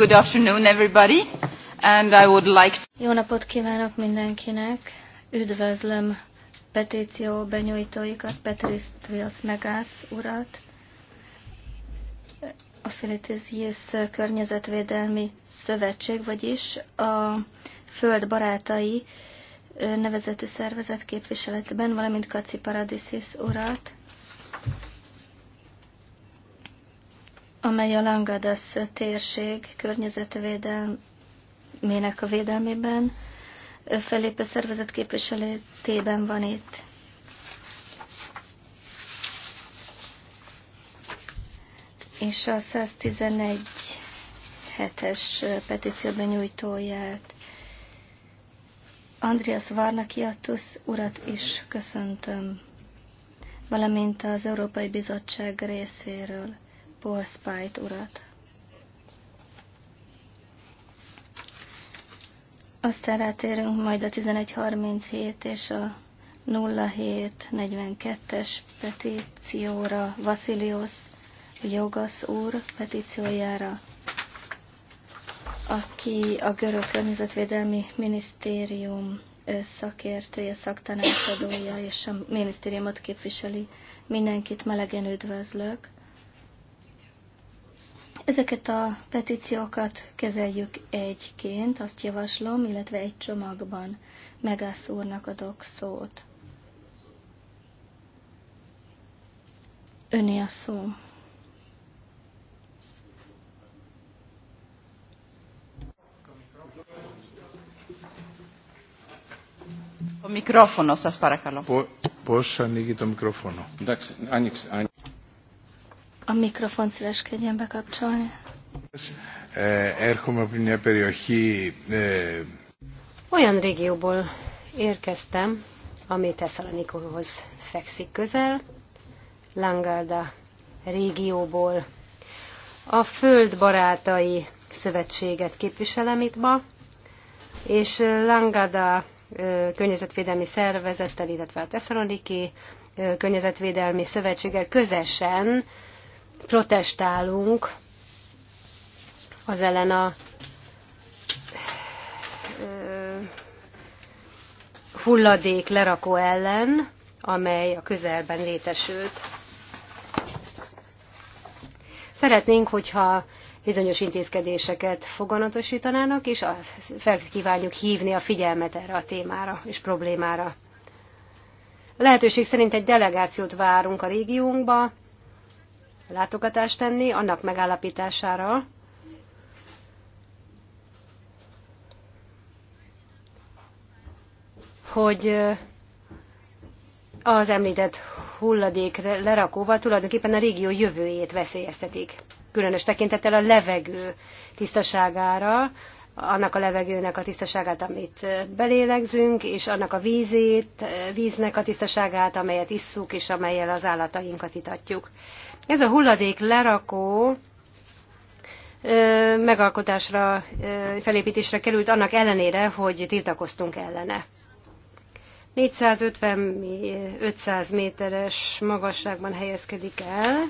Good afternoon, everybody. And I would like to... Jó napot kívánok mindenkinek! Üdvözlöm petíció benyújtóikat, Petristrios Megász urat, a Filitizis Környezetvédelmi Szövetség, vagyis a Föld Barátai nevezetű szervezet képviseletben, valamint Kaci Paradisis urat, amely a Langadas térség környezetvédelmének a védelmében felépő szervezet képviseletében van itt. És a 111 hetes petícióben nyújtóját Andreas Varnakiatus urat is köszöntöm, valamint az Európai Bizottság részéről. Spite urat. Aztán rátérünk majd a 1137 és a 0742-es petícióra, Vasilios Jogas úr petíciójára, aki a Görög Környezetvédelmi Minisztérium szakértője, szaktanácsadója és a minisztériumot képviseli. Mindenkit melegen üdvözlök. Ezeket a petíciókat kezeljük egyként, azt javaslom, illetve egy csomagban. megászúrnak a adok szót. Öné a szó. A mikrofonos, azt parakalom. Borsan, a mikrofonos. Annyi, annyi. A mikrofon szíveskedjen bekapcsolni. Eh, eh, Olyan régióból érkeztem, ami Tesszalonikóhoz fekszik közel, Langalda régióból. A Földbarátai Szövetséget képviselem itt ma, és Langada eh, környezetvédelmi szervezettel, illetve a Tesszaloniki környezetvédelmi szövetséggel közösen protestálunk az ellen a hulladék lerakó ellen, amely a közelben létesült. Szeretnénk, hogyha bizonyos intézkedéseket foganatosítanának, és felkívánjuk hívni a figyelmet erre a témára és problémára. Lehetőség szerint egy delegációt várunk a régiónkba, látogatást tenni annak megállapítására, hogy az említett hulladék lerakóval tulajdonképpen a régió jövőjét veszélyeztetik. Különös tekintettel a levegő tisztaságára, annak a levegőnek a tisztaságát, amit belélegzünk, és annak a vízét, víznek a tisztaságát, amelyet isszuk, és amelyel az állatainkat itatjuk. Ez a hulladék lerakó megalkotásra, felépítésre került, annak ellenére, hogy tiltakoztunk ellene. 450-500 méteres magasságban helyezkedik el.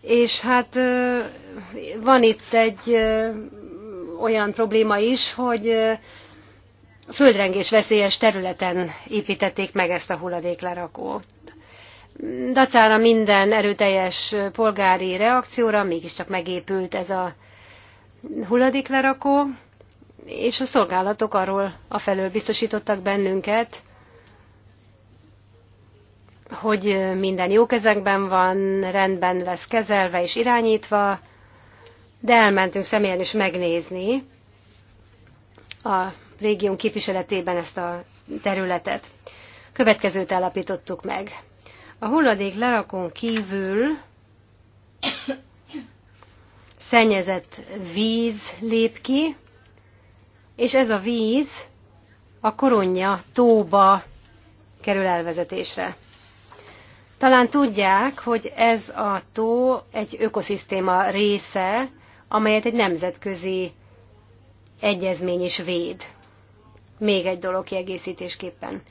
És hát van itt egy olyan probléma is, hogy a földrengés veszélyes területen építették meg ezt a hulladéklerakót. Dacára minden erőteljes polgári reakcióra mégiscsak megépült ez a hulladéklerakó, és a szolgálatok arról afelől biztosítottak bennünket, hogy minden jó kezekben van, rendben lesz kezelve és irányítva, de elmentünk személyen is megnézni a régión képviseletében ezt a területet. Következőt állapítottuk meg. A hulladék lerakon kívül szennyezett víz lép ki, és ez a víz a koronya tóba kerül elvezetésre. Talán tudják, hogy ez a tó egy ökoszisztéma része, amelyet egy nemzetközi egyezmény is véd. Még egy dolog kiegészítésképpen.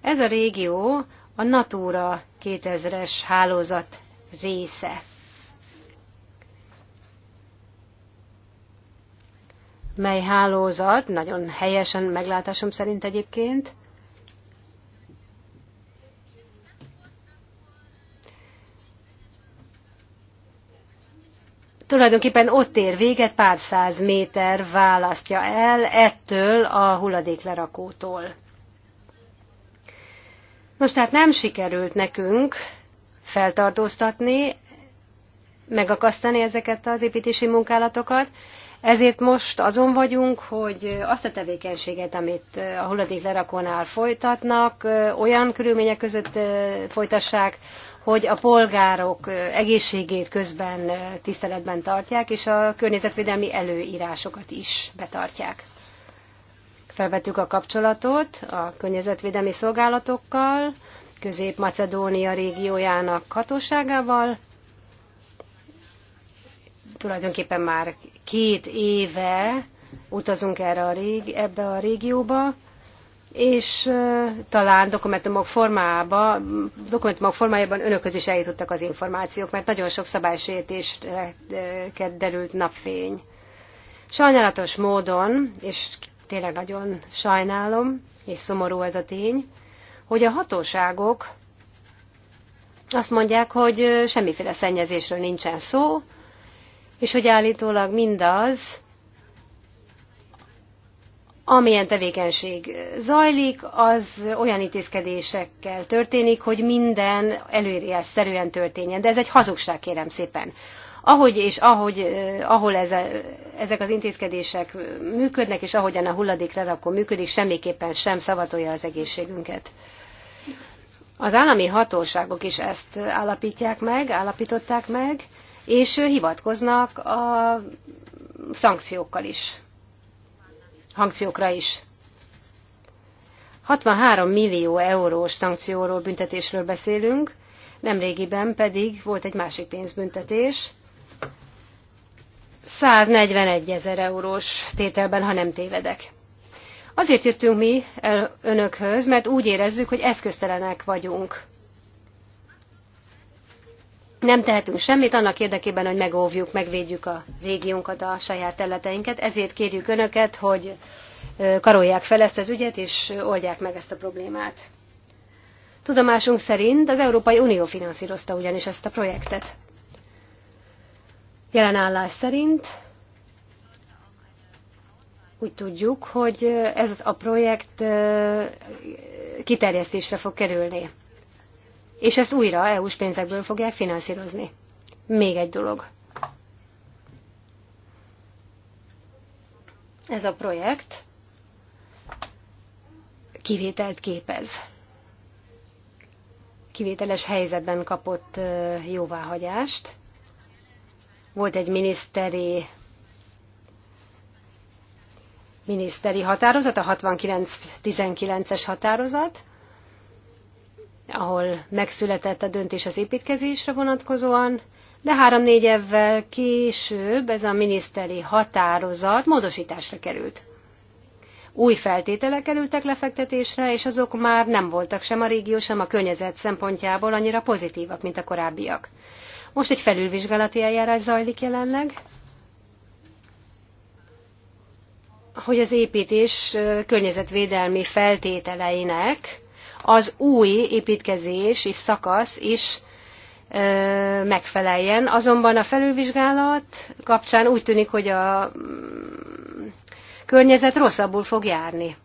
Ez a régió a Natura 2000-es hálózat része. mely hálózat, nagyon helyesen meglátásom szerint egyébként, tulajdonképpen ott ér véget, pár száz méter választja el ettől a hulladéklerakótól. Nos, tehát nem sikerült nekünk feltartóztatni, megakasztani ezeket az építési munkálatokat, ezért most azon vagyunk, hogy azt a tevékenységet, amit a hulladéklerakónál folytatnak, olyan körülmények között folytassák, hogy a polgárok egészségét közben tiszteletben tartják, és a környezetvédelmi előírásokat is betartják. Felvettük a kapcsolatot a környezetvédelmi szolgálatokkal, Közép-Macedónia régiójának hatóságával. Tulajdonképpen már két éve utazunk erre a régi, ebbe a régióba, és talán dokumentumok, formába, dokumentumok formájában önökhöz is eljutottak az információk, mert nagyon sok szabálysértésket derült napfény. Sajnálatos módon, és tényleg nagyon sajnálom, és szomorú ez a tény, hogy a hatóságok azt mondják, hogy semmiféle szennyezésről nincsen szó, és hogy állítólag mindaz, amilyen tevékenység zajlik, az olyan intézkedésekkel történik, hogy minden előírásszerűen történjen. De ez egy hazugság, kérem szépen. Ahogy és ahogy, ahol ez a, ezek az intézkedések működnek, és ahogyan a hulladék hulladéklerakó működik, semmiképpen sem szavatolja az egészségünket. Az állami hatóságok is ezt állapítják meg, állapították meg, és hivatkoznak a szankciókkal is szankciókra is. 63 millió eurós szankcióról, büntetésről beszélünk, nemrégiben pedig volt egy másik pénzbüntetés, 141 ezer eurós tételben, ha nem tévedek. Azért jöttünk mi el önökhöz, mert úgy érezzük, hogy eszköztelenek vagyunk nem tehetünk semmit annak érdekében, hogy megóvjuk, megvédjük a régiónkat, a saját területeinket. Ezért kérjük Önöket, hogy karolják fel ezt az ügyet, és oldják meg ezt a problémát. Tudomásunk szerint az Európai Unió finanszírozta ugyanis ezt a projektet. Jelen állás szerint úgy tudjuk, hogy ez a projekt kiterjesztésre fog kerülni és ezt újra EU-s pénzekből fogják finanszírozni. Még egy dolog. Ez a projekt kivételt képez. Kivételes helyzetben kapott jóváhagyást. Volt egy miniszteri miniszteri határozat, a 69-19-es határozat, ahol megszületett a döntés az építkezésre vonatkozóan, de három-négy évvel később ez a miniszteri határozat módosításra került. Új feltételek kerültek lefektetésre, és azok már nem voltak sem a régió, sem a környezet szempontjából annyira pozitívak, mint a korábbiak. Most egy felülvizsgálati eljárás zajlik jelenleg, hogy az építés környezetvédelmi feltételeinek az új építkezés és szakasz is megfeleljen. Azonban a felülvizsgálat kapcsán úgy tűnik, hogy a mm, környezet rosszabbul fog járni.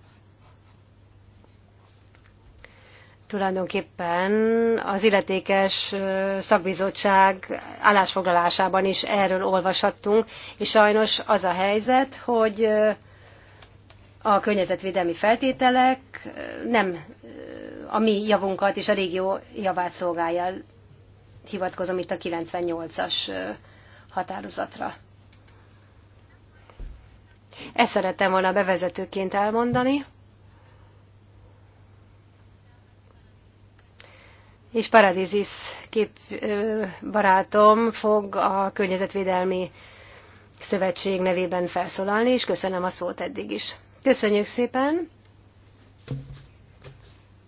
Tulajdonképpen az illetékes szakbizottság állásfoglalásában is erről olvashattunk, és sajnos az a helyzet, hogy a környezetvédelmi feltételek nem a mi javunkat és a régió javát szolgálja. Hivatkozom itt a 98-as határozatra. Ezt szerettem volna bevezetőként elmondani. És Paradisis kép, barátom fog a Környezetvédelmi Szövetség nevében felszólalni, és köszönöm a szót eddig is. Köszönjük szépen!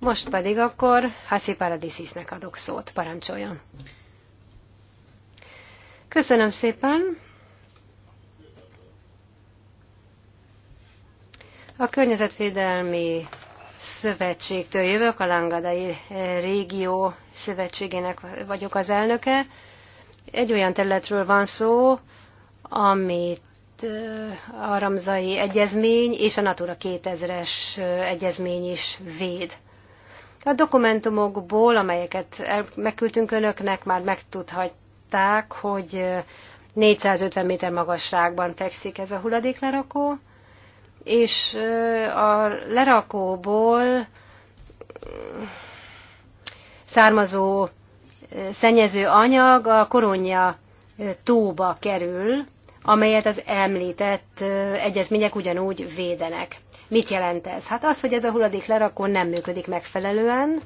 Most pedig akkor Haci Paradisisnek adok szót. Parancsoljon. Köszönöm szépen. A Környezetvédelmi Szövetségtől jövök, a Langadai Régió Szövetségének vagyok az elnöke. Egy olyan területről van szó, amit eh, a Ramzai Egyezmény és a Natura 2000-es eh, Egyezmény is véd a dokumentumokból, amelyeket megküldtünk önöknek, már megtudhatták, hogy 450 méter magasságban fekszik ez a hulladéklerakó, és a lerakóból származó szennyező anyag a koronya tóba kerül, amelyet az említett egyezmények ugyanúgy védenek. Mit jelent ez? Hát az, hogy ez a hulladék lerakó nem működik megfelelően,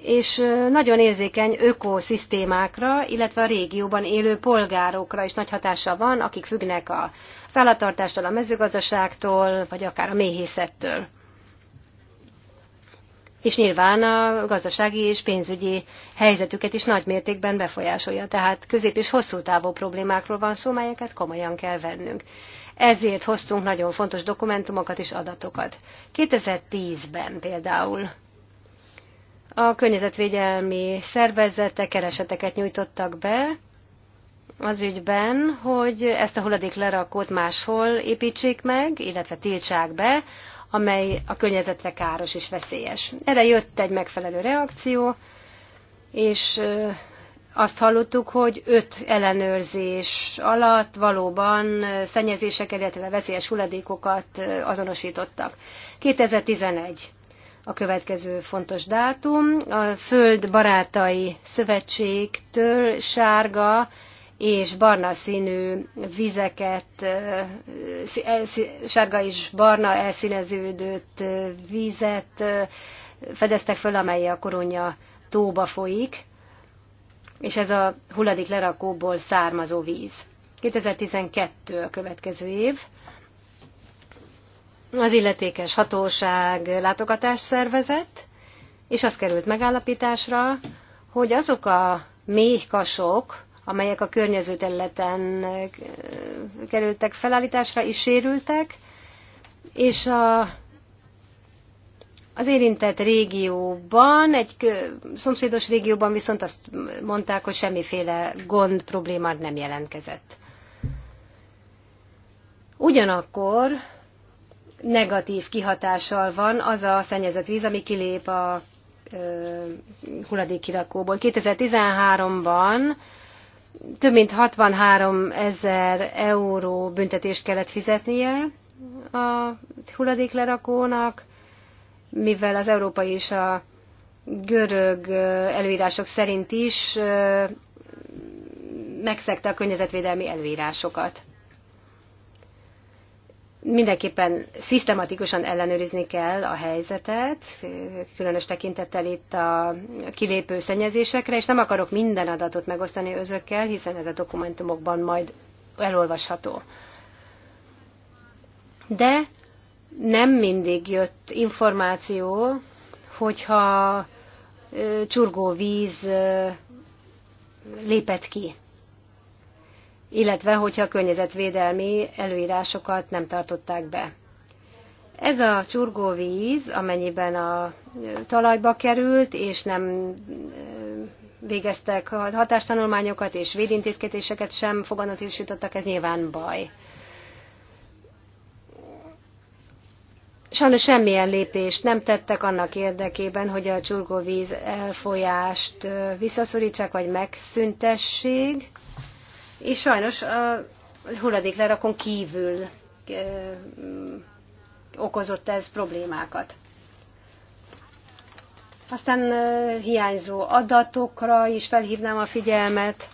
és nagyon érzékeny ökoszisztémákra, illetve a régióban élő polgárokra is nagy hatása van, akik függnek a állattartástól, a mezőgazdaságtól, vagy akár a méhészettől. És nyilván a gazdasági és pénzügyi helyzetüket is nagy mértékben befolyásolja. Tehát közép és hosszú távú problémákról van szó, melyeket komolyan kell vennünk ezért hoztunk nagyon fontos dokumentumokat és adatokat. 2010-ben például a környezetvédelmi szervezetek kereseteket nyújtottak be az ügyben, hogy ezt a lerakót máshol építsék meg, illetve tiltsák be, amely a környezetre káros és veszélyes. Erre jött egy megfelelő reakció, és azt hallottuk, hogy öt ellenőrzés alatt valóban szennyezések, illetve veszélyes hulladékokat azonosítottak. 2011 a következő fontos dátum. A Föld Barátai Szövetségtől sárga és barna színű vizeket, sárga és barna elszíneződött vizet fedeztek föl, amely a koronya tóba folyik és ez a hulladék lerakóból származó víz. 2012 a következő év. Az illetékes hatóság látogatást szervezett, és az került megállapításra, hogy azok a kasok, amelyek a környező területen eh, kerültek felállításra, is sérültek, és a az érintett régióban, egy szomszédos régióban viszont azt mondták, hogy semmiféle gond, problémát nem jelentkezett. Ugyanakkor negatív kihatással van az a szennyezett víz, ami kilép a hulladékirakóból. 2013-ban több mint 63 ezer euró büntetést kellett fizetnie a hulladéklerakónak, mivel az európai és a görög előírások szerint is megszegte a környezetvédelmi előírásokat. Mindenképpen szisztematikusan ellenőrizni kell a helyzetet, különös tekintettel itt a kilépő szennyezésekre, és nem akarok minden adatot megosztani özökkel, hiszen ez a dokumentumokban majd elolvasható. De nem mindig jött információ, hogyha csurgó víz lépett ki, illetve hogyha a környezetvédelmi előírásokat nem tartották be. Ez a csurgóvíz, amennyiben a talajba került, és nem végeztek hatástanulmányokat, és védintézkedéseket sem foganatosítottak, ez nyilván baj. Sajnos semmilyen lépést nem tettek annak érdekében, hogy a csurgóvíz elfolyást visszaszorítsák, vagy megszüntessék, és sajnos a hulladéklerakon kívül okozott ez problémákat. Aztán hiányzó adatokra is felhívnám a figyelmet,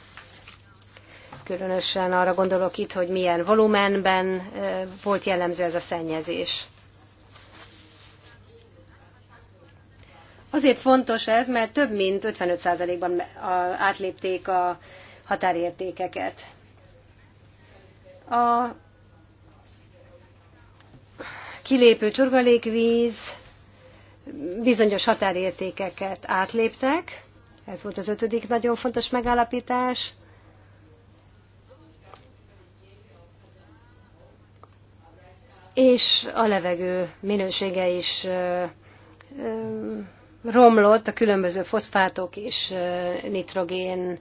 különösen arra gondolok itt, hogy milyen volumenben volt jellemző ez a szennyezés. Azért fontos ez, mert több mint 55%-ban átlépték a határértékeket. A kilépő csorgalékvíz bizonyos határértékeket átléptek, ez volt az ötödik nagyon fontos megállapítás. És a levegő minősége is romlott a különböző foszfátok és nitrogén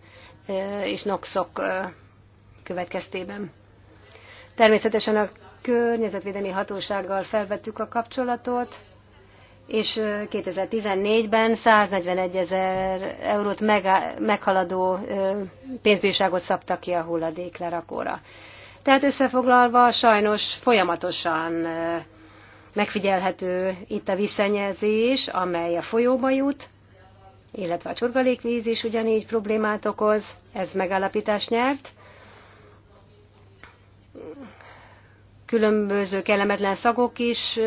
és noxok következtében. Természetesen a környezetvédelmi hatósággal felvettük a kapcsolatot, és 2014-ben 141 ezer eurót meghaladó pénzbírságot szabtak ki a hulladéklerakóra. Tehát összefoglalva sajnos folyamatosan megfigyelhető itt a visszanyezés, amely a folyóba jut, illetve a csorgalékvíz is ugyanígy problémát okoz, ez megállapítás nyert. Különböző kellemetlen szagok is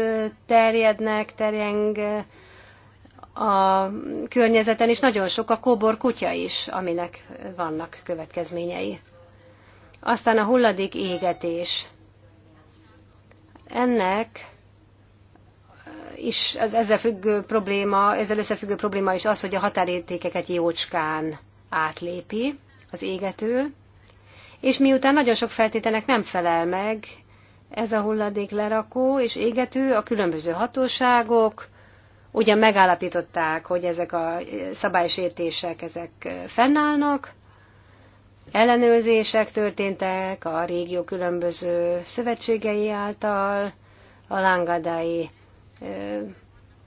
terjednek, terjeng a környezeten, és nagyon sok a kóbor kutya is, aminek vannak következményei. Aztán a hulladék égetés. Ennek és az ezzel függő probléma, ezzel összefüggő probléma is az, hogy a határértékeket jócskán átlépi az égető, és miután nagyon sok feltételnek nem felel meg, ez a hulladék lerakó és égető, a különböző hatóságok ugyan megállapították, hogy ezek a szabálysértések ezek fennállnak, ellenőrzések történtek a régió különböző szövetségei által, a lángadai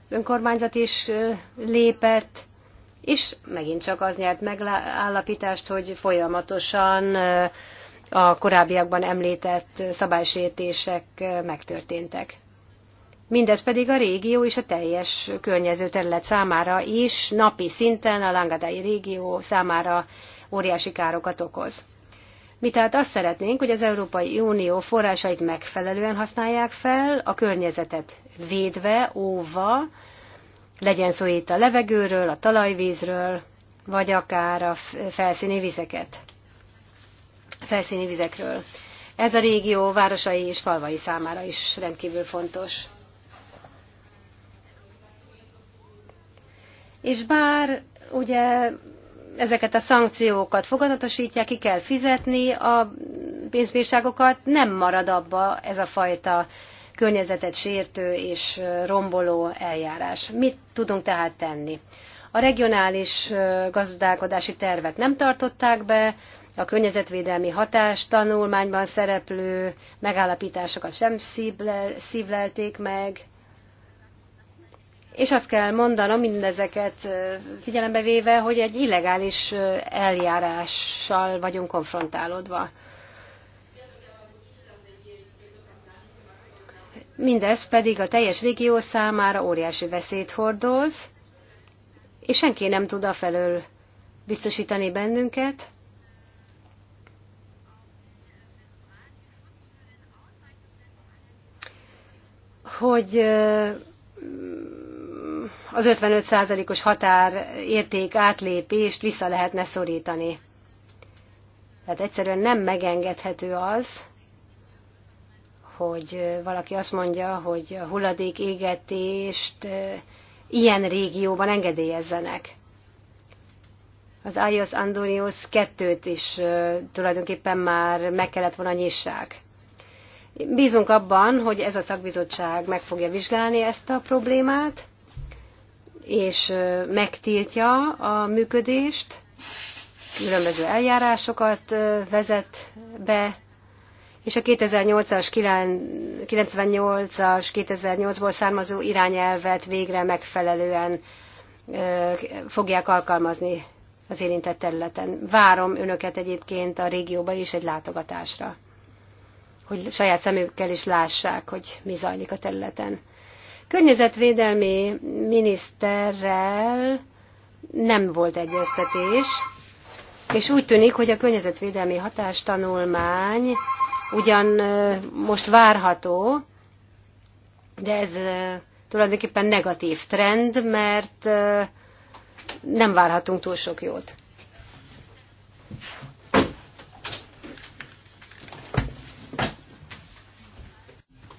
önkormányzat is lépett, és megint csak az nyert megállapítást, hogy folyamatosan a korábbiakban említett szabálysértések megtörténtek. Mindez pedig a régió és a teljes környező terület számára is napi szinten a Langadai régió számára óriási károkat okoz. Mi tehát azt szeretnénk, hogy az Európai Unió forrásait megfelelően használják fel, a környezetet védve, óva, legyen szó itt a levegőről, a talajvízről, vagy akár a felszíni vizeket, felszíni vizekről. Ez a régió városai és falvai számára is rendkívül fontos. És bár ugye ezeket a szankciókat fogadatosítják, ki kell fizetni a pénzbírságokat, nem marad abba ez a fajta környezetet sértő és romboló eljárás. Mit tudunk tehát tenni? A regionális gazdálkodási tervet nem tartották be, a környezetvédelmi hatás tanulmányban szereplő megállapításokat sem szívlelték meg, és azt kell mondanom mindezeket figyelembe véve, hogy egy illegális eljárással vagyunk konfrontálódva. Mindez pedig a teljes régió számára óriási veszélyt hordoz, és senki nem tud felől biztosítani bennünket, hogy az 55%-os határérték átlépést vissza lehetne szorítani. Tehát egyszerűen nem megengedhető az, hogy valaki azt mondja, hogy a hulladék égetést ilyen régióban engedélyezzenek. Az Ios Andonius kettőt is tulajdonképpen már meg kellett volna nyissák. Bízunk abban, hogy ez a szakbizottság meg fogja vizsgálni ezt a problémát, és megtiltja a működést, különböző eljárásokat vezet be, és a 2008-as, 98-as, 2008-ból származó irányelvet végre megfelelően fogják alkalmazni az érintett területen. Várom önöket egyébként a régióba is egy látogatásra, hogy saját szemükkel is lássák, hogy mi zajlik a területen. Környezetvédelmi miniszterrel nem volt egyeztetés, és úgy tűnik, hogy a környezetvédelmi hatástanulmány ugyan most várható, de ez tulajdonképpen negatív trend, mert nem várhatunk túl sok jót.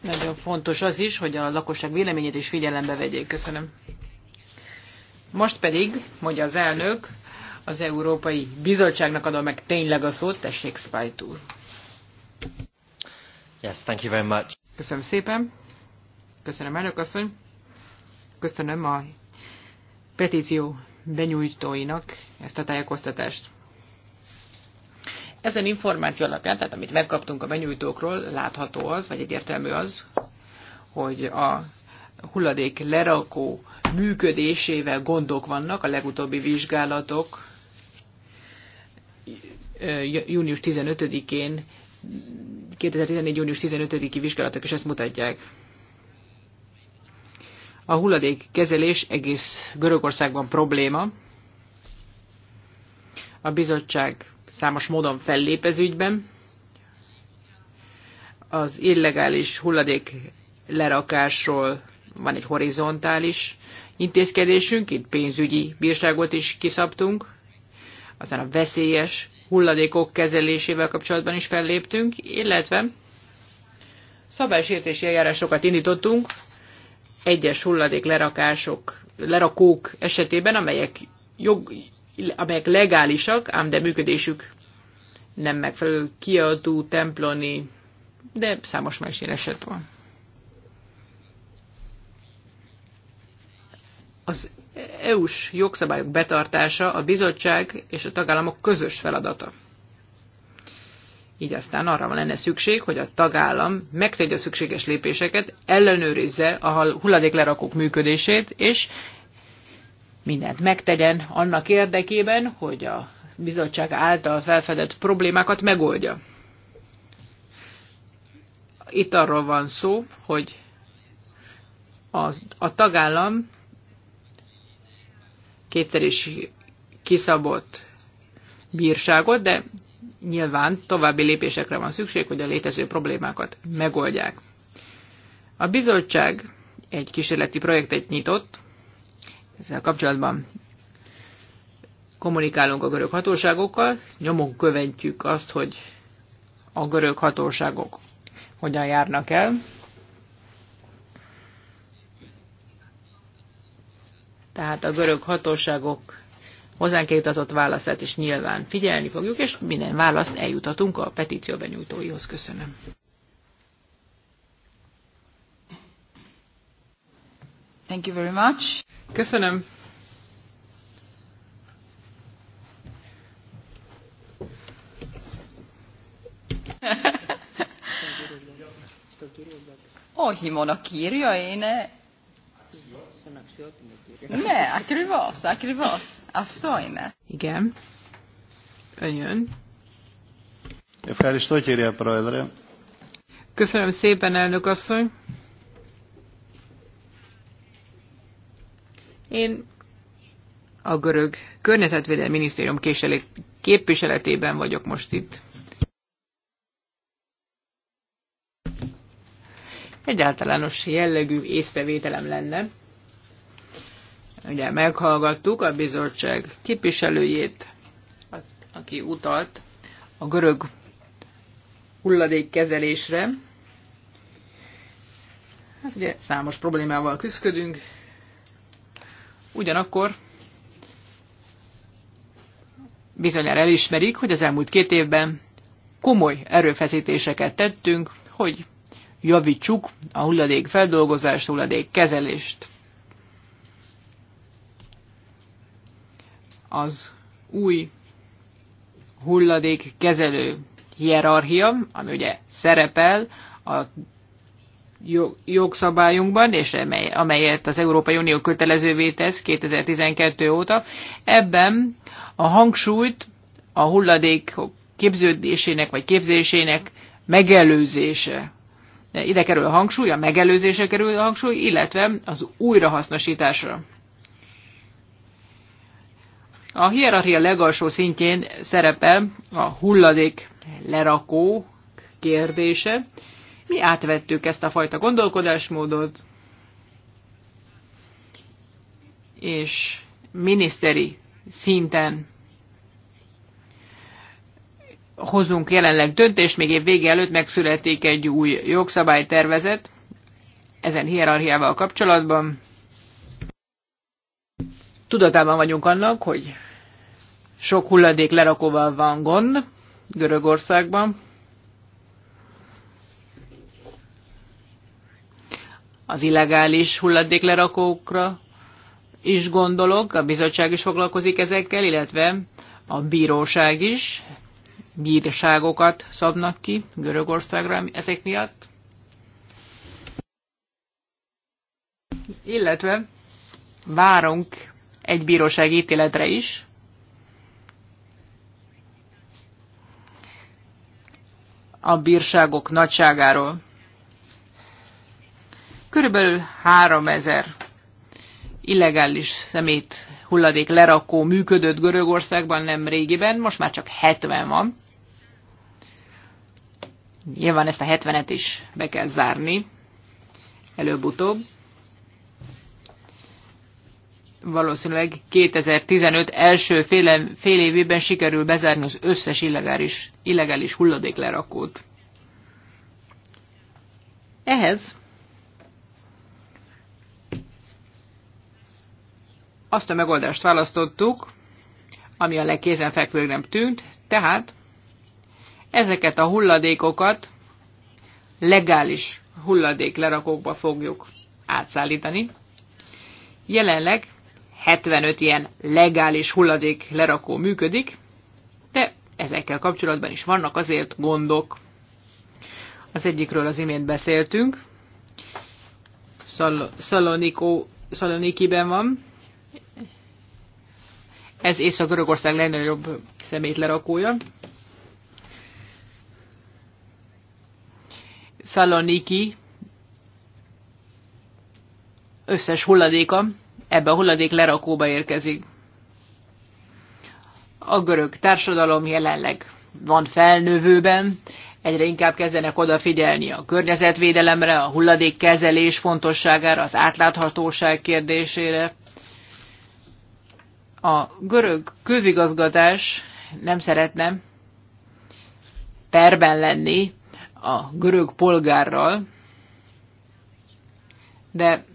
nagyon fontos az is, hogy a lakosság véleményét is figyelembe vegyék. Köszönöm. Most pedig, mondja az elnök, az Európai Bizottságnak adom meg tényleg a szót, tessék Spite úr. Yes, thank you very much. Köszönöm szépen. Köszönöm elnök asszony. Köszönöm a petíció benyújtóinak ezt a tájékoztatást. Ezen információ alapján, tehát amit megkaptunk a benyújtókról, látható az, vagy egyértelmű az, hogy a hulladék lerakó működésével gondok vannak, a legutóbbi vizsgálatok június 15-én, 2014. június 15-i vizsgálatok is ezt mutatják. A hulladékkezelés egész Görögországban probléma. A bizottság számos módon fellép ez ügyben. Az illegális hulladék lerakásról van egy horizontális intézkedésünk, itt pénzügyi bírságot is kiszabtunk, aztán a veszélyes hulladékok kezelésével kapcsolatban is felléptünk, illetve szabálysértési eljárásokat indítottunk egyes hulladék lerakások, lerakók esetében, amelyek jog, amelyek legálisak, ám de működésük nem megfelelő kiadó, temploni, de számos más ilyen eset van. Az EU-s jogszabályok betartása a bizottság és a tagállamok közös feladata. Így aztán arra van lenne szükség, hogy a tagállam megtegye a szükséges lépéseket, ellenőrizze a hulladéklerakók működését, és mindent megtegyen annak érdekében, hogy a bizottság által felfedett problémákat megoldja. Itt arról van szó, hogy az, a tagállam kétszer is kiszabott bírságot, de nyilván további lépésekre van szükség, hogy a létező problémákat megoldják. A bizottság egy kísérleti projektet nyitott, ezzel kapcsolatban kommunikálunk a görög hatóságokkal, nyomon követjük azt, hogy a görög hatóságok hogyan járnak el. Tehát a görög hatóságok hozzánk jutatott válaszát is nyilván figyelni fogjuk, és minden választ eljutatunk a petíció benyújtóihoz. Köszönöm. Thank you very much. Köszönöm. oh, Ohi monokirjo είναι... Eh, ne, ακριβώς, ακριβώς. Αυτό είναι. Igen. Önjön. Köszönöm szépen, elnök asszony. Én a görög környezetvédelmi minisztérium késelé, képviseletében vagyok most itt. Egy általános jellegű észrevételem lenne. Ugye meghallgattuk a bizottság képviselőjét, aki utalt a görög hulladékkezelésre. Hát ugye számos problémával küzdködünk, Ugyanakkor bizonyára elismerik, hogy az elmúlt két évben komoly erőfeszítéseket tettünk, hogy javítsuk a hulladék feldolgozást, hulladék kezelést. Az új hulladék kezelő hierarchia, ami ugye szerepel a jogszabályunkban, és amelyet az Európai Unió kötelezővé tesz 2012 óta. Ebben a hangsúlyt a hulladék képződésének vagy képzésének megelőzése. De ide kerül a hangsúly, a megelőzése kerül a hangsúly, illetve az újrahasznosításra. A hierarchia legalsó szintjén szerepel a hulladék lerakó kérdése, mi átvettük ezt a fajta gondolkodásmódot, és miniszteri szinten hozunk jelenleg döntést, még év vége előtt megszületik egy új jogszabálytervezet ezen hierarchiával kapcsolatban. Tudatában vagyunk annak, hogy sok hulladék lerakóval van gond Görögországban, az illegális hulladéklerakókra is gondolok, a bizottság is foglalkozik ezekkel, illetve a bíróság is bírságokat szabnak ki Görögországra ezek miatt. Illetve várunk egy bíróság ítéletre is. A bírságok nagyságáról. Körülbelül 3000 illegális szemét hulladék lerakó működött Görögországban nem régiben, most már csak 70 van. Nyilván ezt a 70-et is be kell zárni, előbb-utóbb. Valószínűleg 2015 első fél, fél évében sikerül bezárni az összes illegális, illegális lerakót. Ehhez azt a megoldást választottuk, ami a legkézenfekvőbb nem tűnt, tehát ezeket a hulladékokat legális hulladék lerakókba fogjuk átszállítani. Jelenleg 75 ilyen legális hulladék lerakó működik, de ezekkel kapcsolatban is vannak azért gondok. Az egyikről az imént beszéltünk, Szal Szalonikó, Szalonikiben van, ez Észak-Görögország legnagyobb lerakója. Szaloniki összes hulladéka ebbe a hulladék lerakóba érkezik. A görög társadalom jelenleg van felnövőben, egyre inkább kezdenek odafigyelni a környezetvédelemre, a hulladékkezelés fontosságára, az átláthatóság kérdésére, a görög közigazgatás nem szeretne perben lenni a görög polgárral, de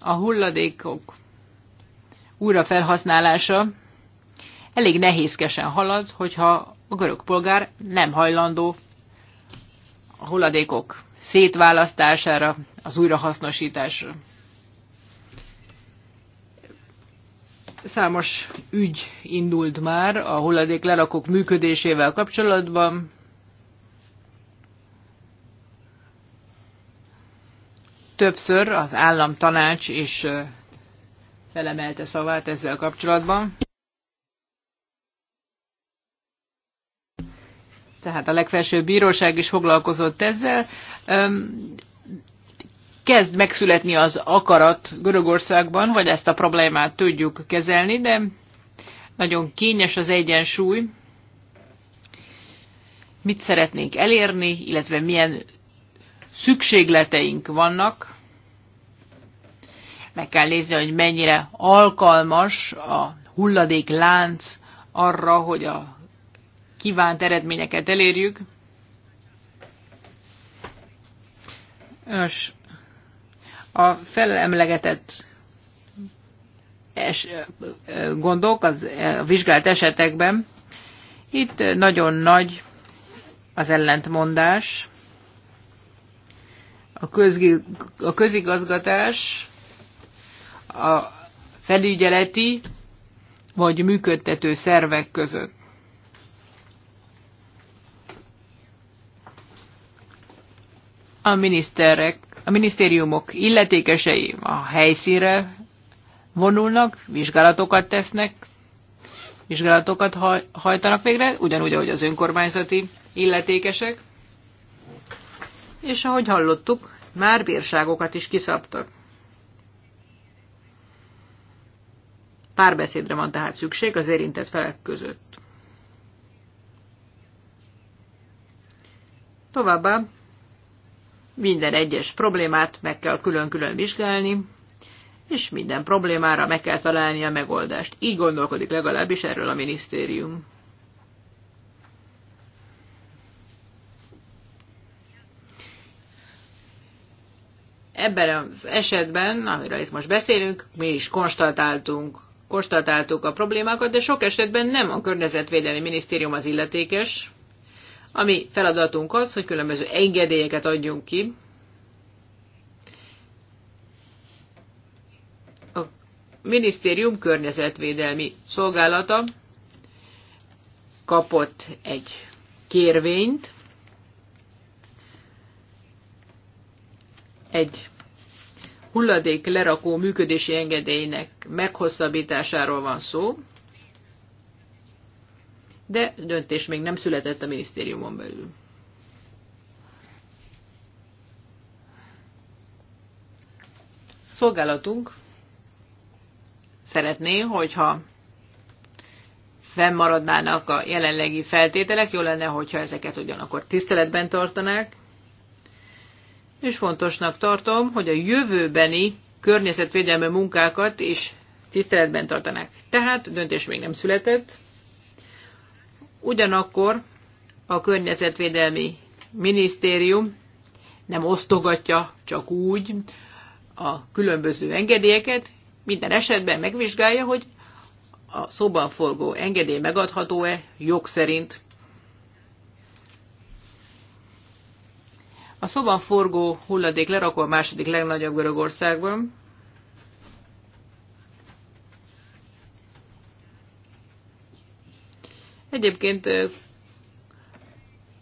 a hulladékok újrafelhasználása elég nehézkesen halad, hogyha a görög polgár nem hajlandó a hulladékok szétválasztására, az újrahasznosításra. Számos ügy indult már a hulladék lerakók működésével kapcsolatban. Többször az államtanács is felemelte szavát ezzel kapcsolatban. Tehát a legfelsőbb bíróság is foglalkozott ezzel kezd megszületni az akarat Görögországban, vagy ezt a problémát tudjuk kezelni, de nagyon kényes az egyensúly. Mit szeretnénk elérni, illetve milyen szükségleteink vannak. Meg kell nézni, hogy mennyire alkalmas a hulladék lánc arra, hogy a kívánt eredményeket elérjük. Nos, a felemlegetett es, gondok az, a vizsgált esetekben, itt nagyon nagy az ellentmondás. A, közgi, a közigazgatás a felügyeleti vagy működtető szervek között. A miniszterek a minisztériumok illetékesei a helyszínre vonulnak, vizsgálatokat tesznek, vizsgálatokat hajtanak végre, ugyanúgy, ahogy az önkormányzati illetékesek, és ahogy hallottuk, már bírságokat is kiszabtak. Párbeszédre van tehát szükség az érintett felek között. Továbbá minden egyes problémát meg kell külön-külön vizsgálni, és minden problémára meg kell találni a megoldást. Így gondolkodik legalábbis erről a minisztérium. Ebben az esetben, amiről itt most beszélünk, mi is konstatáltunk, konstatáltuk a problémákat, de sok esetben nem a környezetvédelmi minisztérium az illetékes, ami feladatunk az, hogy különböző engedélyeket adjunk ki, a minisztérium környezetvédelmi szolgálata kapott egy kérvényt, egy hulladék lerakó működési engedélynek meghosszabbításáról van szó, de döntés még nem született a minisztériumon belül. Szolgálatunk szeretné, hogyha fennmaradnának a jelenlegi feltételek, jó lenne, hogyha ezeket ugyanakkor tiszteletben tartanák, és fontosnak tartom, hogy a jövőbeni környezetvédelmi munkákat is tiszteletben tartanák. Tehát döntés még nem született, Ugyanakkor a környezetvédelmi minisztérium nem osztogatja csak úgy a különböző engedélyeket, minden esetben megvizsgálja, hogy a szóban forgó engedély megadható-e jog szerint. A szóban forgó hulladék lerakó a második legnagyobb Görögországban, Egyébként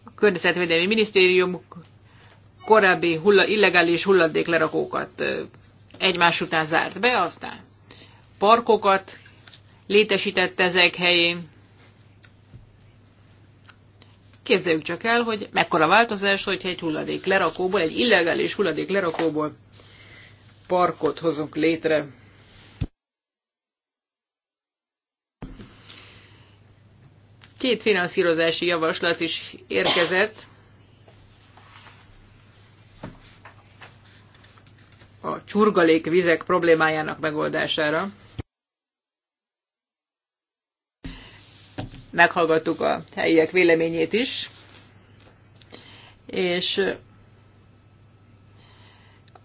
a Környezetvédelmi Minisztérium korábbi hulla, illegális hulladéklerakókat egymás után zárt be, aztán parkokat létesített ezek helyén. Képzeljük csak el, hogy mekkora változás, hogyha egy hulladéklerakóból, egy illegális hulladéklerakóból parkot hozunk létre. Két finanszírozási javaslat is érkezett. a csurgalék vizek problémájának megoldására. Meghallgattuk a helyiek véleményét is, és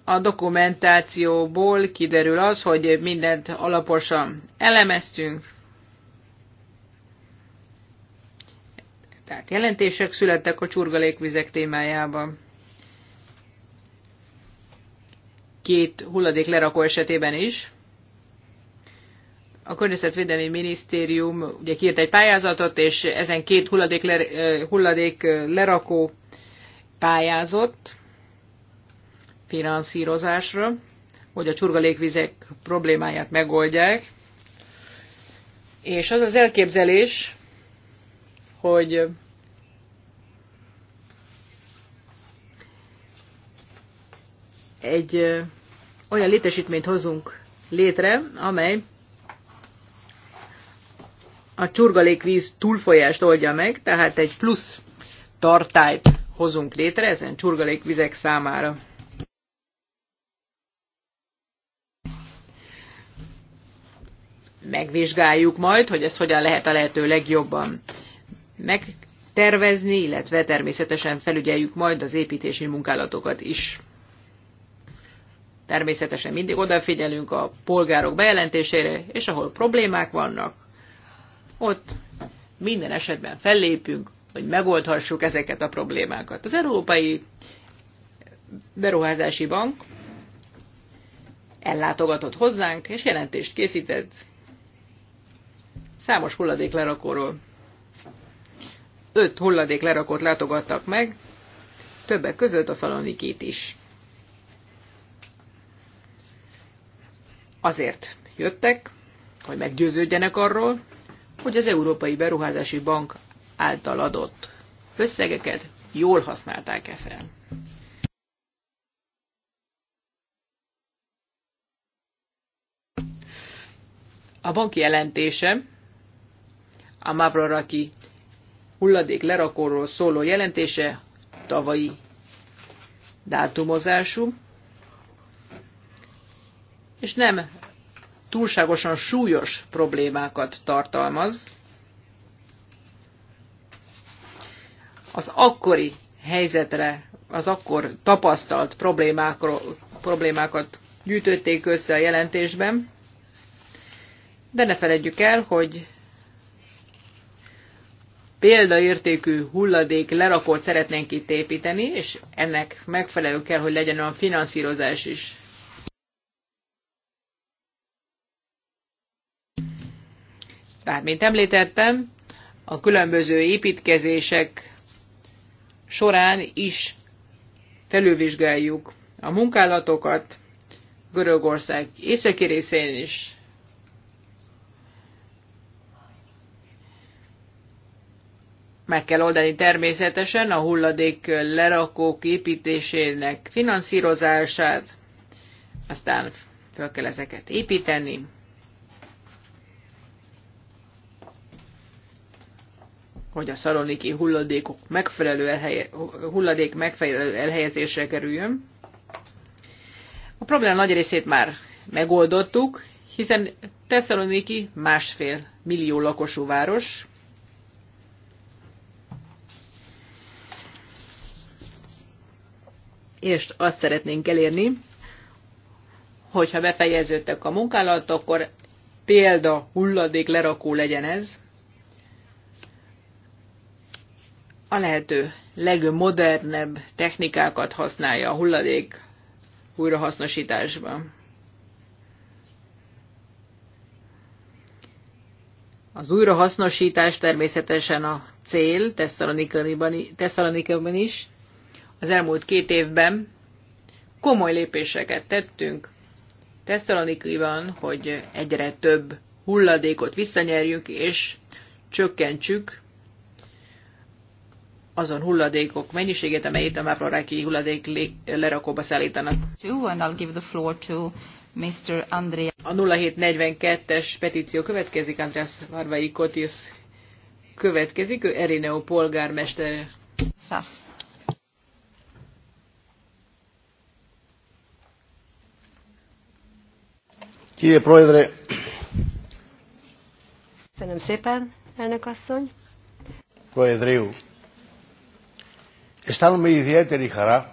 a dokumentációból kiderül az, hogy mindent alaposan elemeztünk, tehát jelentések születtek a csurgalékvizek témájában. Két hulladék lerakó esetében is. A Környezetvédelmi Minisztérium ugye kiírt egy pályázatot, és ezen két hulladék, ler, eh, hulladék eh, lerakó pályázott finanszírozásra, hogy a csurgalékvizek problémáját megoldják. És az az elképzelés, hogy egy olyan létesítményt hozunk létre, amely a csurgalékvíz túlfolyást oldja meg, tehát egy plusz tartályt hozunk létre ezen csurgalékvizek számára. Megvizsgáljuk majd, hogy ezt hogyan lehet a lehető legjobban megtervezni, illetve természetesen felügyeljük majd az építési munkálatokat is. Természetesen mindig odafigyelünk a polgárok bejelentésére, és ahol problémák vannak, ott minden esetben fellépünk, hogy megoldhassuk ezeket a problémákat. Az Európai Beruházási Bank ellátogatott hozzánk, és jelentést készített számos hulladéklerakóról. Öt hulladéklerakót látogattak meg, többek között a szalonikét is. Azért jöttek, hogy meggyőződjenek arról, hogy az Európai Beruházási Bank által adott összegeket jól használták-e fel. A bank jelentése, a Mavroraki hulladék lerakóról szóló jelentése tavalyi dátumozású, és nem túlságosan súlyos problémákat tartalmaz. Az akkori helyzetre, az akkor tapasztalt problémákról, problémákat gyűjtötték össze a jelentésben, de ne feledjük el, hogy példaértékű hulladék lerakót szeretnénk itt építeni, és ennek megfelelő kell, hogy legyen olyan finanszírozás is. Tehát, mint említettem, a különböző építkezések során is felülvizsgáljuk a munkálatokat Görögország északi részén is. Meg kell oldani természetesen a hulladék lerakók építésének finanszírozását, aztán fel kell ezeket építeni, hogy a szaloniki hulladékok megfelelő elhelye, hulladék megfelelő elhelyezésre kerüljön. A probléma nagy részét már megoldottuk, hiszen Tesszaloniki másfél millió lakosú város, és azt szeretnénk elérni, hogyha befejeződtek a munkálatok, akkor példa hulladék lerakó legyen ez, a lehető legmodernebb technikákat használja a hulladék újrahasznosításban. Az újrahasznosítás természetesen a cél Tesszalonikában is. Az elmúlt két évben komoly lépéseket tettünk Tesszalonikában, hogy egyre több hulladékot visszanyerjük és csökkentsük azon hulladékok mennyiségét, amelyet a Máproráki hulladék lerakóba szállítanak. And I'll give the floor to Mr. Andrea. A 0742-es petíció következik, András Varvai Kotius következik, ő Erineo polgármester. Szász. Kire Proedre. Köszönöm szépen, elnök asszony. Proedreu αισθάνομαι ιδιαίτερη χαρά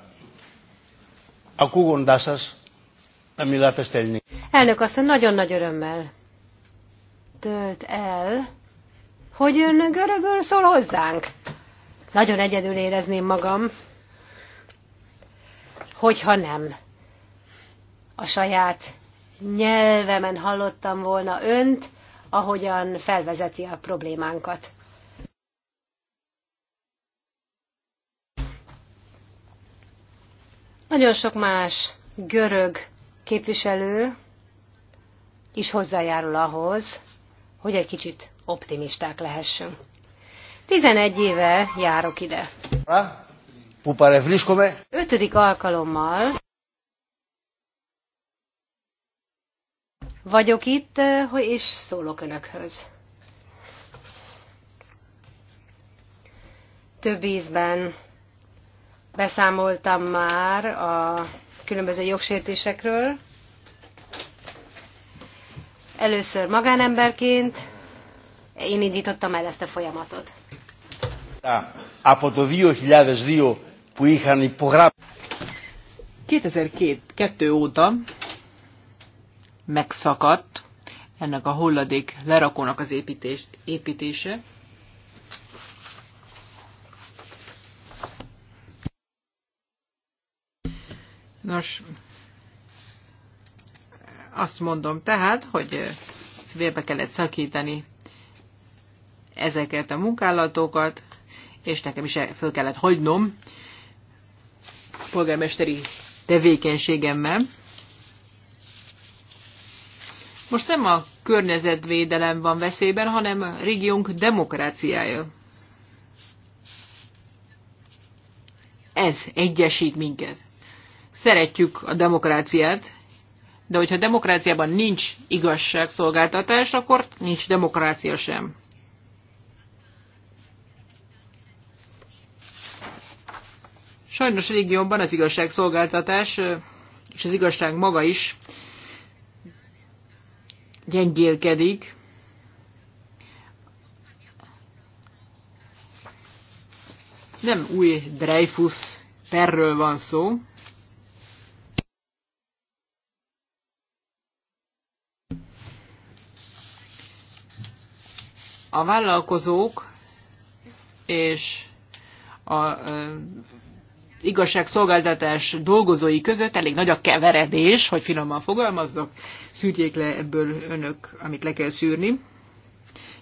ακούγοντάς σας να μιλάτε στα ελληνικά. Elnök asszony, nagyon nagy örömmel tölt el, hogy ön görögül szól hozzánk. Nagyon egyedül érezném magam, hogyha nem a saját nyelvemen hallottam volna önt, ahogyan felvezeti a problémánkat. Nagyon sok más görög képviselő is hozzájárul ahhoz, hogy egy kicsit optimisták lehessünk. 11 éve járok ide. Ah, Ötödik alkalommal vagyok itt, eh, és szólok önökhöz. Több ízben beszámoltam már a különböző jogsértésekről. Először magánemberként én indítottam el ezt a folyamatot. A, a 2002 2002 óta megszakadt ennek a hulladék lerakónak az építés, építése. Nos, azt mondom tehát, hogy vérbe kellett szakítani ezeket a munkálatokat, és nekem is föl kellett hagynom polgármesteri tevékenységemmel. Most nem a környezetvédelem van veszélyben, hanem a régiónk demokráciája. Ez egyesít minket szeretjük a demokráciát, de hogyha demokráciában nincs igazságszolgáltatás, akkor nincs demokrácia sem. Sajnos régiónban az igazságszolgáltatás és az igazság maga is gyengélkedik. Nem új Dreyfus perről van szó, a vállalkozók és a igazságszolgáltatás dolgozói között elég nagy a keveredés, hogy finoman fogalmazzak, szűrjék le ebből önök, amit le kell szűrni.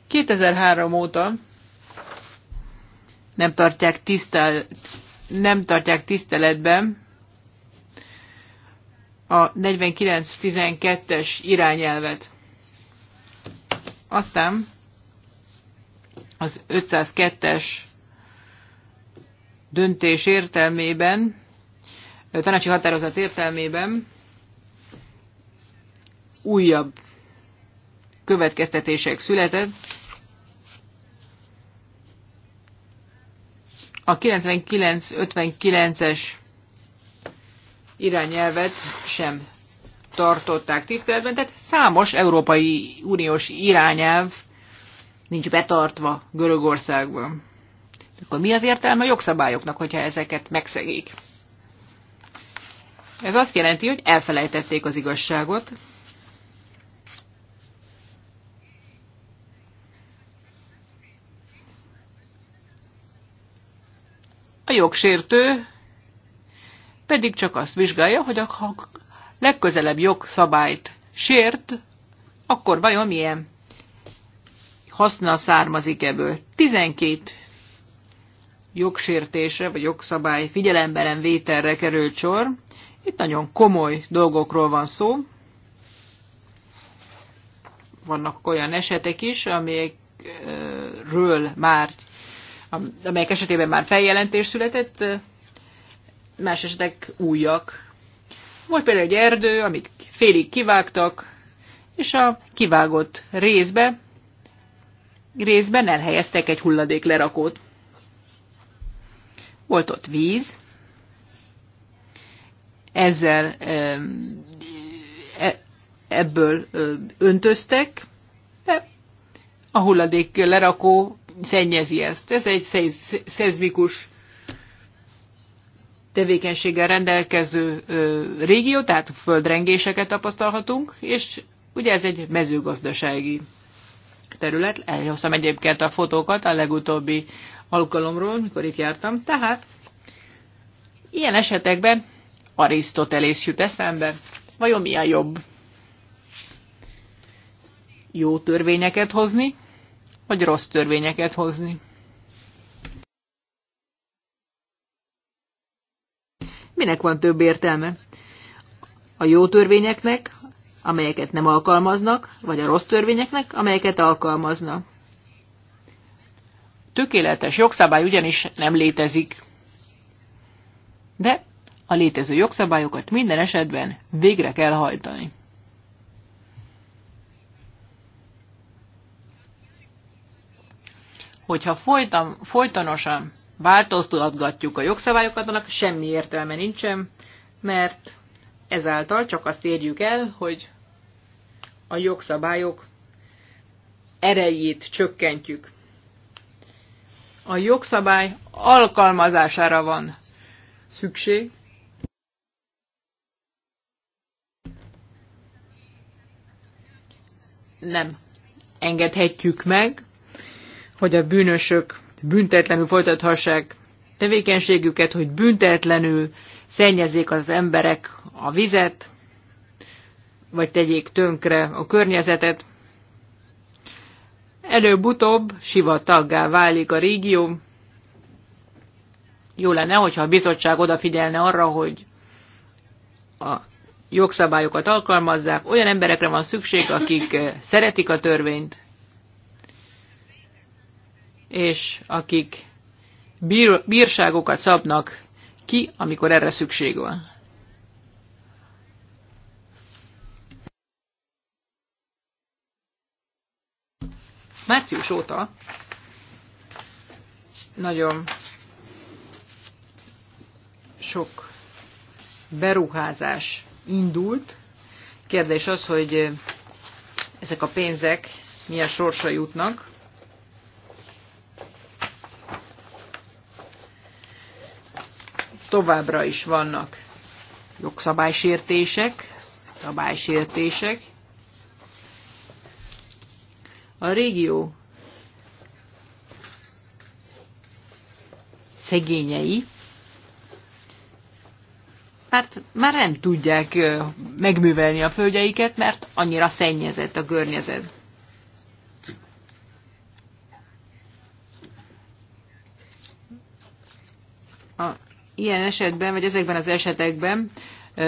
2003 óta nem tartják, tisztel, nem tartják tiszteletben a 4912 es irányelvet. Aztán az 502-es döntés értelmében, tanácsi határozat értelmében újabb következtetések született. A 99-59-es irányelvet sem tartották tiszteletben, tehát számos Európai Uniós irányelv nincs betartva Görögországban. Akkor mi az értelme a jogszabályoknak, hogyha ezeket megszegik? Ez azt jelenti, hogy elfelejtették az igazságot, A jogsértő pedig csak azt vizsgálja, hogy ha legközelebb jogszabályt sért, akkor vajon milyen haszna származik ebből. 12 jogsértésre, vagy jogszabály figyelemberen vételre került sor. Itt nagyon komoly dolgokról van szó. Vannak olyan esetek is, amelyekről már, amelyek esetében már feljelentés született, más esetek újak. Volt például egy erdő, amit félig kivágtak, és a kivágott részbe részben elhelyeztek egy hulladéklerakót. Volt ott víz, ezzel e, ebből öntöztek, de a hulladék lerakó szennyezi ezt. Ez egy szezmikus tevékenységgel rendelkező régió, tehát földrengéseket tapasztalhatunk, és ugye ez egy mezőgazdasági terület. Elhoztam egyébként a fotókat a legutóbbi alkalomról, mikor itt jártam. Tehát ilyen esetekben Arisztotelész jut eszembe. Vajon mi a jobb? Jó törvényeket hozni, vagy rossz törvényeket hozni? Minek van több értelme? A jó törvényeknek, amelyeket nem alkalmaznak, vagy a rossz törvényeknek, amelyeket alkalmaznak. Tökéletes jogszabály ugyanis nem létezik. De a létező jogszabályokat minden esetben végre kell hajtani. Hogyha folyton, folytonosan változtatgatjuk a jogszabályokat, annak semmi értelme nincsen, mert ezáltal csak azt érjük el, hogy a jogszabályok erejét csökkentjük. A jogszabály alkalmazására van szükség. Nem engedhetjük meg, hogy a bűnösök büntetlenül folytathassák tevékenységüket, hogy büntetlenül szennyezzék az emberek a vizet, vagy tegyék tönkre a környezetet. Előbb-utóbb sivataggá válik a régió. Jó lenne, hogyha a bizottság odafigyelne arra, hogy a jogszabályokat alkalmazzák. Olyan emberekre van szükség, akik eh, szeretik a törvényt, és akik bírságokat szabnak ki, amikor erre szükség van. Március óta nagyon sok beruházás indult. Kérdés az, hogy ezek a pénzek milyen sorsa jutnak. Továbbra is vannak jogszabálysértések, szabálysértések, a régió szegényei mert hát már nem tudják megművelni a földjeiket, mert annyira szennyezett a környezet. A, ilyen esetben, vagy ezekben az esetekben,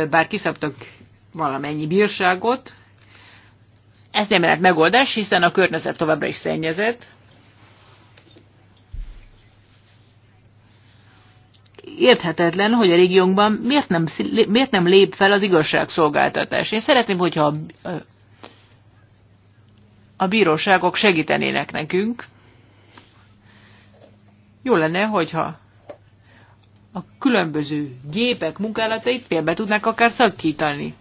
bár kiszabtak valamennyi bírságot, ez nem lehet megoldás, hiszen a környezet továbbra is szennyezett. Érthetetlen, hogy a régiónkban miért nem, miért nem lép fel az igazságszolgáltatás. Én szeretném, hogyha a, a bíróságok segítenének nekünk. Jó lenne, hogyha a különböző gépek munkálatait félbe tudnák akár szakítani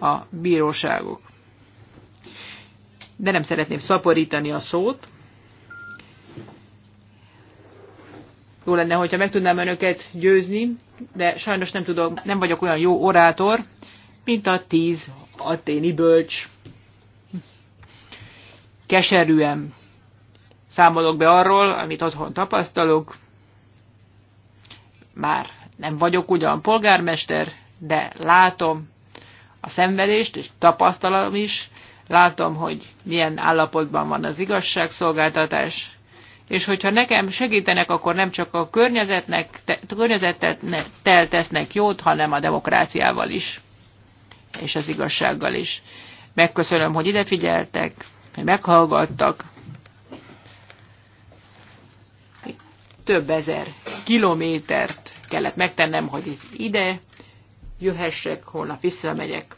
a bíróságok de nem szeretném szaporítani a szót. Jó lenne, hogyha meg tudnám önöket győzni, de sajnos nem, tudom, nem vagyok olyan jó orátor, mint a tíz aténi bölcs. Keserűen számolok be arról, amit otthon tapasztalok. Már nem vagyok ugyan polgármester, de látom a szenvedést, és tapasztalom is, látom, hogy milyen állapotban van az igazságszolgáltatás, és hogyha nekem segítenek, akkor nem csak a környezetnek, te, környezettel tesznek jót, hanem a demokráciával is, és az igazsággal is. Megköszönöm, hogy ide figyeltek, hogy meghallgattak. Több ezer kilométert kellett megtennem, hogy ide jöhessek, holnap visszamegyek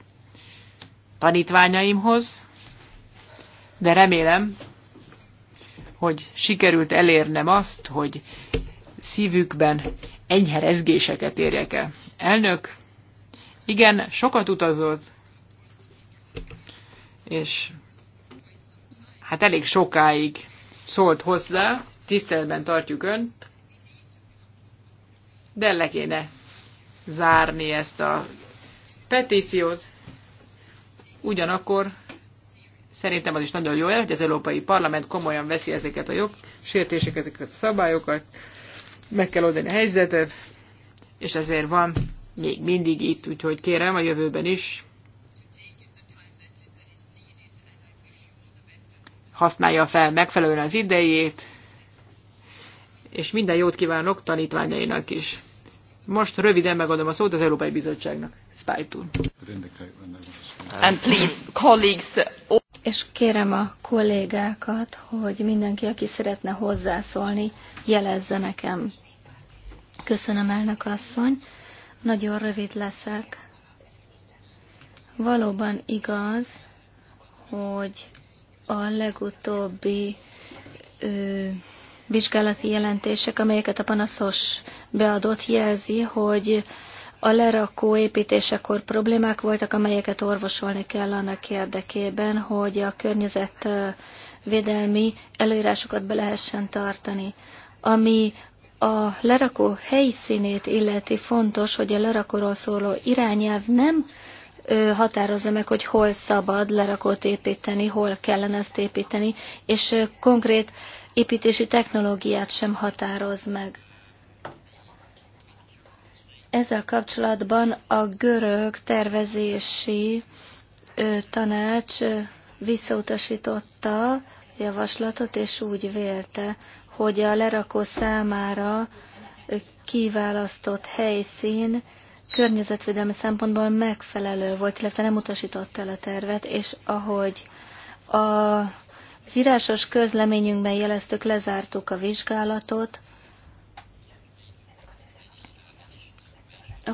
tanítványaimhoz, de remélem, hogy sikerült elérnem azt, hogy szívükben enyhe rezgéseket érjek el. Elnök, igen, sokat utazott, és hát elég sokáig szólt hozzá, tiszteletben tartjuk önt, de le kéne zárni ezt a petíciót. Ugyanakkor szerintem az is nagyon jó el, hogy az Európai Parlament komolyan veszi ezeket a jogsértéseket, ezeket a szabályokat, meg kell oldani a helyzetet, és ezért van még mindig itt, úgyhogy kérem a jövőben is használja fel megfelelően az idejét, és minden jót kívánok tanítványainak is. Most röviden megadom a szót az Európai Bizottságnak. And please, colleagues, és kérem a kollégákat, hogy mindenki, aki szeretne hozzászólni, jelezze nekem. Köszönöm, elnök asszony. Nagyon rövid leszek. Valóban igaz, hogy a legutóbbi ö, vizsgálati jelentések, amelyeket a panaszos beadott, jelzi, hogy a lerakó építésekor problémák voltak, amelyeket orvosolni kell annak érdekében, hogy a környezetvédelmi előírásokat be lehessen tartani. Ami a lerakó helyszínét illeti fontos, hogy a lerakóról szóló irányelv nem határozza meg, hogy hol szabad lerakót építeni, hol kellene ezt építeni, és konkrét építési technológiát sem határoz meg. Ezzel kapcsolatban a görög tervezési tanács visszautasította javaslatot, és úgy vélte, hogy a lerakó számára kiválasztott helyszín környezetvédelmi szempontból megfelelő volt, illetve nem utasította el a tervet, és ahogy a, az írásos közleményünkben jeleztük, lezártuk a vizsgálatot,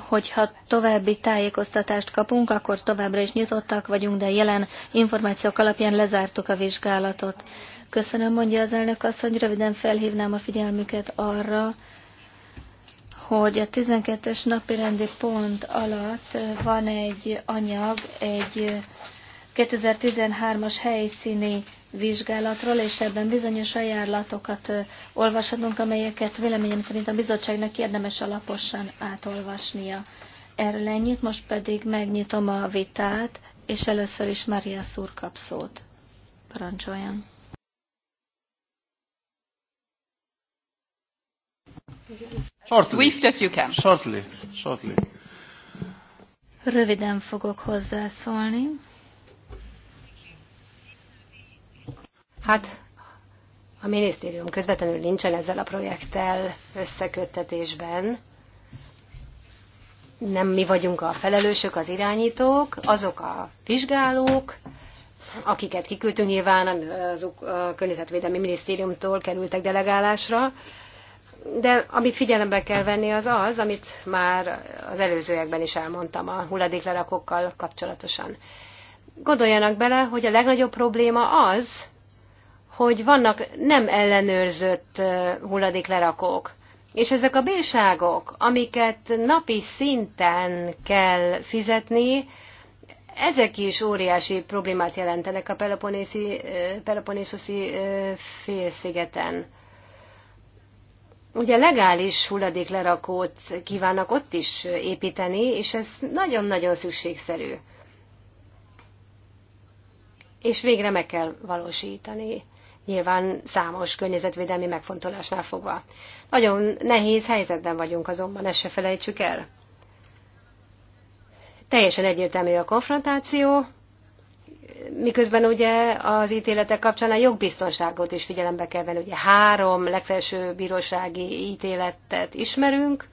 hogyha további tájékoztatást kapunk, akkor továbbra is nyitottak vagyunk, de jelen információk alapján lezártuk a vizsgálatot. Köszönöm, mondja az elnök azt, hogy röviden felhívnám a figyelmüket arra, hogy a 12-es napi rendi pont alatt van egy anyag, egy 2013-as helyszíni vizsgálatról, és ebben bizonyos ajánlatokat olvashatunk, amelyeket véleményem szerint a bizottságnak érdemes alaposan átolvasnia. Erről ennyit, most pedig megnyitom a vitát, és először is Maria Szúr kap szót. Parancsoljon! Swift as you can. Shortly. Shortly. Röviden fogok hozzászólni. Hát a minisztérium közvetlenül nincsen ezzel a projekttel összeköttetésben. Nem mi vagyunk a felelősök, az irányítók, azok a vizsgálók, akiket kiküldtünk nyilván, azok a Környezetvédelmi Minisztériumtól kerültek delegálásra, de amit figyelembe kell venni az az, amit már az előzőekben is elmondtam a hulladéklerakókkal kapcsolatosan. Gondoljanak bele, hogy a legnagyobb probléma az, hogy vannak nem ellenőrzött hulladéklerakók. És ezek a bírságok, amiket napi szinten kell fizetni, ezek is óriási problémát jelentenek a Peloponészoszi félszigeten. Ugye legális hulladéklerakót kívánnak ott is építeni, és ez nagyon-nagyon szükségszerű. És végre meg kell valósítani nyilván számos környezetvédelmi megfontolásnál fogva. Nagyon nehéz helyzetben vagyunk azonban, ezt se felejtsük el. Teljesen egyértelmű a konfrontáció, miközben ugye az ítéletek kapcsán a jogbiztonságot is figyelembe kell venni. Ugye három legfelső bírósági ítéletet ismerünk,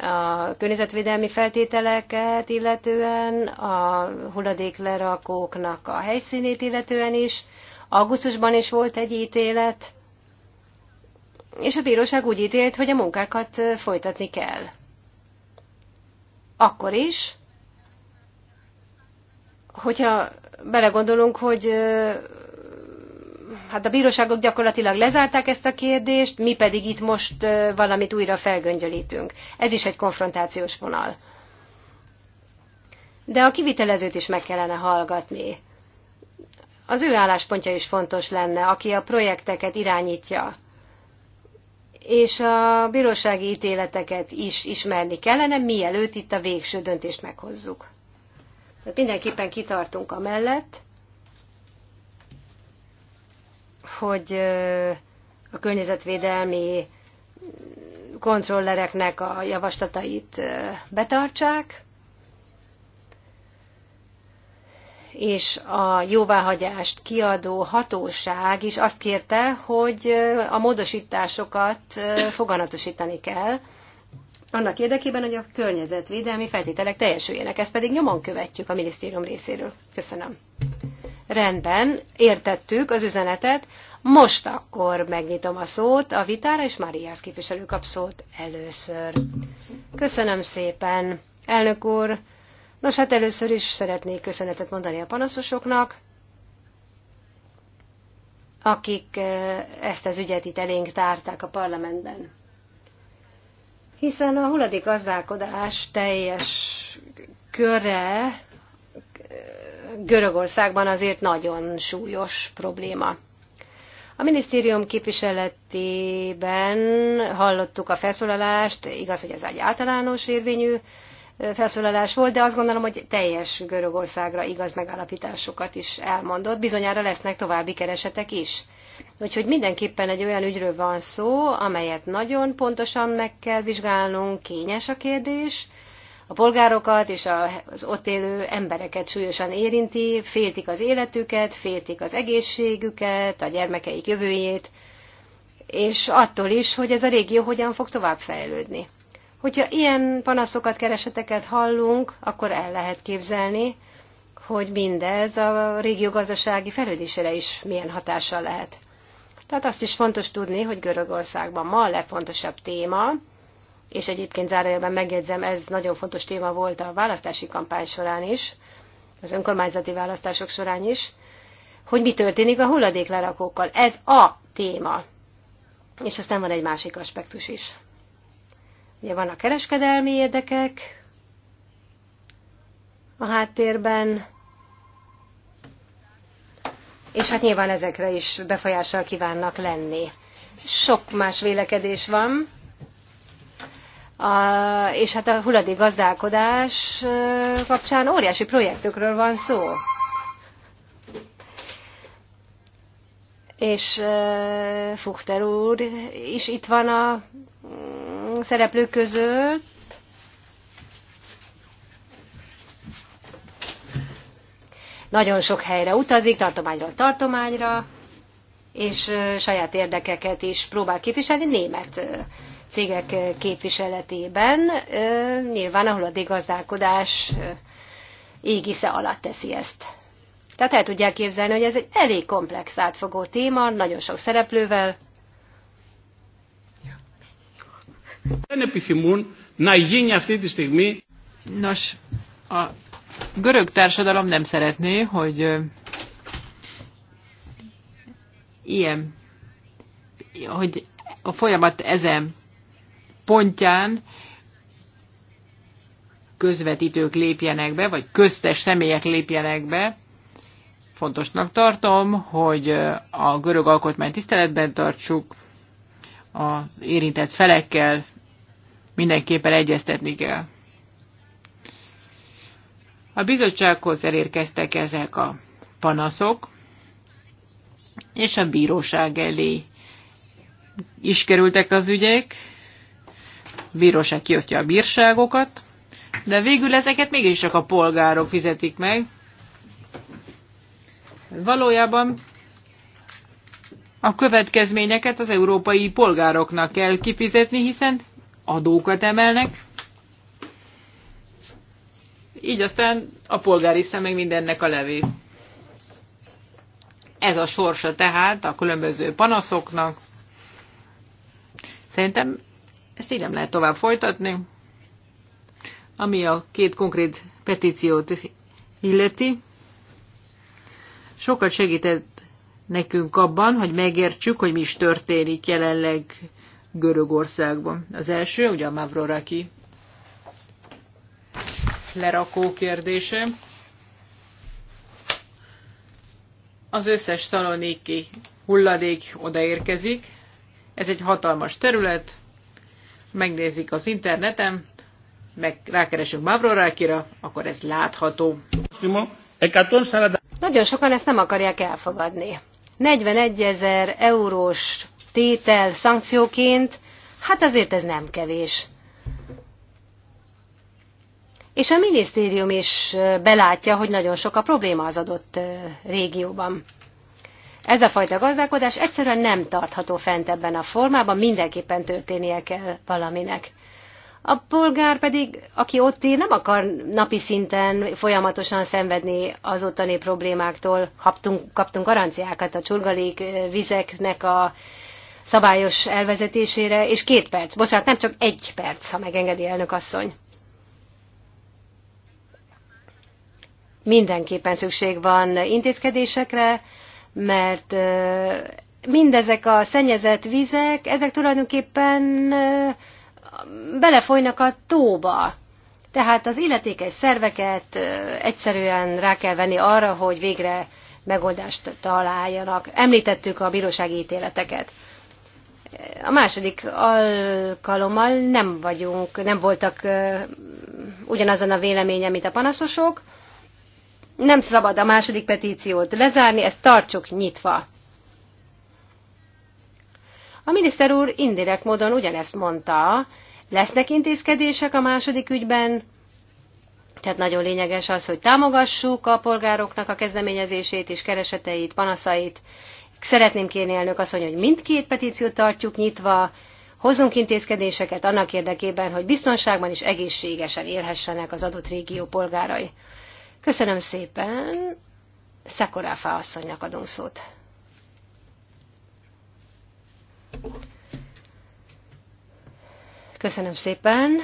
a környezetvédelmi feltételeket illetően, a hulladéklerakóknak a helyszínét illetően is, Augusztusban is volt egy ítélet, és a bíróság úgy ítélt, hogy a munkákat folytatni kell. Akkor is, hogyha belegondolunk, hogy hát a bíróságok gyakorlatilag lezárták ezt a kérdést, mi pedig itt most valamit újra felgöngyölítünk. Ez is egy konfrontációs vonal. De a kivitelezőt is meg kellene hallgatni. Az ő álláspontja is fontos lenne, aki a projekteket irányítja. És a bírósági ítéleteket is ismerni kellene, mielőtt itt a végső döntést meghozzuk. Tehát mindenképpen kitartunk amellett, hogy a környezetvédelmi kontrollereknek a javaslatait betartsák, és a jóváhagyást kiadó hatóság is azt kérte, hogy a módosításokat foganatosítani kell, annak érdekében, hogy a környezetvédelmi feltételek teljesüljenek. Ezt pedig nyomon követjük a minisztérium részéről. Köszönöm. Rendben, értettük az üzenetet. Most akkor megnyitom a szót a vitára, és Máriász képviselő kap szót először. Köszönöm szépen, elnök úr. Nos, hát először is szeretnék köszönetet mondani a panaszosoknak, akik eh, ezt az ügyet itt elénk tárták a parlamentben. Hiszen a hulladék gazdálkodás teljes köre eh, Görögországban azért nagyon súlyos probléma. A minisztérium képviseletében hallottuk a felszólalást, igaz, hogy ez egy általános érvényű felszólalás volt, de azt gondolom, hogy teljes Görögországra igaz megalapításokat is elmondott. Bizonyára lesznek további keresetek is. Úgyhogy mindenképpen egy olyan ügyről van szó, amelyet nagyon pontosan meg kell vizsgálnunk, kényes a kérdés, a polgárokat és az ott élő embereket súlyosan érinti, féltik az életüket, féltik az egészségüket, a gyermekeik jövőjét, és attól is, hogy ez a régió hogyan fog tovább fejlődni. Hogyha ilyen panaszokat, kereseteket hallunk, akkor el lehet képzelni, hogy mindez a régió gazdasági fejlődésére is milyen hatással lehet. Tehát azt is fontos tudni, hogy Görögországban ma a legfontosabb téma, és egyébként zárójelben megjegyzem, ez nagyon fontos téma volt a választási kampány során is, az önkormányzati választások során is, hogy mi történik a hulladéklerakókkal. Ez a téma. És aztán van egy másik aspektus is. Ugye vannak kereskedelmi érdekek a háttérben, és hát nyilván ezekre is befolyással kívánnak lenni. Sok más vélekedés van, a, és hát a hulladék gazdálkodás kapcsán óriási projektökről van szó. És Fuchter úr is itt van a szereplő között. Nagyon sok helyre utazik, tartományról tartományra, és saját érdekeket is próbál képviselni német cégek képviseletében, nyilván a hulladékgazdálkodás égisze alatt teszi ezt. Tehát el tudják képzelni, hogy ez egy elég komplex átfogó téma, nagyon sok szereplővel, Δεν επιθυμούν να γίνει αυτή τη στιγμή. Nos, a görög társadalom nem szeretné, hogy ilyen, hogy a folyamat ezen pontján közvetítők lépjenek be, vagy köztes személyek lépjenek be. Fontosnak tartom, hogy a görög alkotmány tiszteletben tartsuk, az érintett felekkel mindenképpen egyeztetni kell. A bizottsághoz elérkeztek ezek a panaszok, és a bíróság elé is kerültek az ügyek. A bíróság kiosztja a bírságokat, de végül ezeket mégis csak a polgárok fizetik meg. Valójában a következményeket az európai polgároknak kell kifizetni, hiszen adókat emelnek, így aztán a polgár iszta meg mindennek a levé. Ez a sorsa tehát a különböző panaszoknak. Szerintem ezt így nem lehet tovább folytatni. Ami a két konkrét petíciót illeti, sokat segített nekünk abban, hogy megértsük, hogy mi is történik jelenleg Görögországban. Az első, ugye a Mavroraki lerakó kérdése. Az összes szaloniki hulladék odaérkezik. Ez egy hatalmas terület. Megnézik az interneten, meg rákeresünk Mavrorákira, akkor ez látható. Nagyon sokan ezt nem akarják elfogadni. 41 ezer eurós tétel szankcióként, hát azért ez nem kevés. És a minisztérium is belátja, hogy nagyon sok a probléma az adott régióban. Ez a fajta gazdálkodás egyszerűen nem tartható fent ebben a formában, mindenképpen történnie kell valaminek. A polgár pedig, aki ott él, nem akar napi szinten folyamatosan szenvedni az ottani problémáktól. Kaptunk, kaptunk garanciákat a csurgalék vizeknek a szabályos elvezetésére, és két perc, bocsánat, nem csak egy perc, ha megengedi elnök asszony. Mindenképpen szükség van intézkedésekre, mert mindezek a szennyezett vizek, ezek tulajdonképpen belefolynak a tóba. Tehát az illetékes szerveket egyszerűen rá kell venni arra, hogy végre megoldást találjanak. Említettük a bírósági ítéleteket. A második alkalommal nem vagyunk, nem voltak ugyanazon a véleményen, mint a panaszosok. Nem szabad a második petíciót lezárni, ezt tartsuk nyitva. A miniszter úr indirekt módon ugyanezt mondta, lesznek intézkedések a második ügyben, tehát nagyon lényeges az, hogy támogassuk a polgároknak a kezdeményezését és kereseteit, panaszait, Szeretném kérni elnök azt, hogy mindkét petíciót tartjuk nyitva, hozzunk intézkedéseket annak érdekében, hogy biztonságban és egészségesen élhessenek az adott régió polgárai. Köszönöm szépen, Szekoráfa asszonynak adunk szót. Köszönöm szépen,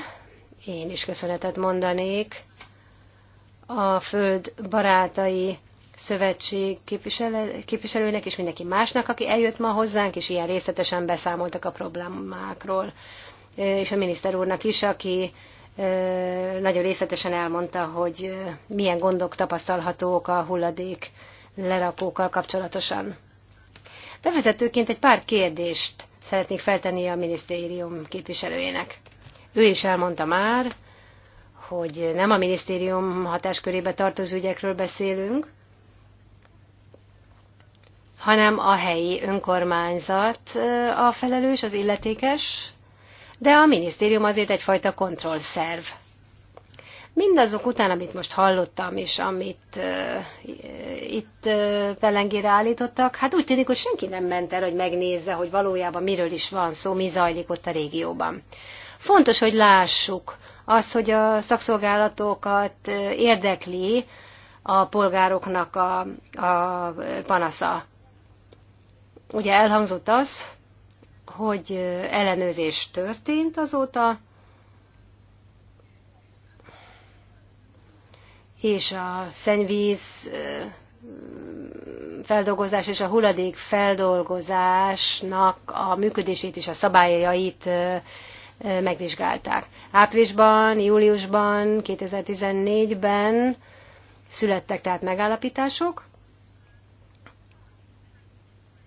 én is köszönetet mondanék a föld barátai szövetség képviselőnek és mindenki másnak, aki eljött ma hozzánk, és ilyen részletesen beszámoltak a problémákról, és a miniszter úrnak is, aki nagyon részletesen elmondta, hogy milyen gondok tapasztalhatók a hulladék lerakókkal kapcsolatosan. Bevezetőként egy pár kérdést szeretnék feltenni a minisztérium képviselőjének. Ő is elmondta már, hogy nem a minisztérium hatáskörébe tartozó ügyekről beszélünk, hanem a helyi önkormányzat a felelős, az illetékes, de a minisztérium azért egyfajta kontrollszerv. Mindazok után, amit most hallottam, és amit uh, itt uh, pelengére állítottak, hát úgy tűnik, hogy senki nem ment el, hogy megnézze, hogy valójában miről is van szó, mi zajlik ott a régióban. Fontos, hogy lássuk azt, hogy a szakszolgálatokat érdekli a polgároknak a, a panasza Ugye elhangzott az, hogy ellenőrzés történt azóta, és a szennyvíz feldolgozás és a hulladék feldolgozásnak a működését és a szabályait megvizsgálták. Áprilisban, júliusban, 2014-ben születtek tehát megállapítások,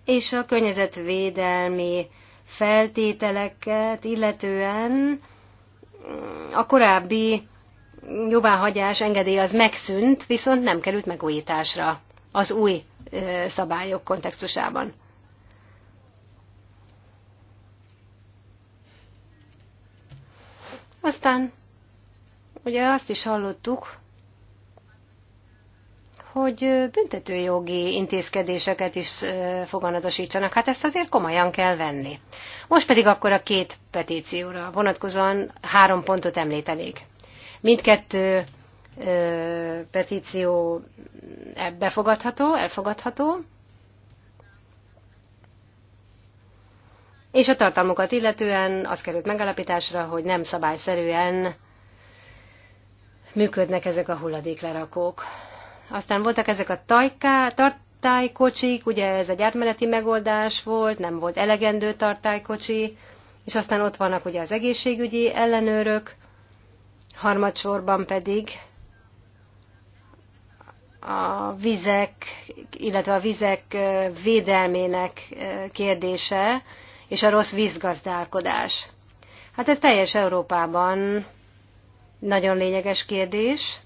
és a környezetvédelmi feltételeket illetően a korábbi jóváhagyás engedély az megszűnt, viszont nem került megújításra az új szabályok kontextusában. Aztán ugye azt is hallottuk, hogy büntetőjogi intézkedéseket is foganatosítsanak. Hát ezt azért komolyan kell venni. Most pedig akkor a két petícióra vonatkozóan három pontot említenék. Mindkettő petíció befogadható, elfogadható, és a tartalmukat illetően az került megalapításra, hogy nem szabályszerűen működnek ezek a hulladéklerakók. Aztán voltak ezek a tajká, tartálykocsik, ugye ez egy gyártmeneti megoldás volt, nem volt elegendő tartálykocsi, és aztán ott vannak ugye az egészségügyi ellenőrök, harmadsorban pedig a vizek, illetve a vizek védelmének kérdése, és a rossz vízgazdálkodás. Hát ez teljes Európában nagyon lényeges kérdés,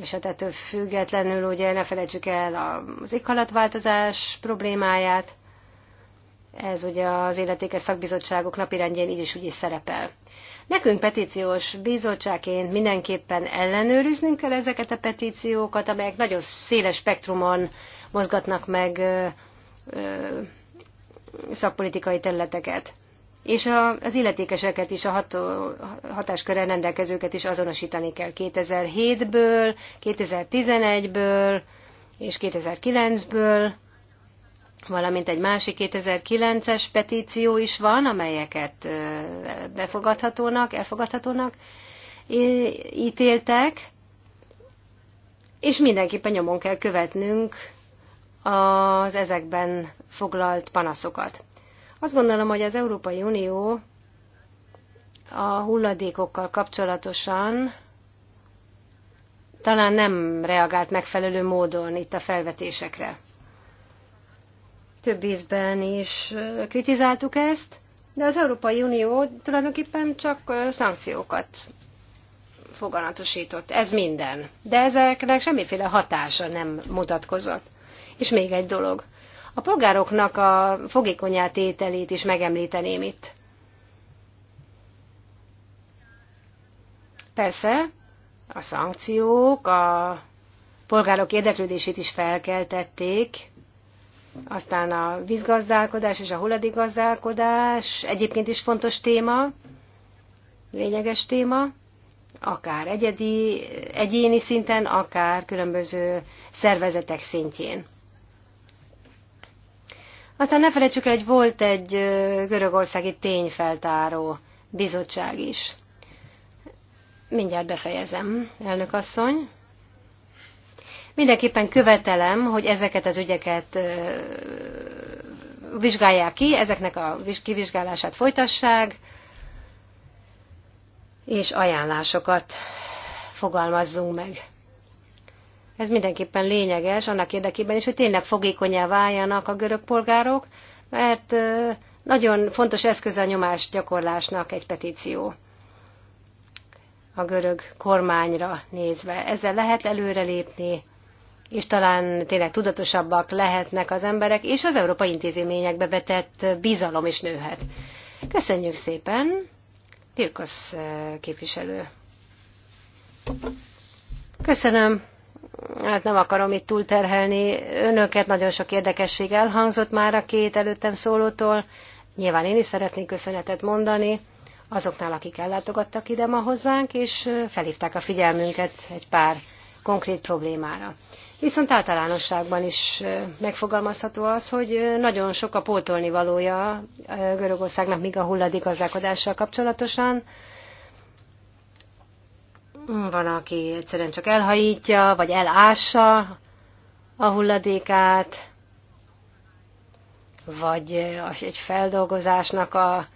és hát ettől függetlenül ugye ne felejtsük el az éghalatváltozás problémáját, ez ugye az életékes szakbizottságok napirendjén így is úgy is szerepel. Nekünk petíciós bizottságként mindenképpen ellenőriznünk kell ezeket a petíciókat, amelyek nagyon széles spektrumon mozgatnak meg ö, ö, szakpolitikai területeket és a, az illetékeseket is, a hat, hatáskörrel rendelkezőket is azonosítani kell 2007-ből, 2011-ből és 2009-ből, valamint egy másik 2009-es petíció is van, amelyeket befogadhatónak, elfogadhatónak ítéltek, és mindenképpen nyomon kell követnünk az ezekben foglalt panaszokat. Azt gondolom, hogy az Európai Unió a hulladékokkal kapcsolatosan talán nem reagált megfelelő módon itt a felvetésekre. Több ízben is kritizáltuk ezt, de az Európai Unió tulajdonképpen csak szankciókat foganatosított. Ez minden. De ezeknek semmiféle hatása nem mutatkozott. És még egy dolog. A polgároknak a fogékonyá tételét is megemlíteném itt. Persze, a szankciók a polgárok érdeklődését is felkeltették, aztán a vízgazdálkodás és a hulladékgazdálkodás egyébként is fontos téma, lényeges téma, akár egyedi, egyéni szinten, akár különböző szervezetek szintjén. Aztán ne felejtsük el, hogy volt egy görögországi tényfeltáró bizottság is. Mindjárt befejezem, elnök asszony. Mindenképpen követelem, hogy ezeket az ügyeket vizsgálják ki, ezeknek a kivizsgálását folytassák, és ajánlásokat fogalmazzunk meg. Ez mindenképpen lényeges annak érdekében is, hogy tényleg fogékonyá váljanak a görög polgárok, mert nagyon fontos eszköz a nyomás gyakorlásnak egy petíció a görög kormányra nézve. Ezzel lehet előrelépni, és talán tényleg tudatosabbak lehetnek az emberek, és az európai intézményekbe vetett bizalom is nőhet. Köszönjük szépen, Tirkosz képviselő. Köszönöm hát nem akarom itt túlterhelni önöket, nagyon sok érdekesség elhangzott már a két előttem szólótól. Nyilván én is szeretnék köszönetet mondani azoknál, akik ellátogattak ide ma hozzánk, és felhívták a figyelmünket egy pár konkrét problémára. Viszont általánosságban is megfogalmazható az, hogy nagyon sok a pótolni valója Görögországnak, míg a hulladék kapcsolatosan. Van, aki egyszerűen csak elhajítja, vagy elássa a hulladékát, vagy egy feldolgozásnak a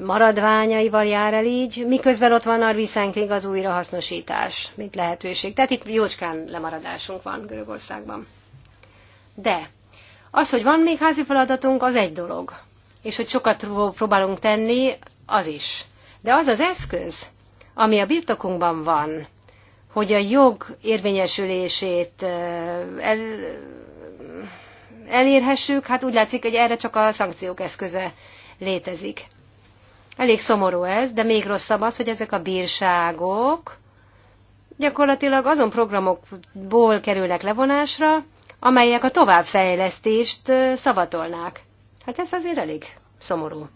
maradványaival jár el így, miközben ott van a recycling, az újrahasznosítás, mint lehetőség. Tehát itt jócskán lemaradásunk van Görögországban. De az, hogy van még házi feladatunk, az egy dolog. És hogy sokat próbálunk tenni, az is. De az az eszköz, ami a birtokunkban van, hogy a jog érvényesülését el, elérhessük, hát úgy látszik, hogy erre csak a szankciók eszköze létezik. Elég szomorú ez, de még rosszabb az, hogy ezek a bírságok gyakorlatilag azon programokból kerülnek levonásra, amelyek a továbbfejlesztést szavatolnák. Hát ez azért elég szomorú.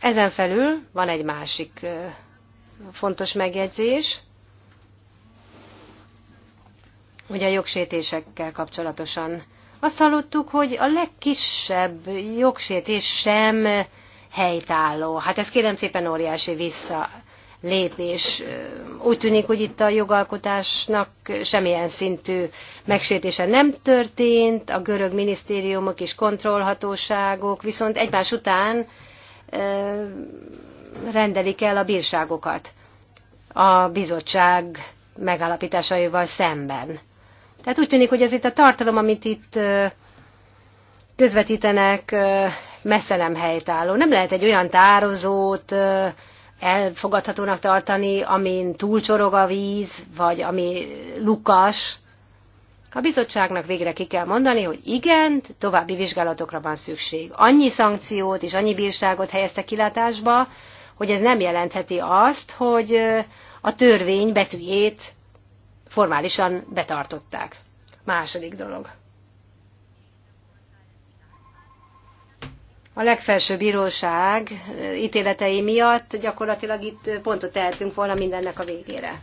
Ezen felül van egy másik fontos megjegyzés, hogy a jogsértésekkel kapcsolatosan. Azt hallottuk, hogy a legkisebb jogsértés sem helytálló. Hát ez kérem szépen óriási vissza lépés. Úgy tűnik, hogy itt a jogalkotásnak semmilyen szintű megsértése nem történt, a görög minisztériumok és kontrollhatóságok viszont egymás után rendelik el a bírságokat a bizottság megállapításaival szemben. Tehát úgy tűnik, hogy ez itt a tartalom, amit itt közvetítenek, messze nem helytálló. Nem lehet egy olyan tározót elfogadhatónak tartani, amin túlcsorog a víz, vagy ami lukas. A bizottságnak végre ki kell mondani, hogy igen, további vizsgálatokra van szükség. Annyi szankciót és annyi bírságot helyeztek kilátásba, hogy ez nem jelentheti azt, hogy a törvény betűjét formálisan betartották. Második dolog. A legfelső bíróság ítéletei miatt gyakorlatilag itt pontot tehetünk volna mindennek a végére.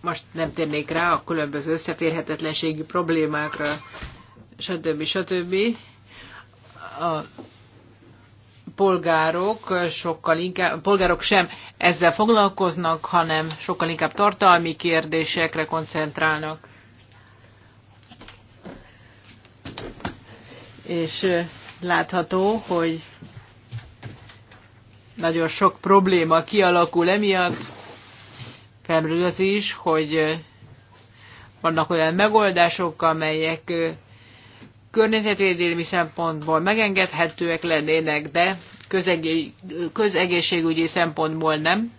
Most nem térnék rá a különböző összeférhetetlenségi problémákra, stb. stb. A polgárok sokkal inkább, polgárok sem ezzel foglalkoznak, hanem sokkal inkább tartalmi kérdésekre koncentrálnak. És látható, hogy nagyon sok probléma kialakul emiatt. Felmerül az is, hogy vannak olyan megoldások, amelyek környezetvédelmi szempontból megengedhetőek lennének, de közegészségügyi szempontból nem.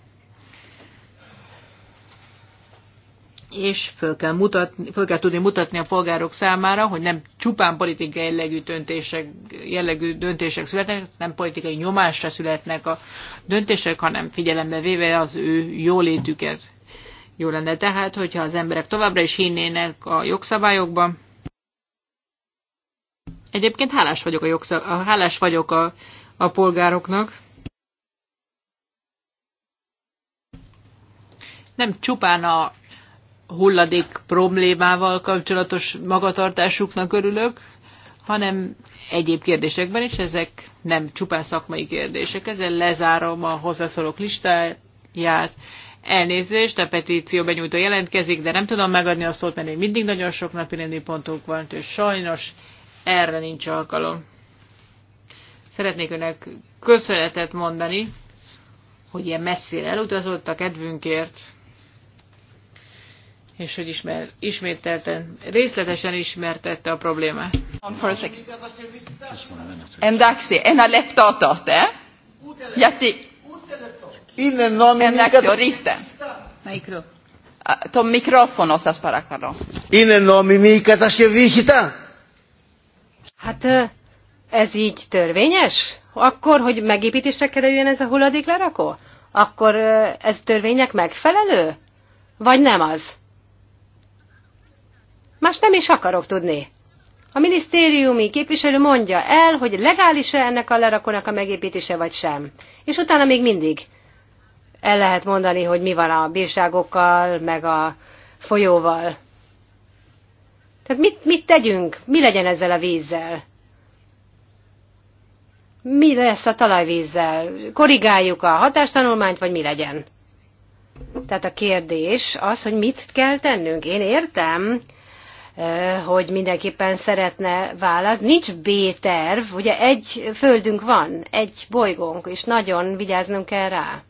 És föl kell, mutatni, föl kell tudni mutatni a polgárok számára, hogy nem csupán politikai jellegű döntések, jellegű döntések születnek, nem politikai nyomásra születnek a döntések, hanem figyelembe véve az ő jólétüket. Jó lenne tehát, hogyha az emberek továbbra is hinnének a jogszabályokban, Egyébként hálás vagyok a, jogszab, hálás vagyok a, a polgároknak. Nem csupán a hulladék problémával kapcsolatos magatartásuknak örülök, hanem egyéb kérdésekben is, ezek nem csupán szakmai kérdések. Ezzel lezárom a hozzászólók listáját. Elnézést, a petíció benyújtó jelentkezik, de nem tudom megadni a szót, mert még mindig nagyon sok napi pontunk van, és sajnos erre nincs alkalom. Szeretnék önnek köszönetet mondani, hogy ilyen messzire elutazott a kedvünkért, és hogy ismer, ismételten, részletesen ismertette a problémát. En dagszi, en a leptatat, eh? Jatti. Innen van En dagszi, oriste. Mikro. Το μικρόφωνο σας παρακαλώ. Είναι νόμιμη η κατασκευή χιτά. Hát ez így törvényes? Akkor, hogy megépítésre kerüljön ez a lerakó, Akkor ez törvénynek megfelelő? Vagy nem az? Más nem is akarok tudni. A minisztériumi képviselő mondja el, hogy legális-e ennek a lerakónak a megépítése, vagy sem. És utána még mindig el lehet mondani, hogy mi van a bírságokkal, meg a folyóval. Tehát mit, mit tegyünk? Mi legyen ezzel a vízzel? Mi lesz a talajvízzel? Korrigáljuk a hatástanulmányt, vagy mi legyen? Tehát a kérdés az, hogy mit kell tennünk. Én értem, hogy mindenképpen szeretne választ. Nincs B-terv, ugye egy földünk van, egy bolygónk, és nagyon vigyáznunk kell rá.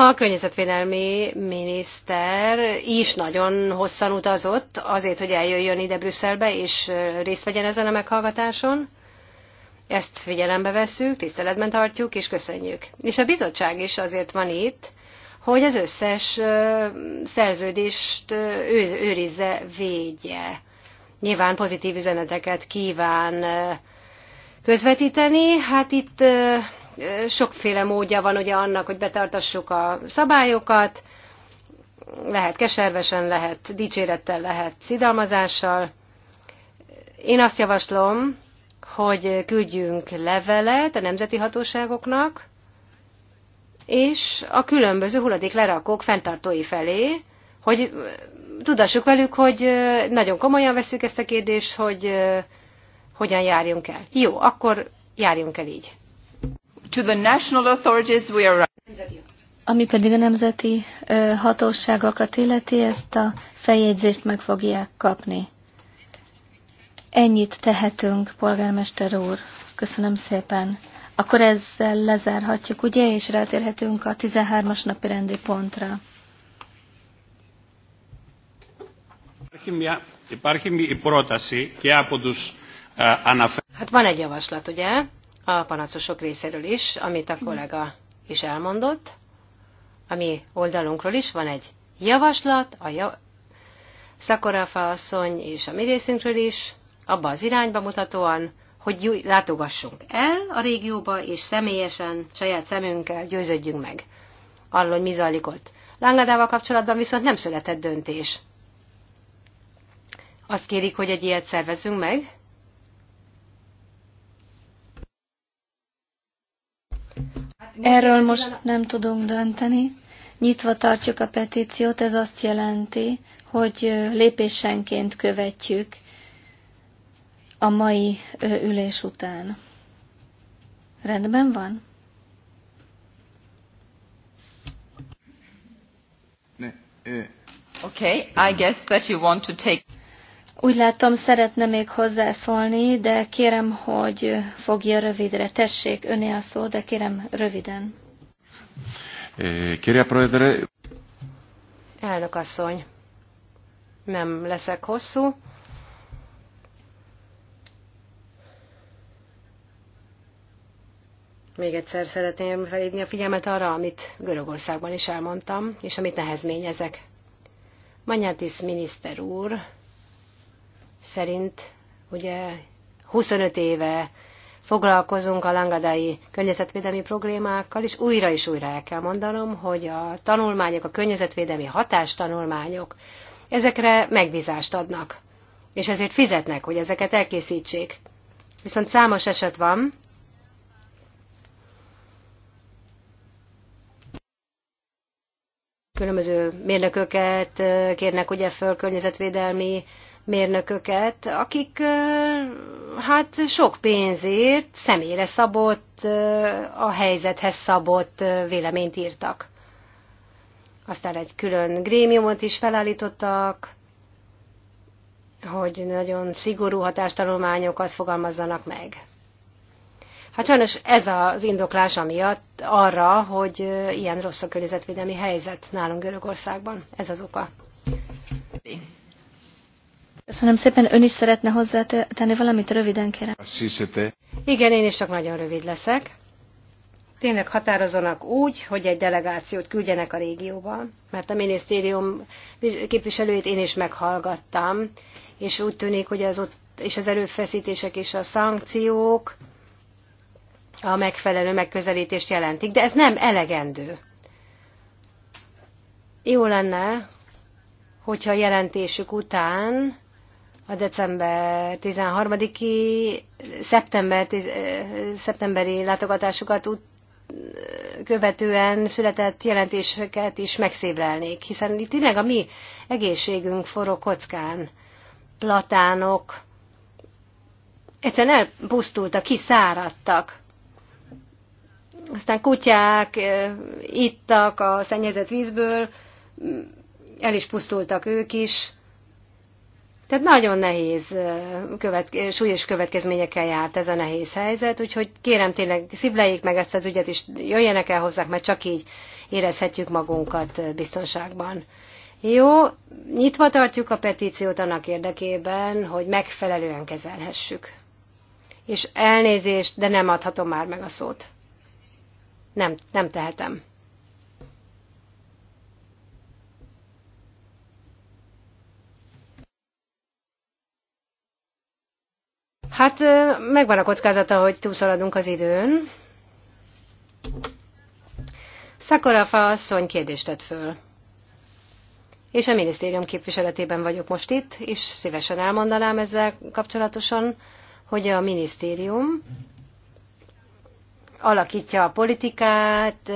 A környezetvédelmi miniszter is nagyon hosszan utazott azért, hogy eljöjjön ide Brüsszelbe és részt vegyen ezen a meghallgatáson. Ezt figyelembe vesszük, tiszteletben tartjuk és köszönjük. És a bizottság is azért van itt, hogy az összes szerződést őrizze, védje. Nyilván pozitív üzeneteket kíván közvetíteni. Hát itt sokféle módja van ugye annak, hogy betartassuk a szabályokat, lehet keservesen, lehet dicsérettel, lehet szidalmazással. Én azt javaslom, hogy küldjünk levelet a nemzeti hatóságoknak, és a különböző hulladéklerakók fenntartói felé, hogy tudassuk velük, hogy nagyon komolyan veszük ezt a kérdést, hogy hogyan járjunk el. Jó, akkor járjunk el így to the national authorities we are ami pedig a nemzeti ö, hatóságokat illeti, ezt a feljegyzést meg fogják kapni. Ennyit tehetünk, polgármester úr. Köszönöm szépen. Akkor ezzel lezárhatjuk, ugye, és rátérhetünk a 13-as napi rendi pontra. Hát van egy javaslat, ugye? a panacosok részéről is, amit a kollega is elmondott. A mi oldalunkról is van egy javaslat, a ja- Szakorafa asszony és a mi részünkről is, abba az irányba mutatóan, hogy látogassunk el a régióba, és személyesen, saját szemünkkel győződjünk meg arról, hogy mi zajlik ott. Lángadával kapcsolatban viszont nem született döntés. Azt kérik, hogy egy ilyet szervezzünk meg, Erről most nem tudunk dönteni. Nyitva tartjuk a petíciót, ez azt jelenti, hogy lépésenként követjük a mai ülés után. Rendben van? Okay, I guess that you want to take úgy látom, szeretne még hozzászólni, de kérem, hogy fogja rövidre. Tessék, öné a szó, de kérem röviden. Kérje, Proedere. Elnök asszony, nem leszek hosszú. Még egyszer szeretném felhívni a figyelmet arra, amit Görögországban is elmondtam, és amit nehezményezek. Manyátis miniszter úr szerint ugye 25 éve foglalkozunk a langadai környezetvédelmi problémákkal, és újra és újra el kell mondanom, hogy a tanulmányok, a környezetvédelmi hatástanulmányok ezekre megbízást adnak, és ezért fizetnek, hogy ezeket elkészítsék. Viszont számos eset van, különböző mérnököket eh, kérnek ugye föl környezetvédelmi mérnököket, akik hát sok pénzért személyre szabott, a helyzethez szabott véleményt írtak. Aztán egy külön grémiumot is felállítottak, hogy nagyon szigorú hatástanulmányokat fogalmazzanak meg. Hát sajnos ez az indoklás miatt arra, hogy ilyen rossz a környezetvédelmi helyzet nálunk Görögországban. Ez az oka. Köszönöm szépen, ön is szeretne hozzátenni valamit röviden, kérem. Igen, én is csak nagyon rövid leszek. Tényleg határozonak úgy, hogy egy delegációt küldjenek a régióba, mert a minisztérium képviselőjét én is meghallgattam, és úgy tűnik, hogy az ott és az erőfeszítések és a szankciók a megfelelő megközelítést jelentik, de ez nem elegendő. Jó lenne, hogyha a jelentésük után a december 13-i szeptember, eh, szeptemberi látogatásukat út, követően született jelentéseket is megszébrelnék, hiszen itt tényleg a mi egészségünk forró kockán, platánok, egyszerűen elpusztultak, kiszáradtak. Aztán kutyák eh, ittak a szennyezett vízből, el is pusztultak ők is. Tehát nagyon nehéz, követ, súlyos következményekkel járt ez a nehéz helyzet, úgyhogy kérem tényleg szívlejék meg ezt az ügyet, és jöjjenek el hozzák, mert csak így érezhetjük magunkat biztonságban. Jó, nyitva tartjuk a petíciót annak érdekében, hogy megfelelően kezelhessük. És elnézést, de nem adhatom már meg a szót. Nem, nem tehetem. Hát megvan a kockázata, hogy túlszaladunk az időn. Szakorafa asszony kérdést tett föl. És a minisztérium képviseletében vagyok most itt, és szívesen elmondanám ezzel kapcsolatosan, hogy a minisztérium alakítja a politikát,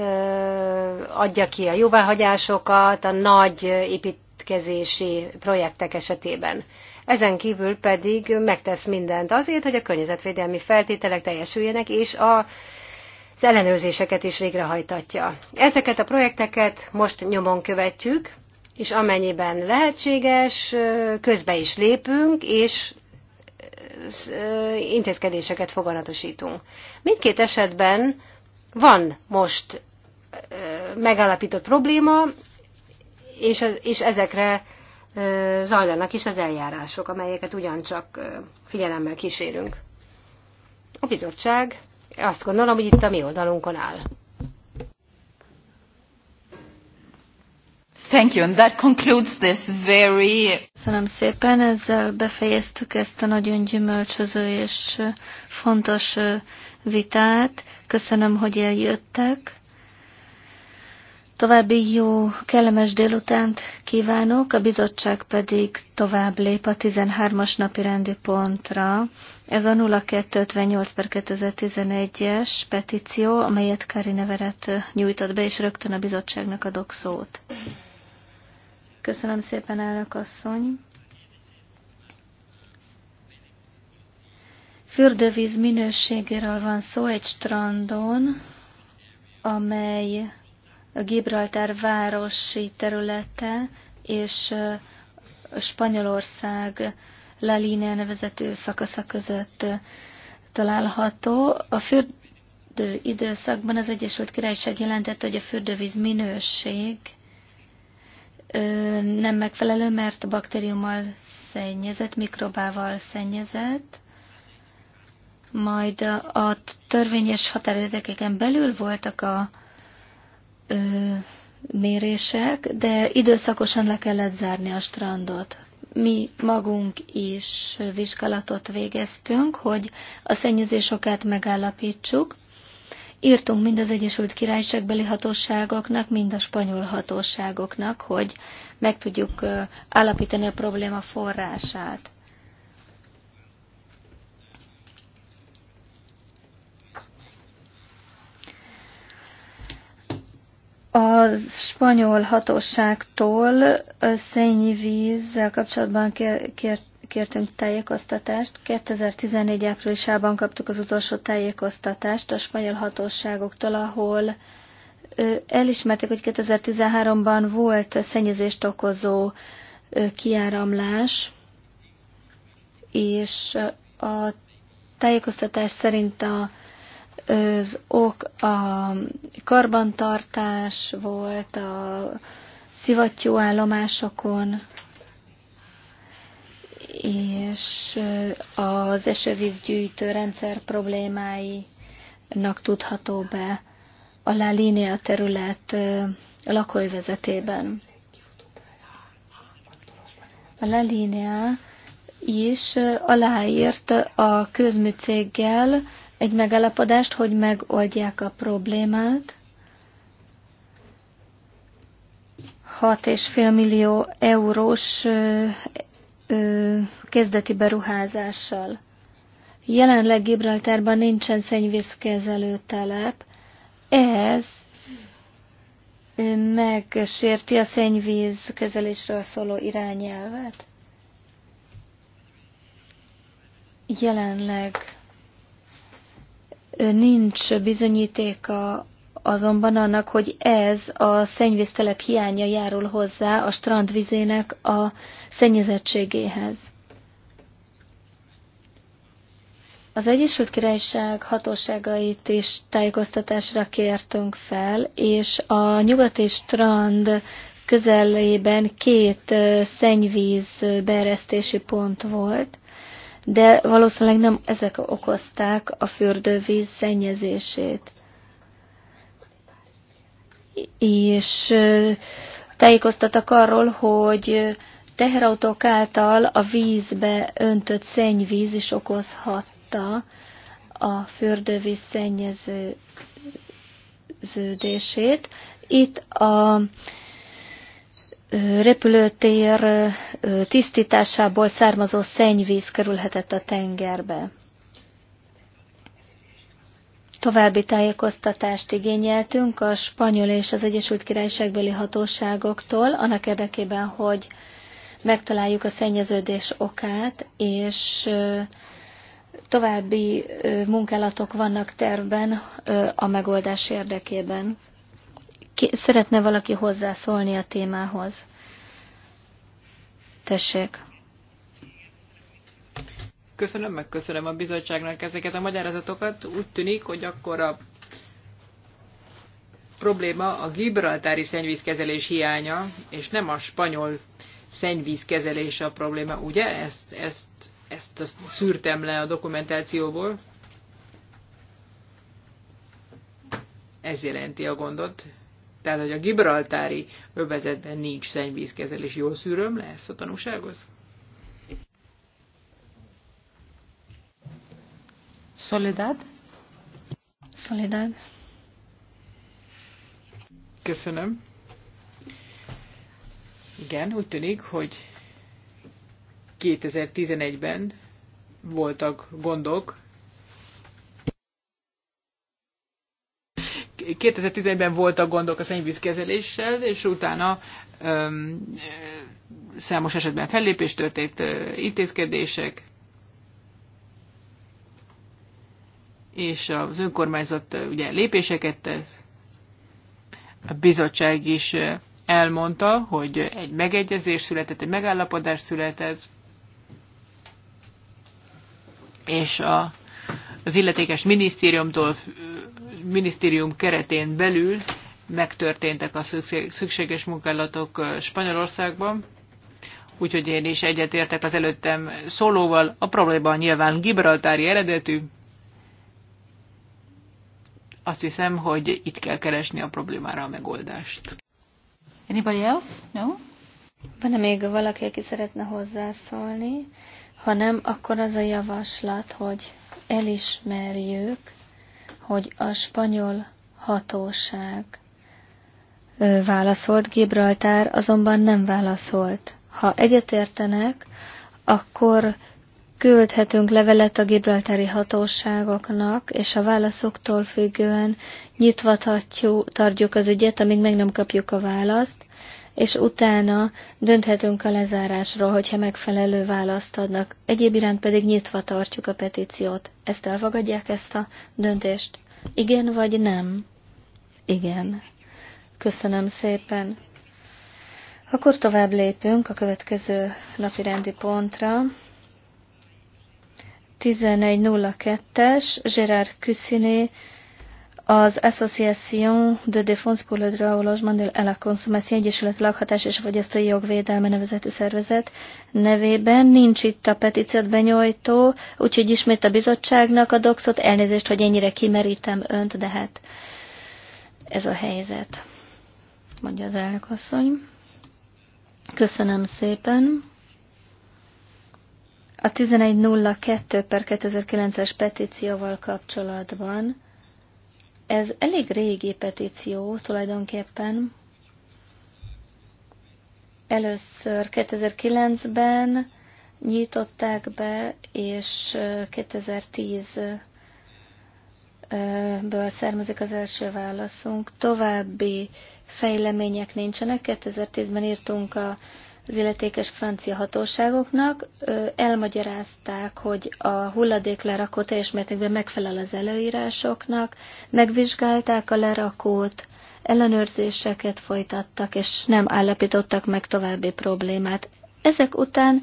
adja ki a jóváhagyásokat a nagy építkezési projektek esetében ezen kívül pedig megtesz mindent azért, hogy a környezetvédelmi feltételek teljesüljenek, és a, az ellenőrzéseket is végrehajtatja. Ezeket a projekteket most nyomon követjük, és amennyiben lehetséges, közbe is lépünk, és intézkedéseket foganatosítunk. Mindkét esetben van most megállapított probléma, és, és ezekre zajlanak is az eljárások, amelyeket ugyancsak figyelemmel kísérünk. A bizottság azt gondolom, hogy itt a mi oldalunkon áll. Thank you, and that concludes this very... Köszönöm szépen, ezzel befejeztük ezt a nagyon gyümölcsöző és fontos vitát. Köszönöm, hogy eljöttek. További jó, kellemes délutánt kívánok, a bizottság pedig tovább lép a 13-as napi rendi pontra. Ez a 0258 per 2011-es petíció, amelyet Kári Neveret nyújtott be, és rögtön a bizottságnak adok szót. Köszönöm szépen, elnök asszony. Fürdővíz minőségéről van szó egy strandon, amely Gibraltár városi területe és Spanyolország La Linea nevezető szakasza között található. A fürdő időszakban az Egyesült Királyság jelentette, hogy a fürdővíz minőség nem megfelelő, mert baktériummal szennyezett, mikrobával szennyezett, majd a törvényes határérdekeken belül voltak a mérések, de időszakosan le kellett zárni a strandot. Mi magunk is vizsgálatot végeztünk, hogy a szennyezés okát megállapítsuk. Írtunk mind az Egyesült Királyságbeli hatóságoknak, mind a spanyol hatóságoknak, hogy meg tudjuk állapítani a probléma forrását. A spanyol hatóságtól szennyi vízzel kapcsolatban kért, kértünk tájékoztatást. 2014 áprilisában kaptuk az utolsó tájékoztatást a spanyol hatóságoktól, ahol elismerték, hogy 2013-ban volt szennyezést okozó kiáramlás, és a tájékoztatás szerint a az ok a karbantartás volt a szivattyúállomásokon, és az esővízgyűjtő rendszer problémáinak tudható be a La Linea terület lakóvezetében. A La Linea is aláírt a közműcéggel egy megállapodást, hogy megoldják a problémát. 6,5 millió eurós ö, ö, kezdeti beruházással. Jelenleg Gibraltárban nincsen szennyvízkezelő telep. Ez megsérti a szennyvíz kezelésről szóló irányelvet. Jelenleg Nincs bizonyítéka azonban annak, hogy ez a szennyvíztelep hiánya járul hozzá a strandvizének a szennyezettségéhez. Az Egyesült Királyság hatóságait is tájékoztatásra kértünk fel, és a nyugati strand közelében két szennyvíz beeresztési pont volt, de valószínűleg nem ezek okozták a fürdővíz szennyezését. És tájékoztattak arról, hogy teherautók által a vízbe öntött szennyvíz is okozhatta a fürdővíz szennyeződését. Itt a repülőtér tisztításából származó szennyvíz kerülhetett a tengerbe. További tájékoztatást igényeltünk a spanyol és az Egyesült Királyságbeli hatóságoktól, annak érdekében, hogy megtaláljuk a szennyeződés okát, és további munkálatok vannak tervben a megoldás érdekében. Ki, szeretne valaki hozzászólni a témához? Tessék. Köszönöm, megköszönöm a bizottságnak ezeket a magyarázatokat. Úgy tűnik, hogy akkor a probléma a gibraltári szennyvízkezelés hiánya, és nem a spanyol szennyvízkezelés a probléma, ugye? Ezt, ezt, ezt, ezt szűrtem le a dokumentációból. Ez jelenti a gondot tehát, hogy a gibraltári övezetben nincs szennyvízkezelés, jól szűröm le ezt a tanúságot? Soledad? Soledad? Köszönöm. Igen, úgy tűnik, hogy 2011-ben voltak gondok 2011-ben voltak gondok a szennyvízkezeléssel, és utána öm, számos esetben fellépés történt, ö, intézkedések, és az önkormányzat ugye lépéseket tesz. A bizottság is elmondta, hogy egy megegyezés született, egy megállapodás született, és a, az illetékes minisztériumtól minisztérium keretén belül megtörténtek a szükséges munkálatok Spanyolországban, úgyhogy én is egyetértek az előttem szólóval. A probléma nyilván gibraltári eredetű. Azt hiszem, hogy itt kell keresni a problémára a megoldást. Anybody else? No? Van-e még valaki, aki szeretne hozzászólni? Ha nem, akkor az a javaslat, hogy elismerjük hogy a spanyol hatóság ő válaszolt, Gibraltár azonban nem válaszolt. Ha egyetértenek, akkor küldhetünk levelet a gibraltári hatóságoknak, és a válaszoktól függően nyitva tartjuk az ügyet, amíg meg nem kapjuk a választ, és utána dönthetünk a lezárásról, hogyha megfelelő választ adnak. Egyéb iránt pedig nyitva tartjuk a petíciót. Ezt elfogadják, ezt a döntést? Igen vagy nem? Igen. Köszönöm szépen. Akkor tovább lépünk a következő napi rendi pontra. 11.02-es Gerard Cussiné az Association de Défense pour le droit au logement de la consommation Egyesület lakhatás és fogyasztói jogvédelme nevezetű szervezet nevében. Nincs itt a petíciót benyújtó, úgyhogy ismét a bizottságnak a doxot. Elnézést, hogy ennyire kimerítem önt, de hát ez a helyzet, mondja az elnökasszony. Köszönöm szépen. A 1102 per 2009-es petícióval kapcsolatban ez elég régi petíció tulajdonképpen. Először 2009-ben nyitották be, és 2010-ből származik az első válaszunk. További fejlemények nincsenek. 2010-ben írtunk a az illetékes francia hatóságoknak. Elmagyarázták, hogy a hulladék lerakó teljes mértékben megfelel az előírásoknak, megvizsgálták a lerakót, ellenőrzéseket folytattak, és nem állapítottak meg további problémát. Ezek után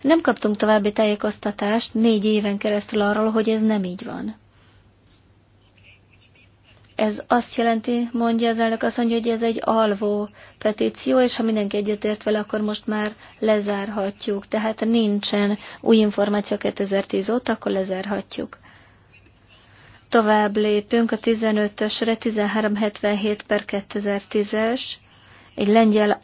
nem kaptunk további tájékoztatást négy éven keresztül arról, hogy ez nem így van. Ez azt jelenti, mondja az elnök azt mondja, hogy ez egy alvó petíció, és ha mindenki egyetért vele, akkor most már lezárhatjuk. Tehát nincsen új információ 2010 óta, akkor lezárhatjuk. Tovább lépünk a 15-ösre, 1377 per 2010-es. Egy lengyel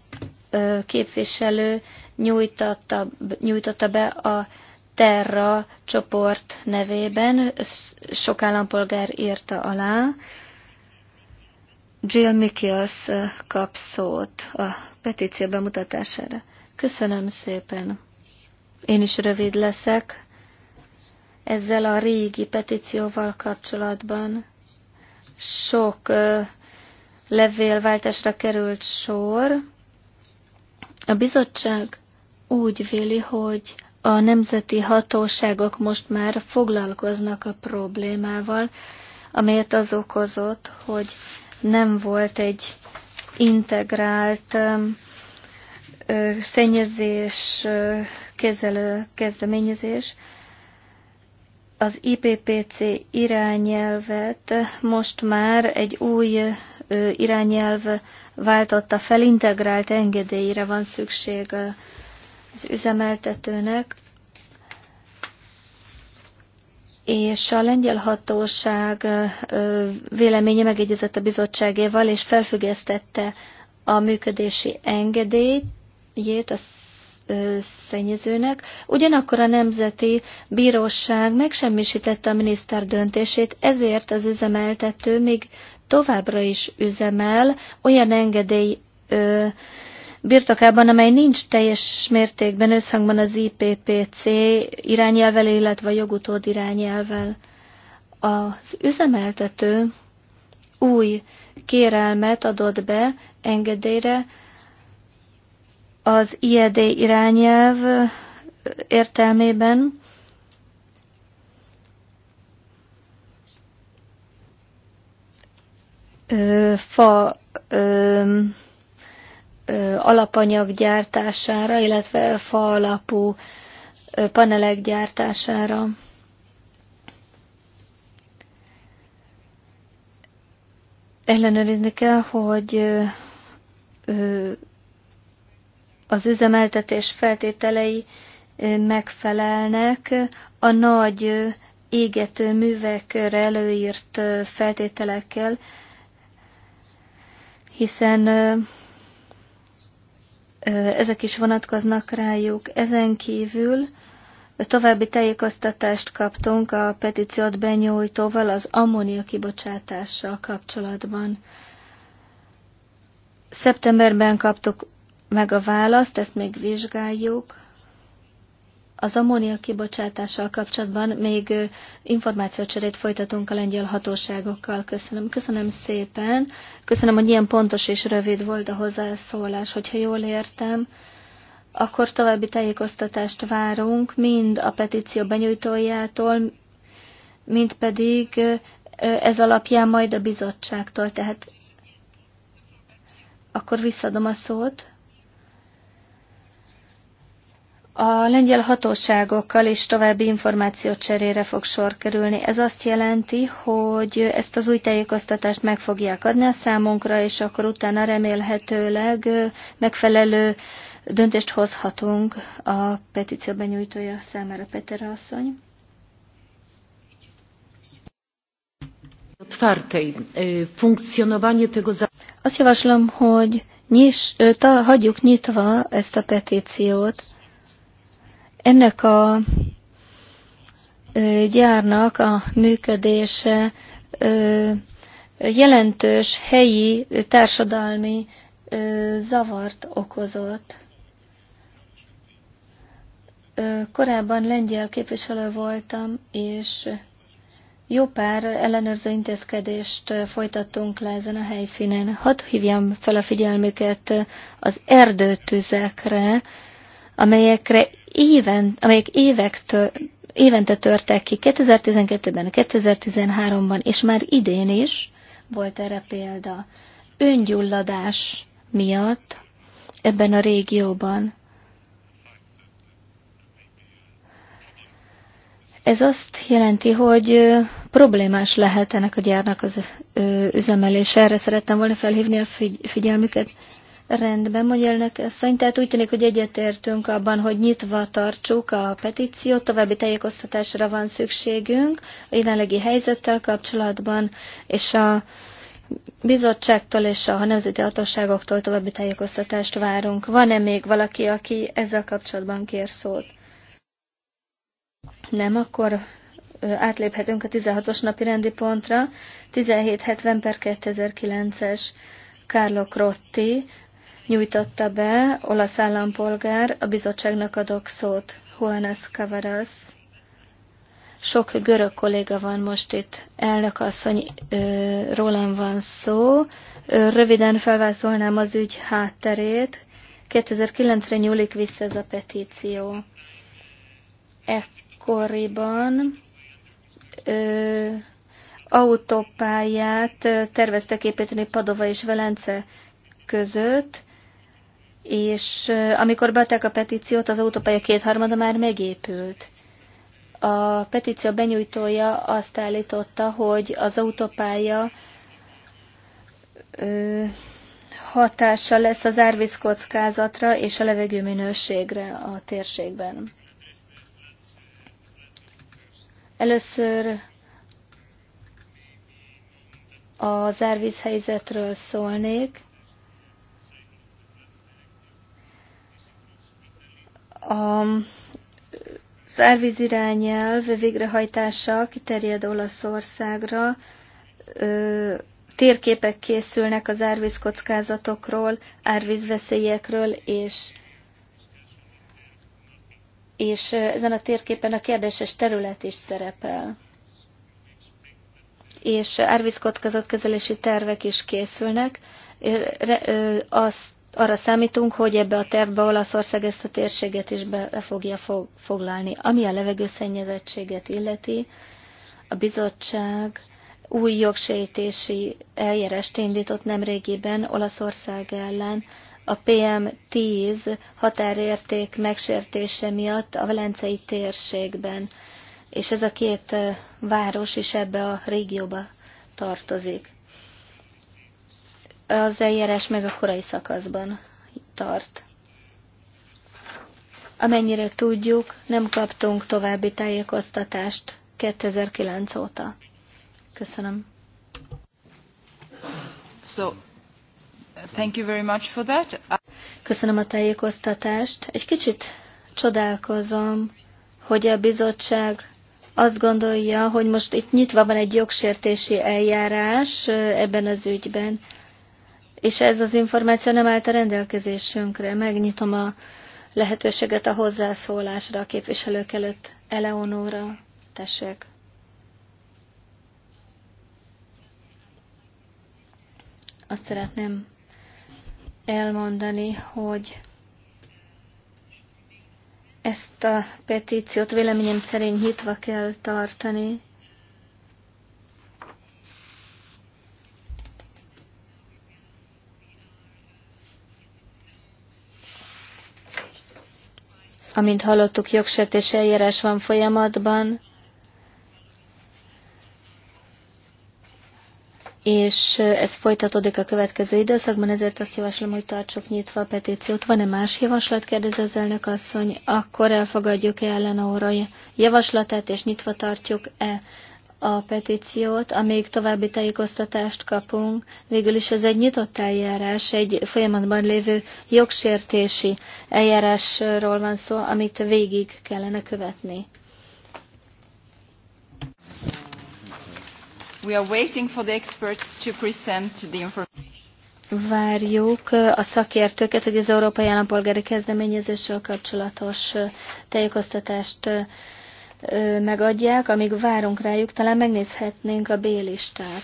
képviselő nyújtotta, nyújtotta be a Terra csoport nevében, sok állampolgár írta alá, Jill Mikiels kap szót a petíció bemutatására. Köszönöm szépen. Én is rövid leszek. Ezzel a régi petícióval kapcsolatban sok levélváltásra került sor. A bizottság úgy véli, hogy a nemzeti hatóságok most már foglalkoznak a problémával, amelyet az okozott, hogy nem volt egy integrált szennyezés kezelő kezdeményezés. Az IPPC irányelvet most már egy új irányelv váltotta fel, integrált engedélyre van szükség az üzemeltetőnek, és a lengyel hatóság véleménye megegyezett a bizottságéval, és felfüggesztette a működési engedélyét a szennyezőnek. Ugyanakkor a Nemzeti Bíróság megsemmisítette a miniszter döntését, ezért az üzemeltető még továbbra is üzemel olyan engedély birtokában, amely nincs teljes mértékben összhangban az IPPC irányelvel, illetve a jogutód irányelvel. Az üzemeltető új kérelmet adott be engedélyre az IED irányelv értelmében, fa alapanyag gyártására, illetve fa alapú panelek gyártására. Ellenőrizni kell, hogy az üzemeltetés feltételei megfelelnek a nagy égető művekre előírt feltételekkel, hiszen ezek is vonatkoznak rájuk. Ezen kívül további tájékoztatást kaptunk a petíciót benyújtóval az ammónia kibocsátással kapcsolatban. Szeptemberben kaptuk meg a választ, ezt még vizsgáljuk. Az ammónia kibocsátással kapcsolatban még információcserét folytatunk a lengyel hatóságokkal. Köszönöm. Köszönöm szépen. Köszönöm, hogy ilyen pontos és rövid volt a hozzászólás. Hogyha jól értem, akkor további tájékoztatást várunk mind a petíció benyújtójától, mind pedig ez alapján majd a bizottságtól. Tehát akkor visszadom a szót. A lengyel hatóságokkal is további információt cserére fog sor kerülni. Ez azt jelenti, hogy ezt az új tájékoztatást meg fogják adni a számunkra, és akkor utána remélhetőleg megfelelő döntést hozhatunk a petíció benyújtója számára, Peter asszony. E, azt javaslom, hogy nyis, e, ta, hagyjuk nyitva ezt a petíciót, ennek a gyárnak a működése jelentős helyi társadalmi zavart okozott. Korábban lengyel képviselő voltam, és jó pár ellenőrző intézkedést folytattunk le ezen a helyszínen. Hadd hívjam fel a figyelmüket az erdőtüzekre, amelyekre éven, amelyek évektől, évente törtek ki, 2012-ben, 2013-ban, és már idén is volt erre példa, öngyulladás miatt ebben a régióban. Ez azt jelenti, hogy problémás lehet ennek a gyárnak az üzemelése. Erre szerettem volna felhívni a figyelmüket. Rendben, mondja elnök asszony, tehát úgy tűnik, hogy egyetértünk abban, hogy nyitva tartsuk a petíciót, további tájékoztatásra van szükségünk a jelenlegi helyzettel kapcsolatban, és a bizottságtól és a nemzeti hatóságoktól további tájékoztatást várunk. Van-e még valaki, aki ezzel kapcsolatban kér szót? Nem, akkor átléphetünk a 16-os napi rendi pontra, 1770 per 2009-es Carlo Crotti nyújtotta be olasz állampolgár, a bizottságnak adok szót, Juanes Cavaras. Sok görög kolléga van most itt. Elnök asszony, rólam van szó. Röviden felvázolnám az ügy hátterét. 2009-re nyúlik vissza ez a petíció. Ekkoriban ö, autópályát terveztek építeni Padova és Velence között, és amikor beadták a petíciót, az autópálya kétharmada már megépült. A petíció benyújtója azt állította, hogy az autópálya ö, hatása lesz az árvíz kockázatra és a levegőminőségre a térségben. Először az árvíz helyzetről szólnék. A, az elvízirányelv végrehajtása kiterjed Olaszországra, térképek készülnek az árvízkockázatokról, árvízveszélyekről, és, és ezen a térképen a kérdéses terület is szerepel. És kezelési tervek is készülnek. Azt arra számítunk, hogy ebbe a tervbe Olaszország ezt a térséget is be fogja foglalni. Ami a levegőszennyezettséget illeti, a bizottság új jogsejtési eljárást indított nemrégiben Olaszország ellen a PM10 határérték megsértése miatt a velencei térségben, és ez a két város is ebbe a régióba tartozik az eljárás meg a korai szakaszban tart. Amennyire tudjuk, nem kaptunk további tájékoztatást 2009 óta. Köszönöm. So, thank you very much for that. Köszönöm a tájékoztatást. Egy kicsit csodálkozom, hogy a bizottság azt gondolja, hogy most itt nyitva van egy jogsértési eljárás ebben az ügyben és ez az információ nem állt a rendelkezésünkre. Megnyitom a lehetőséget a hozzászólásra a képviselők előtt. Eleonóra, tessék. Azt szeretném elmondani, hogy ezt a petíciót véleményem szerint nyitva kell tartani, amint hallottuk, jogsértés eljárás van folyamatban, és ez folytatódik a következő időszakban, ezért azt javaslom, hogy tartsuk nyitva a petíciót. Van-e más javaslat, kérdez az elnök asszony, akkor elfogadjuk-e ellen a javaslatát, és nyitva tartjuk-e a petíciót, amíg további tájékoztatást kapunk. Végül is ez egy nyitott eljárás, egy folyamatban lévő jogsértési eljárásról van szó, amit végig kellene követni. We are waiting for the experts to present the information. Várjuk a szakértőket, hogy az Európai Állampolgári Kezdeményezésről kapcsolatos tájékoztatást megadják, amíg várunk rájuk, talán megnézhetnénk a B listát.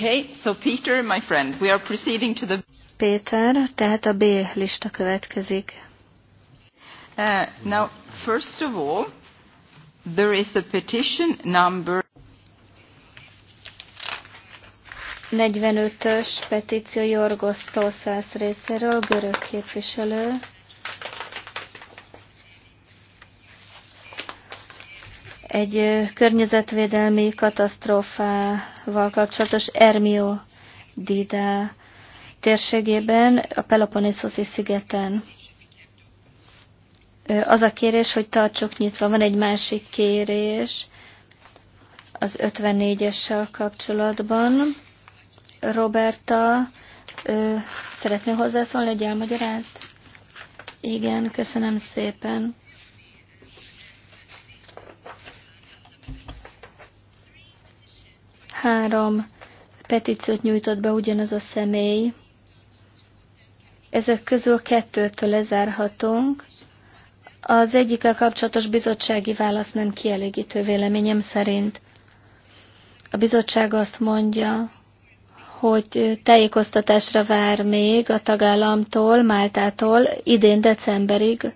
Okay, so Peter, my friend, we are proceeding to the... Peter, tehát a B lista következik. Uh, now, first of all, there is the petition number 45-ös petíció Jorgosz Tószász részéről, görög képviselő. egy környezetvédelmi katasztrófával kapcsolatos Ermio Dida térségében, a Peloponnesoszi szigeten. Az a kérés, hogy tartsuk nyitva. Van egy másik kérés az 54-essel kapcsolatban. Roberta, szeretné hozzászólni, hogy elmagyarázd? Igen, köszönöm szépen. Három petíciót nyújtott be ugyanaz a személy. Ezek közül kettőtől lezárhatunk. Az egyikkel kapcsolatos bizottsági válasz nem kielégítő véleményem szerint. A bizottság azt mondja, hogy tájékoztatásra vár még a tagállamtól, Máltától idén decemberig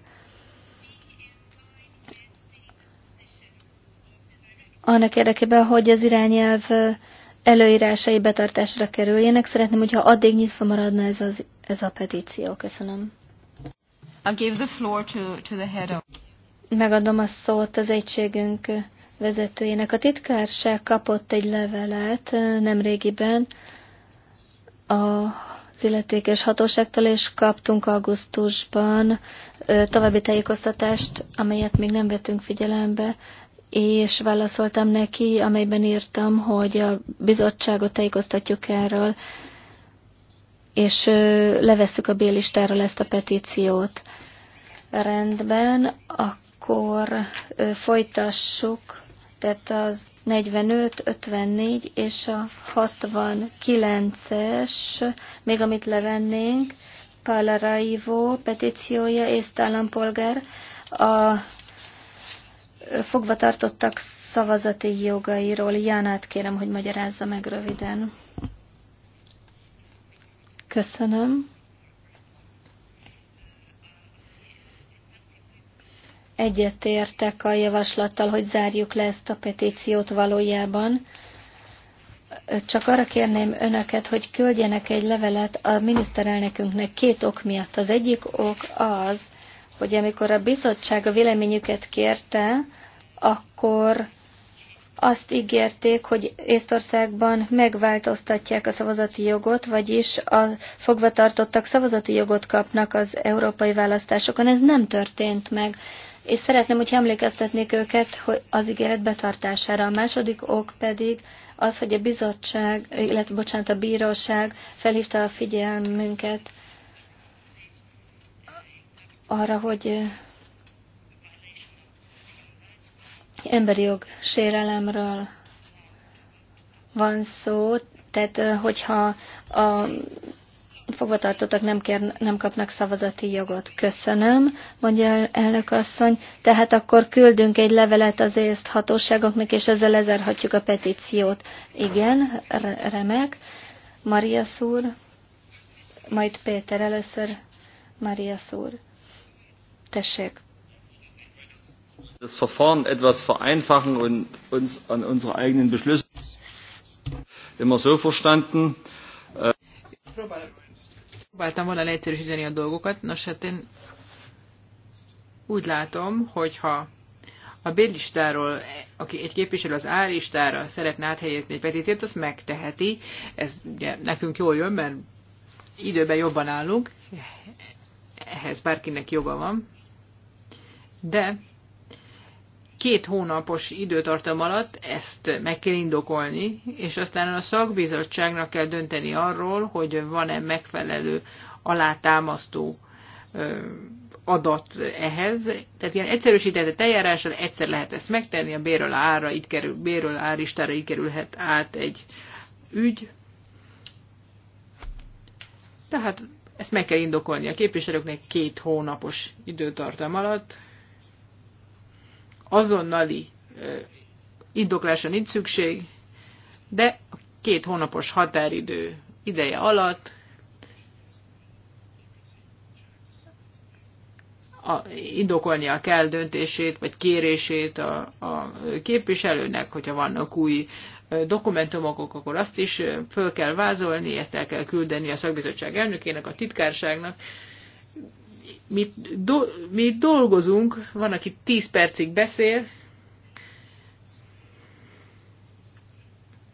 annak érdekében, hogy az irányelv előírásai betartásra kerüljenek. Szeretném, hogyha addig nyitva maradna ez, az, ez a petíció. Köszönöm. I'll give the floor to, to the head of... Megadom a szót az egységünk vezetőjének. A titkárság kapott egy levelet nemrégiben az illetékes hatóságtól, és kaptunk augusztusban további tájékoztatást, amelyet még nem vettünk figyelembe és válaszoltam neki, amelyben írtam, hogy a bizottságot tájékoztatjuk erről, és levesszük a bélistáról ezt a petíciót. Rendben, akkor folytassuk, tehát az 45, 54 és a 69-es, még amit levennénk, Palaraivo petíciója, észt állampolgár, a fogvatartottak szavazati jogairól. Jánát kérem, hogy magyarázza meg röviden. Köszönöm. Egyetértek a javaslattal, hogy zárjuk le ezt a petíciót valójában. Csak arra kérném önöket, hogy küldjenek egy levelet a miniszterelnökünknek két ok miatt. Az egyik ok az, hogy amikor a bizottság a véleményüket kérte, akkor azt ígérték, hogy Észtországban megváltoztatják a szavazati jogot, vagyis a fogvatartottak szavazati jogot kapnak az európai választásokon. Ez nem történt meg. És szeretném, hogy emlékeztetnék őket hogy az ígéret betartására. A második ok pedig az, hogy a bizottság, illetve bocsánat, a bíróság felhívta a figyelmünket arra, hogy emberi jog sérelemről van szó, tehát hogyha a fogvatartottak nem, kér, nem kapnak szavazati jogot. Köszönöm, mondja el, elnök asszony. Tehát akkor küldünk egy levelet az észt hatóságoknak, és ezzel lezárhatjuk a petíciót. Igen, remek. Maria szúr, majd Péter először. Maria szúr. Tessék. etwas vereinfachen und uns an unsere eigenen Beschlüsse immer so verstanden. Próbáltam volna leegyszerűsíteni a dolgokat. Nos, hát én úgy látom, hogyha a b aki egy képviselő az a szeretne áthelyezni egy petíciót, azt megteheti. Ez ugye nekünk jól jön, mert időben jobban állunk. Ehhez bárkinek joga van de két hónapos időtartam alatt ezt meg kell indokolni, és aztán a szakbizottságnak kell dönteni arról, hogy van-e megfelelő alátámasztó adat ehhez. Tehát ilyen egyszerűsített eljárással egyszer lehet ezt megtenni, a béről ára, itt kerül, béről áristára így kerülhet át egy ügy. Tehát ezt meg kell indokolni a képviselőknek két hónapos időtartam alatt, azonnali indoklásra nincs szükség, de a két hónapos határidő ideje alatt a, indokolnia kell döntését vagy kérését a, a képviselőnek, hogyha vannak új dokumentumok, akkor azt is föl kell vázolni, ezt el kell küldeni a szakbizottság elnökének, a titkárságnak mi, do, mi dolgozunk, van, aki 10 percig beszél,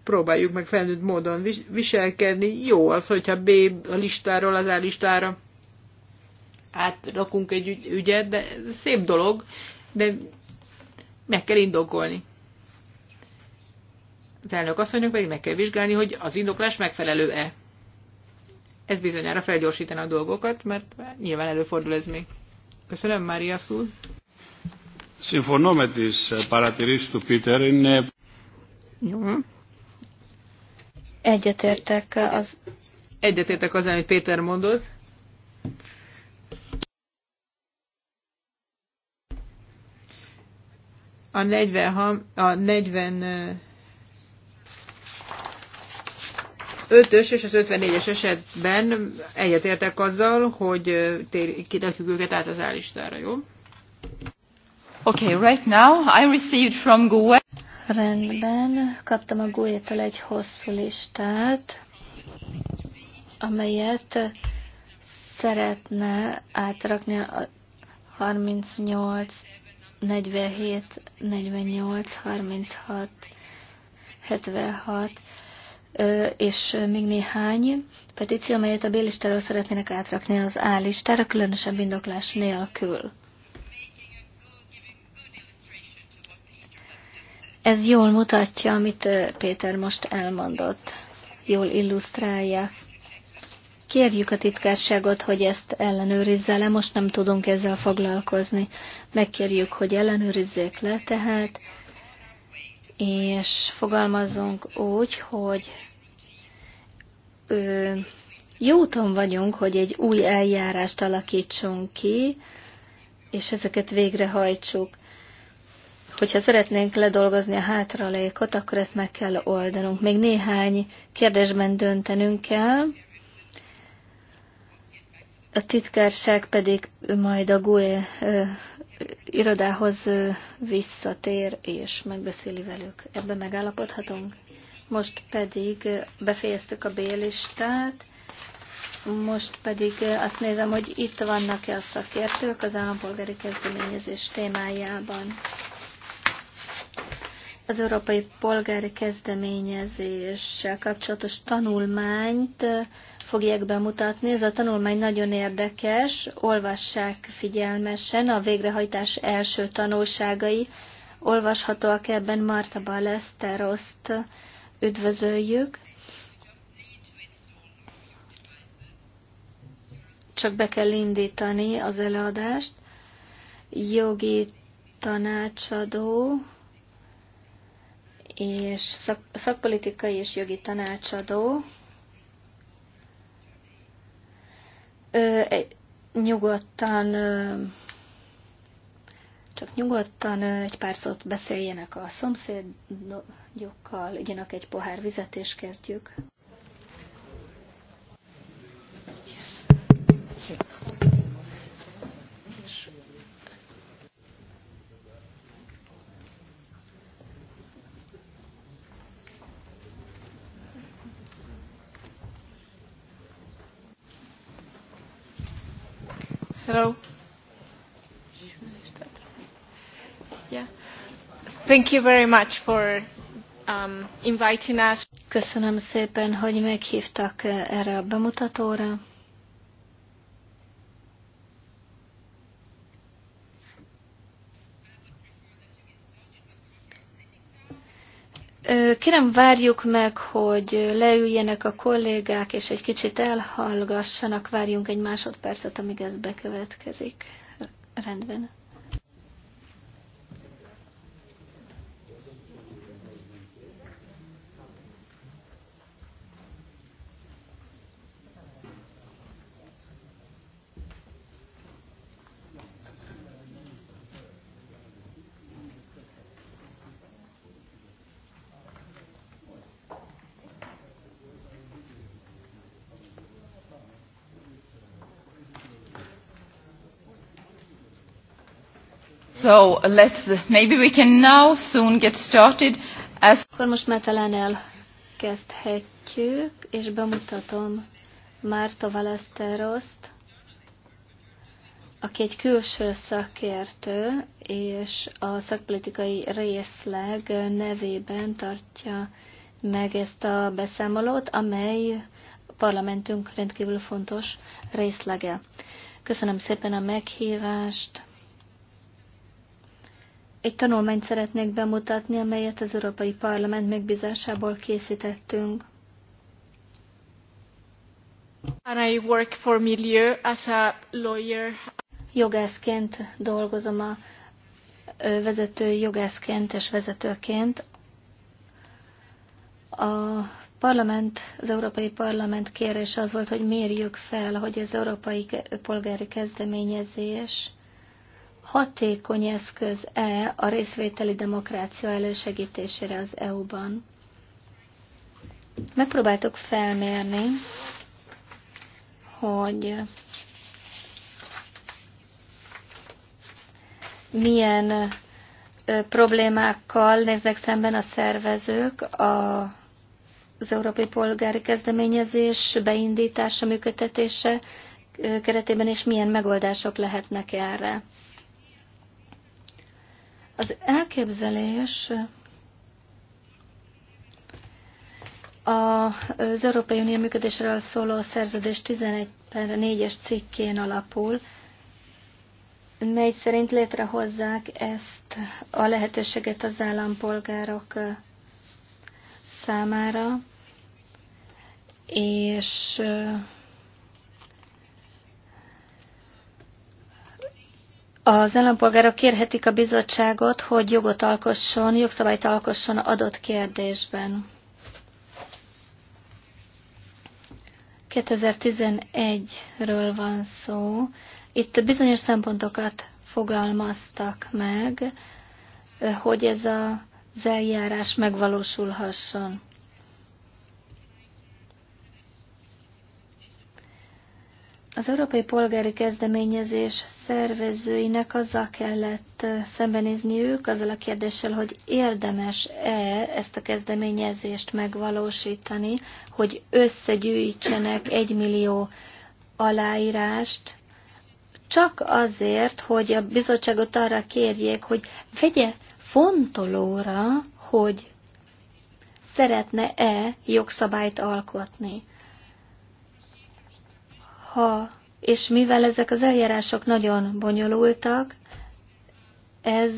próbáljuk meg felnőtt módon viselkedni. Jó az, hogyha B a listáról az A listára átrakunk egy ügy, ügyet, de szép dolog, de meg kell indokolni. Az elnök asszonynak pedig meg kell vizsgálni, hogy az indoklás megfelelő-e. Ez bizonyára felgyorsítaná a dolgokat, mert nyilván előfordul ez még. Köszönöm, Mária Szul. Sinfonometis paratiristu τις παρατηρήσεις του Egyetértek az... Egyetértek az, amit Péter mondott. A 40, a 40 5-ös és az 54-es esetben egyetértek azzal, hogy kirakjuk őket át az állistára, jó? Okay, right now I received from GUE. Rendben, kaptam a GUE-től egy hosszú listát, amelyet szeretne átrakni a 38, 47, 48, 36, 76, és még néhány petíció, amelyet a B-listáról szeretnének átrakni az A-listára, különösebb indoklás nélkül. Ez jól mutatja, amit Péter most elmondott. Jól illusztrálja. Kérjük a titkárságot, hogy ezt ellenőrizze le, most nem tudunk ezzel foglalkozni. Megkérjük, hogy ellenőrizzék le, tehát és fogalmazzunk úgy, hogy ö, jó úton vagyunk, hogy egy új eljárást alakítsunk ki, és ezeket végrehajtsuk. Hogyha szeretnénk ledolgozni a hátralékot, akkor ezt meg kell oldanunk. Még néhány kérdésben döntenünk kell, a titkárság pedig majd a GUE irodához visszatér és megbeszéli velük. Ebben megállapodhatunk? Most pedig befejeztük a B-listát, most pedig azt nézem, hogy itt vannak-e a szakértők az állampolgári kezdeményezés témájában az Európai Polgári Kezdeményezéssel kapcsolatos tanulmányt fogják bemutatni. Ez a tanulmány nagyon érdekes, olvassák figyelmesen a végrehajtás első tanulságai. Olvashatóak ebben Marta Balesteroszt üdvözöljük. Csak be kell indítani az előadást. Jogi tanácsadó és szak, szakpolitikai és jogi tanácsadó ö, e, nyugodtan ö, csak nyugodtan egy pár szót beszéljenek a szomszédokkal, igyanak egy pohár vizet, és kezdjük. Yes. Hello. Yeah. Thank you very much for um, inviting us. Köszönöm szépen, hogy meghívtak eh, erre a bemutatóra. Kérem, várjuk meg, hogy leüljenek a kollégák, és egy kicsit elhallgassanak, várjunk egy másodpercet, amíg ez bekövetkezik. Rendben. So let's, maybe we can now soon get started. As Akkor most már talán elkezdhetjük, és bemutatom Márta Valeszteroszt, aki egy külső szakértő, és a szakpolitikai részleg nevében tartja meg ezt a beszámolót, amely parlamentünk rendkívül fontos részlege. Köszönöm szépen a meghívást, egy tanulmányt szeretnék bemutatni, amelyet az Európai Parlament megbízásából készítettünk. And I work for milieu as a lawyer. Jogászként dolgozom a vezető jogászként és vezetőként. A parlament, az Európai Parlament kérése az volt, hogy mérjük fel, hogy az Európai Polgári Kezdeményezés hatékony eszköz-e a részvételi demokrácia elősegítésére az EU-ban. Megpróbáltuk felmérni, hogy milyen problémákkal néznek szemben a szervezők a, az Európai Polgári Kezdeményezés beindítása, működtetése keretében, és milyen megoldások lehetnek erre. Az elképzelés az Európai Unió működésről szóló szerződés 11 per 4-es cikkén alapul, mely szerint létrehozzák ezt a lehetőséget az állampolgárok számára, és Az állampolgárok kérhetik a bizottságot, hogy jogot alkosson, jogszabályt alkosson adott kérdésben. 2011-ről van szó. Itt bizonyos szempontokat fogalmaztak meg, hogy ez az eljárás megvalósulhasson. Az Európai Polgári Kezdeményezés szervezőinek azzal kellett szembenézni ők azzal a kérdéssel, hogy érdemes-e ezt a kezdeményezést megvalósítani, hogy összegyűjtsenek egymillió aláírást, csak azért, hogy a bizottságot arra kérjék, hogy vegye fontolóra, hogy szeretne-e jogszabályt alkotni ha, és mivel ezek az eljárások nagyon bonyolultak, ez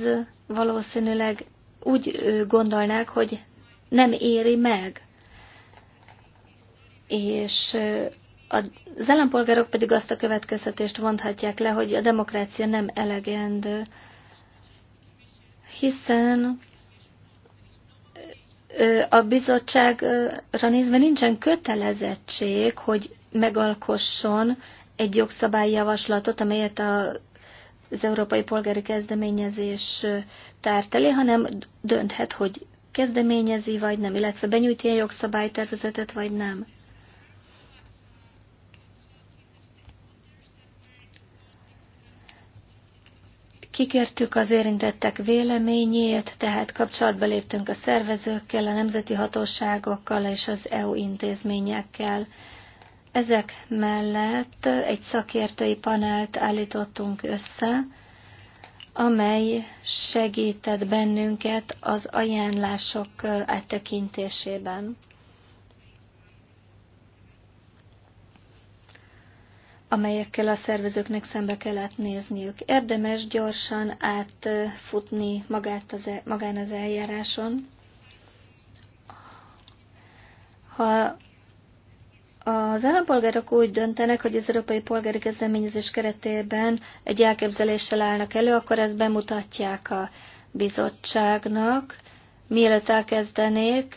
valószínűleg úgy gondolnák, hogy nem éri meg. És az állampolgárok pedig azt a következtetést vonhatják le, hogy a demokrácia nem elegendő, hiszen a bizottságra nézve nincsen kötelezettség, hogy megalkosson egy jogszabályjavaslatot, amelyet a az Európai Polgári Kezdeményezés tárt elé, hanem dönthet, hogy kezdeményezi, vagy nem, illetve benyújti a jogszabálytervezetet, vagy nem. Kikértük az érintettek véleményét, tehát kapcsolatba léptünk a szervezőkkel, a nemzeti hatóságokkal és az EU intézményekkel. Ezek mellett egy szakértői panelt állítottunk össze, amely segített bennünket az ajánlások áttekintésében. amelyekkel a szervezőknek szembe kellett nézniük. Érdemes gyorsan átfutni magát az, e- magán az eljáráson. Ha az állampolgárok úgy döntenek, hogy az Európai Polgári Kezdeményezés keretében egy elképzeléssel állnak elő, akkor ezt bemutatják a bizottságnak, mielőtt elkezdenék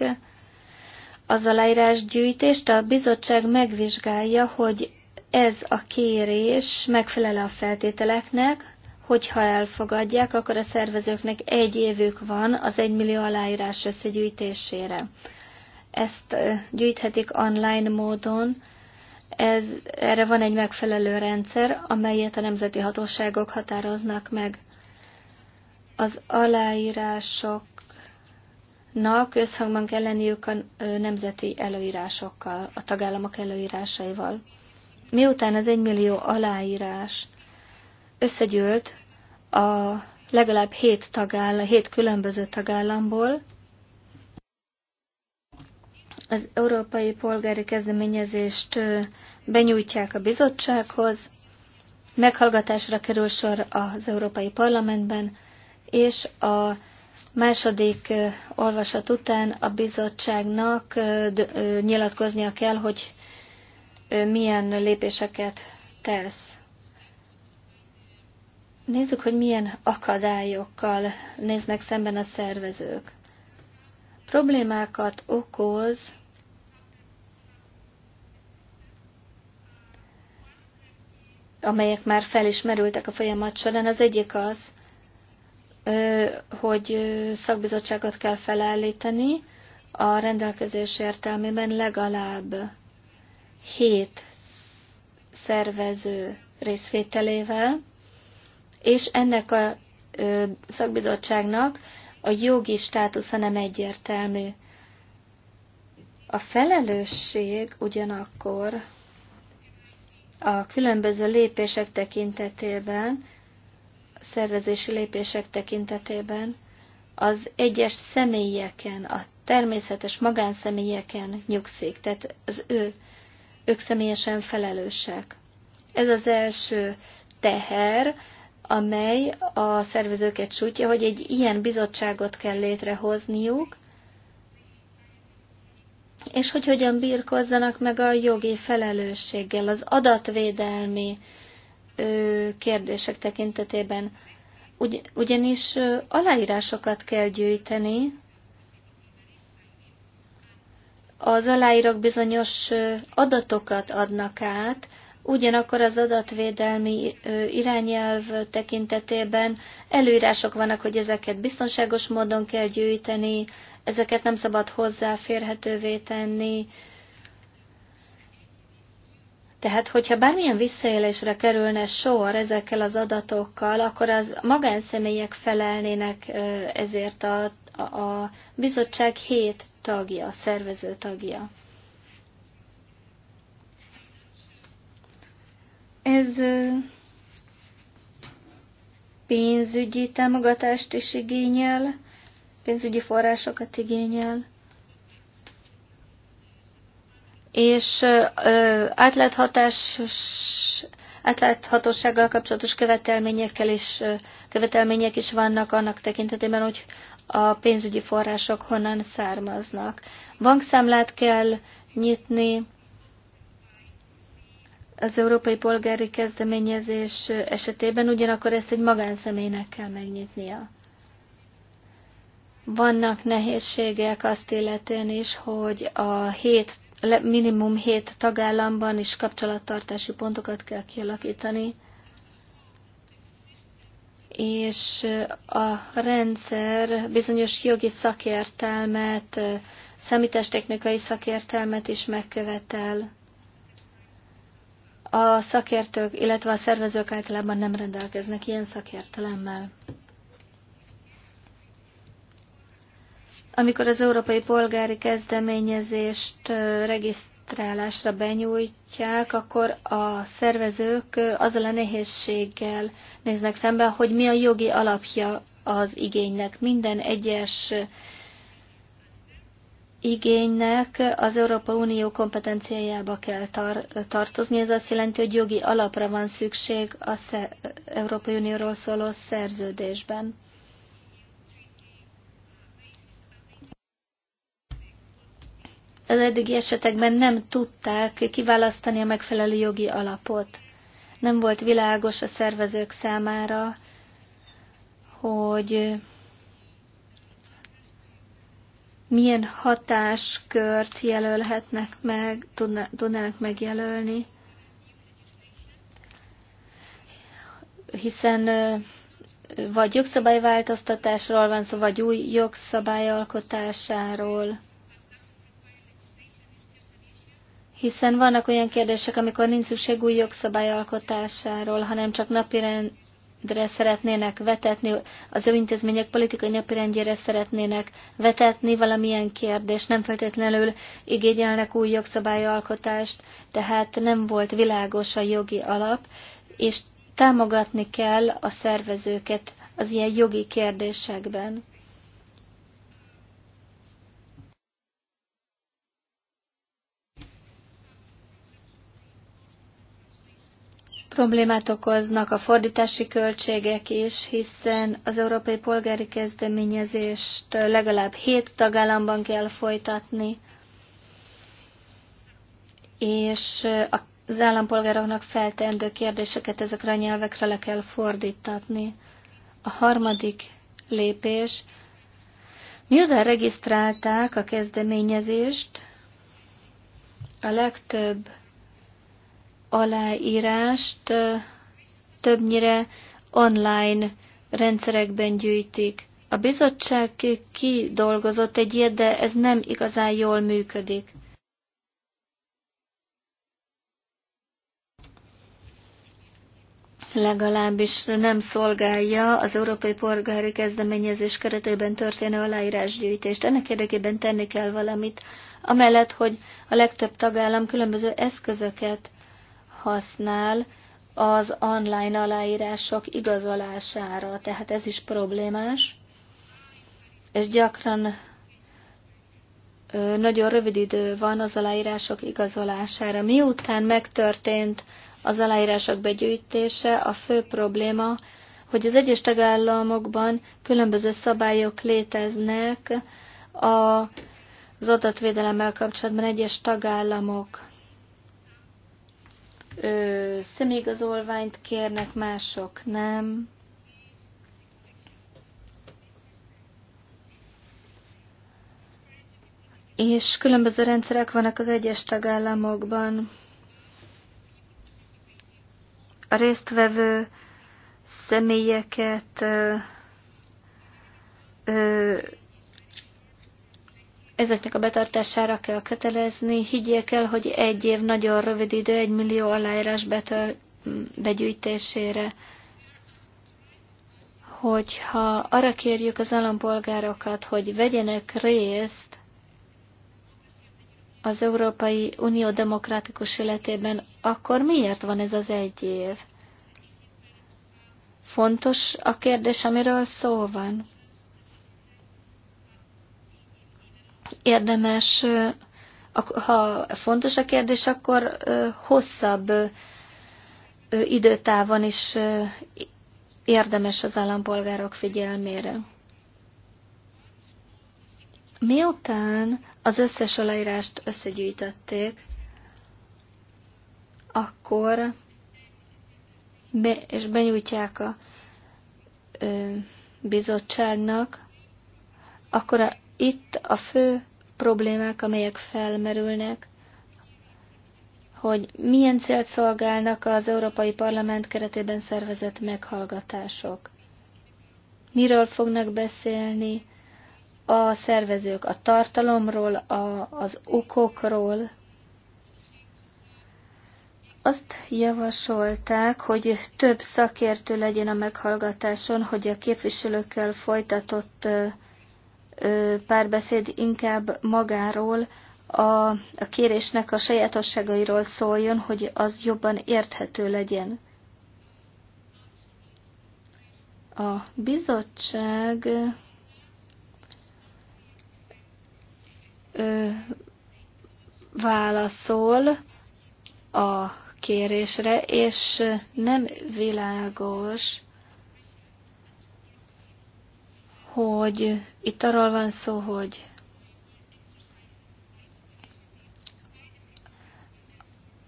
az aláírásgyűjtést, a bizottság megvizsgálja, hogy ez a kérés megfelel a feltételeknek, hogyha elfogadják, akkor a szervezőknek egy évük van az egymillió aláírás összegyűjtésére ezt gyűjthetik online módon. Ez, erre van egy megfelelő rendszer, amelyet a nemzeti hatóságok határoznak meg. Az aláírásoknak összhangban kell lenniük a nemzeti előírásokkal, a tagállamok előírásaival. Miután az egymillió aláírás összegyűlt a legalább hét, tagáll, hét különböző tagállamból, az európai polgári kezdeményezést benyújtják a bizottsághoz, meghallgatásra kerül sor az Európai Parlamentben, és a második olvasat után a bizottságnak nyilatkoznia kell, hogy milyen lépéseket tesz. Nézzük, hogy milyen akadályokkal néznek szemben a szervezők problémákat okoz amelyek már felismerültek a folyamat során. Az egyik az, hogy szakbizottságot kell felállítani a rendelkezés értelmében legalább hét szervező részvételével, és ennek a szakbizottságnak a jogi státusza nem egyértelmű. A felelősség ugyanakkor a különböző lépések tekintetében, szervezési lépések tekintetében az egyes személyeken, a természetes magánszemélyeken nyugszik, tehát az ő, ők személyesen felelősek. Ez az első teher, amely a szervezőket sújtja, hogy egy ilyen bizottságot kell létrehozniuk, és hogy hogyan birkozzanak meg a jogi felelősséggel, az adatvédelmi kérdések tekintetében. Ugy, ugyanis aláírásokat kell gyűjteni, az aláírok bizonyos adatokat adnak át, Ugyanakkor az adatvédelmi irányelv tekintetében előírások vannak, hogy ezeket biztonságos módon kell gyűjteni, ezeket nem szabad hozzáférhetővé tenni. Tehát, hogyha bármilyen visszaélésre kerülne sor ezekkel az adatokkal, akkor az magánszemélyek felelnének ezért a, a bizottság hét tagja, szervező tagja. Ez pénzügyi támogatást is igényel, pénzügyi forrásokat igényel, és átláthatósággal kapcsolatos követelményekkel is, követelmények is vannak annak tekintetében, hogy a pénzügyi források honnan származnak. Bankszámlát kell nyitni, az európai polgári kezdeményezés esetében, ugyanakkor ezt egy magánszemélynek kell megnyitnia. Vannak nehézségek azt illetően is, hogy a hét, minimum hét tagállamban is kapcsolattartási pontokat kell kialakítani, és a rendszer bizonyos jogi szakértelmet, számítástechnikai szakértelmet is megkövetel a szakértők, illetve a szervezők általában nem rendelkeznek ilyen szakértelemmel. Amikor az európai polgári kezdeményezést regisztrálásra benyújtják, akkor a szervezők azzal a nehézséggel néznek szembe, hogy mi a jogi alapja az igénynek. Minden egyes igénynek az Európa Unió kompetenciájába kell tar- tartozni. Ez azt jelenti, hogy jogi alapra van szükség az Európai Unióról szóló szerződésben. Az eddigi esetekben nem tudták kiválasztani a megfelelő jogi alapot. Nem volt világos a szervezők számára, hogy milyen hatáskört jelölhetnek meg, tudnának megjelölni, hiszen vagy jogszabályváltoztatásról van szó, vagy új jogszabályalkotásáról. Hiszen vannak olyan kérdések, amikor nincs szükség új jogszabályalkotásáról, hanem csak rend, napirendre szeretnének vetetni, az ő intézmények politikai napirendjére szeretnének vetetni valamilyen kérdést, nem feltétlenül igényelnek új jogszabályalkotást, tehát nem volt világos a jogi alap, és támogatni kell a szervezőket az ilyen jogi kérdésekben. Problémát okoznak a fordítási költségek is, hiszen az európai polgári kezdeményezést legalább hét tagállamban kell folytatni, és az állampolgároknak feltendő kérdéseket ezekre a nyelvekre le kell fordítatni. A harmadik lépés, miután regisztrálták a kezdeményezést, a legtöbb aláírást többnyire online rendszerekben gyűjtik. A bizottság kidolgozott egy ilyet, de ez nem igazán jól működik. legalábbis nem szolgálja az Európai Polgári Kezdeményezés keretében történő aláírásgyűjtést. Ennek érdekében tenni kell valamit, amellett, hogy a legtöbb tagállam különböző eszközöket használ az online aláírások igazolására, tehát ez is problémás, és gyakran nagyon rövid idő van az aláírások igazolására. Miután megtörtént az aláírások begyűjtése, a fő probléma, hogy az egyes tagállamokban különböző szabályok léteznek az adatvédelemmel kapcsolatban egyes tagállamok ö, személyigazolványt kérnek, mások nem. És különböző rendszerek vannak az egyes tagállamokban. A résztvevő személyeket ö, ö, ezeknek a betartására kell kötelezni. Higgyék el, hogy egy év nagyon rövid idő, egy millió aláírás betöl, begyűjtésére. Hogyha arra kérjük az állampolgárokat, hogy vegyenek részt az Európai Unió demokratikus életében, akkor miért van ez az egy év? Fontos a kérdés, amiről szó van. érdemes, ha fontos a kérdés, akkor hosszabb időtávon is érdemes az állampolgárok figyelmére. Miután az összes aláírást összegyűjtötték, akkor be, és benyújtják a ö, bizottságnak, akkor a itt a fő problémák, amelyek felmerülnek, hogy milyen célt szolgálnak az Európai Parlament keretében szervezett meghallgatások. Miről fognak beszélni a szervezők? A tartalomról, a, az okokról? Azt javasolták, hogy több szakértő legyen a meghallgatáson, hogy a képviselőkkel folytatott párbeszéd inkább magáról, a, a kérésnek a sajátosságairól szóljon, hogy az jobban érthető legyen. A bizottság ö, válaszol a kérésre, és nem világos, hogy itt arról van szó, hogy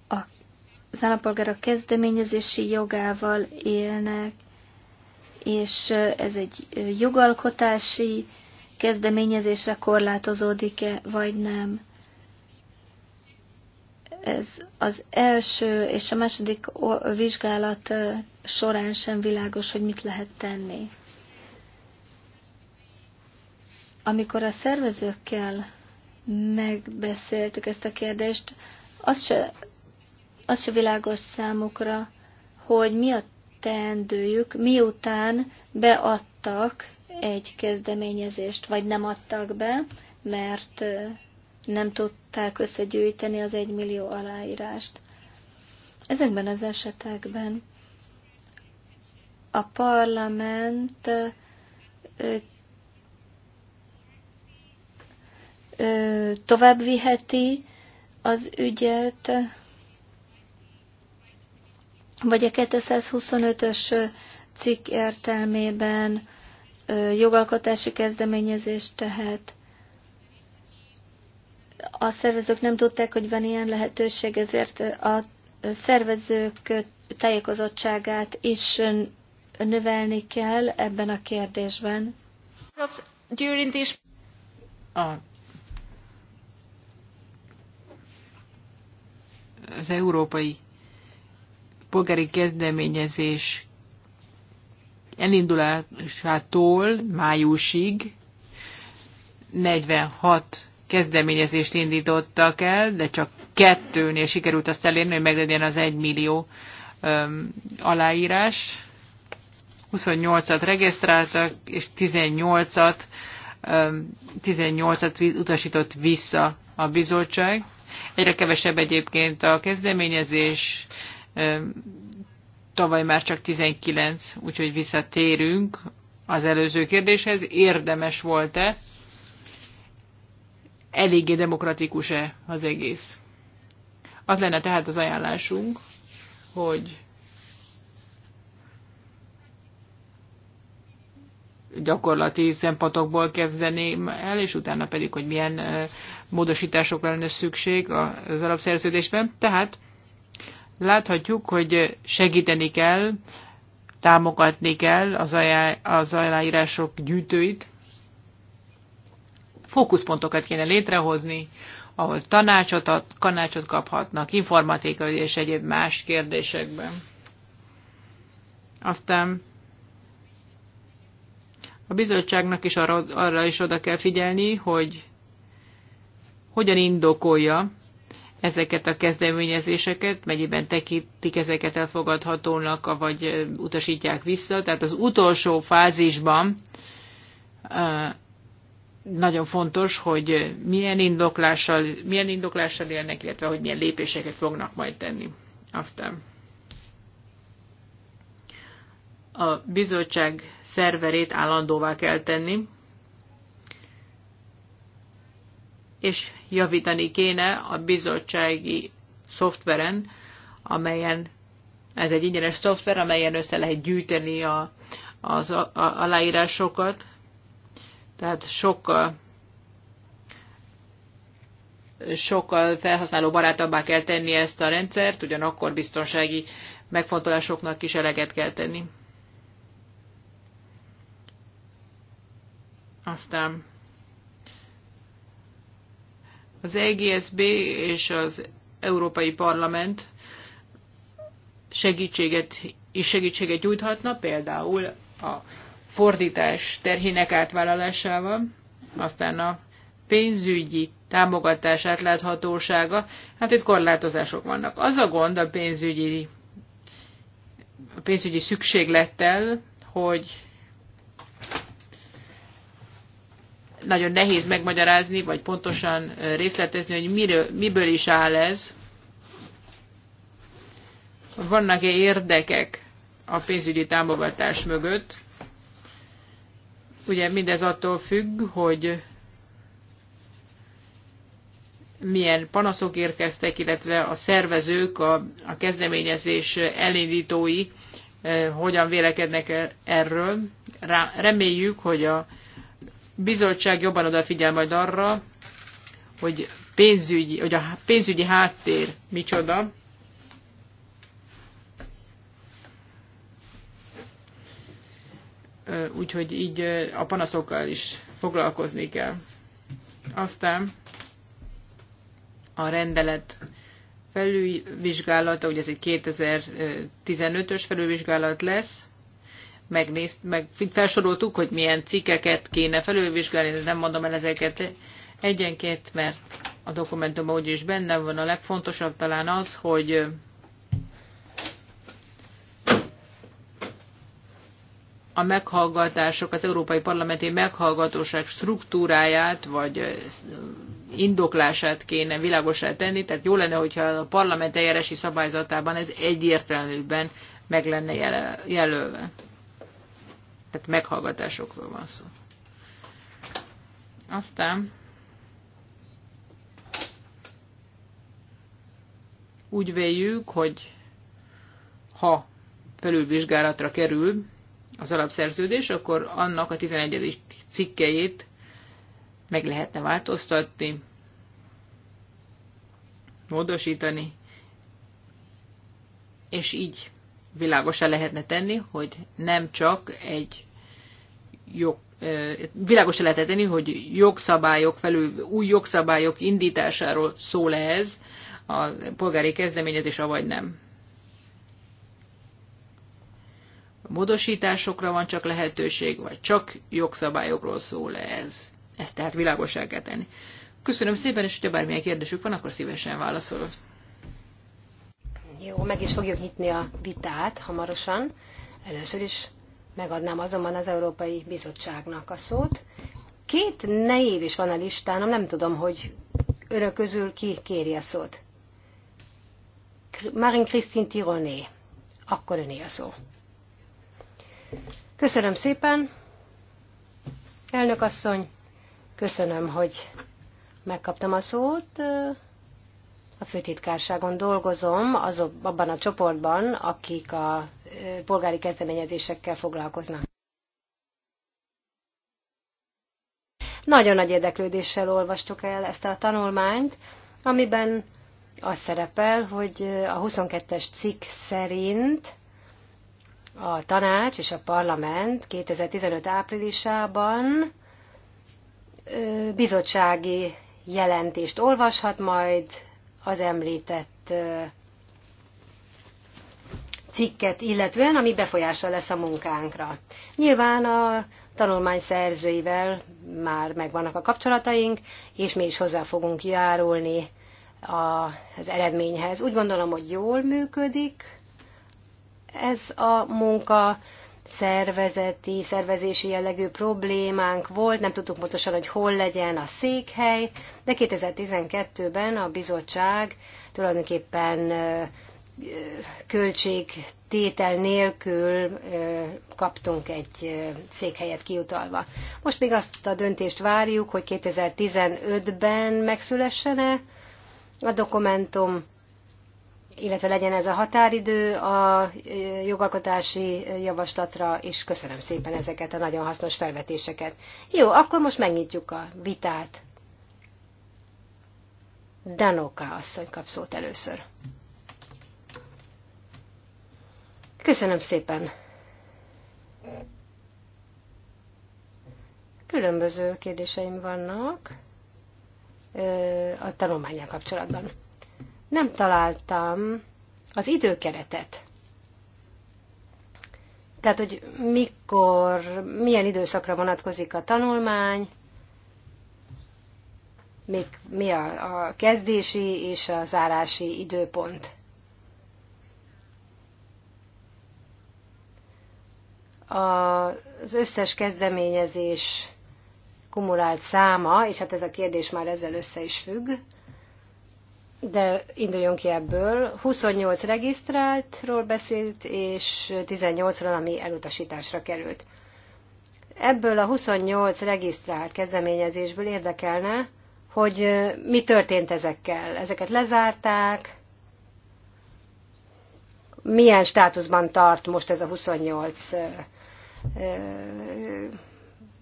az állampolgárok kezdeményezési jogával élnek, és ez egy jogalkotási kezdeményezésre korlátozódik-e, vagy nem. Ez az első és a második vizsgálat során sem világos, hogy mit lehet tenni. Amikor a szervezőkkel megbeszéltük ezt a kérdést, az se, az se világos számukra, hogy mi a teendőjük, miután beadtak egy kezdeményezést, vagy nem adtak be, mert nem tudták összegyűjteni az egymillió aláírást. Ezekben az esetekben a parlament tovább viheti az ügyet, vagy a 225-ös cikk értelmében jogalkotási kezdeményezést tehet. A szervezők nem tudták, hogy van ilyen lehetőség, ezért a szervezők tájékozottságát is növelni kell ebben a kérdésben. A az európai polgári kezdeményezés elindulásától májusig 46 kezdeményezést indítottak el, de csak kettőnél sikerült azt elérni, hogy meglegyen az 1 millió um, aláírás. 28-at regisztráltak, és 18-at, um, 18-at utasított vissza a bizottság. Egyre kevesebb egyébként a kezdeményezés, tavaly már csak 19, úgyhogy visszatérünk az előző kérdéshez. Érdemes volt-e? Eléggé demokratikus-e az egész? Az lenne tehát az ajánlásunk, hogy gyakorlati szempontokból kezdeném el, és utána pedig, hogy milyen módosítások lenne szükség az alapszerződésben. Tehát láthatjuk, hogy segíteni kell, támogatni kell az, ajá, az gyűjtőit. Fókuszpontokat kéne létrehozni, ahol tanácsot, ad, tanácsot kaphatnak informatikai és egyéb más kérdésekben. Aztán a bizottságnak is arra, arra is oda kell figyelni, hogy hogyan indokolja ezeket a kezdeményezéseket, mennyiben tekintik ezeket elfogadhatónak, vagy utasítják vissza. Tehát az utolsó fázisban nagyon fontos, hogy milyen indoklással, milyen indoklással élnek, illetve hogy milyen lépéseket fognak majd tenni. Aztán a bizottság szerverét állandóvá kell tenni, és javítani kéne a bizottsági szoftveren, amelyen, ez egy ingyenes szoftver, amelyen össze lehet gyűjteni a, az a, a, aláírásokat, tehát sokkal sokkal felhasználó barátabbá kell tenni ezt a rendszert, ugyanakkor biztonsági megfontolásoknak is eleget kell tenni. Aztán az EGSB és az Európai Parlament segítséget is segítséget nyújthatna, például a fordítás terhének átvállalásával, aztán a pénzügyi támogatás átláthatósága, hát itt korlátozások vannak. Az a gond a pénzügyi, a pénzügyi szükséglettel, hogy nagyon nehéz megmagyarázni, vagy pontosan részletezni, hogy miről, miből is áll ez. Vannak-e érdekek a pénzügyi támogatás mögött? Ugye mindez attól függ, hogy milyen panaszok érkeztek, illetve a szervezők, a, a kezdeményezés elindítói hogyan vélekednek e- erről. Reméljük, hogy a bizottság jobban odafigyel majd arra, hogy, pénzügyi, hogy a pénzügyi háttér micsoda, úgyhogy így a panaszokkal is foglalkozni kell. Aztán a rendelet felülvizsgálata, ugye ez egy 2015-ös felülvizsgálat lesz, megnézt, meg felsoroltuk, hogy milyen cikkeket kéne felülvizsgálni, nem mondom el ezeket egyenként, mert a dokumentumban úgyis benne van a legfontosabb talán az, hogy a meghallgatások, az Európai Parlamenti Meghallgatóság struktúráját, vagy indoklását kéne világosá tenni, tehát jó lenne, hogyha a parlament eljárási szabályzatában ez egyértelműbben meg lenne jelölve tehát meghallgatásokról van szó. Aztán úgy véljük, hogy ha felülvizsgálatra kerül az alapszerződés, akkor annak a 11. cikkejét meg lehetne változtatni, módosítani, és így világosá lehetne tenni, hogy nem csak egy jog, világosá lehetne tenni, hogy jogszabályok felül, új jogszabályok indításáról szól -e ez a polgári kezdeményezés, avagy nem. Módosításokra van csak lehetőség, vagy csak jogszabályokról szól -e ez. Ezt tehát világosá kell tenni. Köszönöm szépen, és hogyha bármilyen kérdésük van, akkor szívesen válaszolok. Jó, meg is fogjuk nyitni a vitát hamarosan. Először is megadnám azonban az Európai Bizottságnak a szót. Két név is van a listán, nem tudom, hogy örök közül ki kéri a szót. Marin Christine Tironé. Akkor öné a szó. Köszönöm szépen, elnök asszony. Köszönöm, hogy megkaptam a szót a főtitkárságon dolgozom, azok, abban a csoportban, akik a polgári kezdeményezésekkel foglalkoznak. Nagyon nagy érdeklődéssel olvastuk el ezt a tanulmányt, amiben az szerepel, hogy a 22-es cikk szerint a tanács és a parlament 2015 áprilisában bizottsági jelentést olvashat majd az említett cikket illetően, ami befolyással lesz a munkánkra. Nyilván a tanulmány szerzőivel már megvannak a kapcsolataink, és mi is hozzá fogunk járulni a, az eredményhez. Úgy gondolom, hogy jól működik ez a munka, szervezeti, szervezési jellegű problémánk volt, nem tudtuk pontosan, hogy hol legyen a székhely, de 2012-ben a bizottság tulajdonképpen költségtétel nélkül kaptunk egy székhelyet kiutalva. Most még azt a döntést várjuk, hogy 2015-ben megszülessene a dokumentum, illetve legyen ez a határidő a jogalkotási javaslatra, és köszönöm szépen ezeket a nagyon hasznos felvetéseket. Jó, akkor most megnyitjuk a vitát. Danoka asszony kap szót először. Köszönöm szépen. Különböző kérdéseim vannak a tanulmányjal kapcsolatban nem találtam az időkeretet. Tehát, hogy mikor, milyen időszakra vonatkozik a tanulmány, még mi a, a kezdési és a zárási időpont. Az összes kezdeményezés kumulált száma, és hát ez a kérdés már ezzel össze is függ, de induljon ki ebből. 28 regisztráltról beszélt, és 18-ról, ami elutasításra került. Ebből a 28 regisztrált kezdeményezésből érdekelne, hogy mi történt ezekkel. Ezeket lezárták, milyen státuszban tart most ez a 28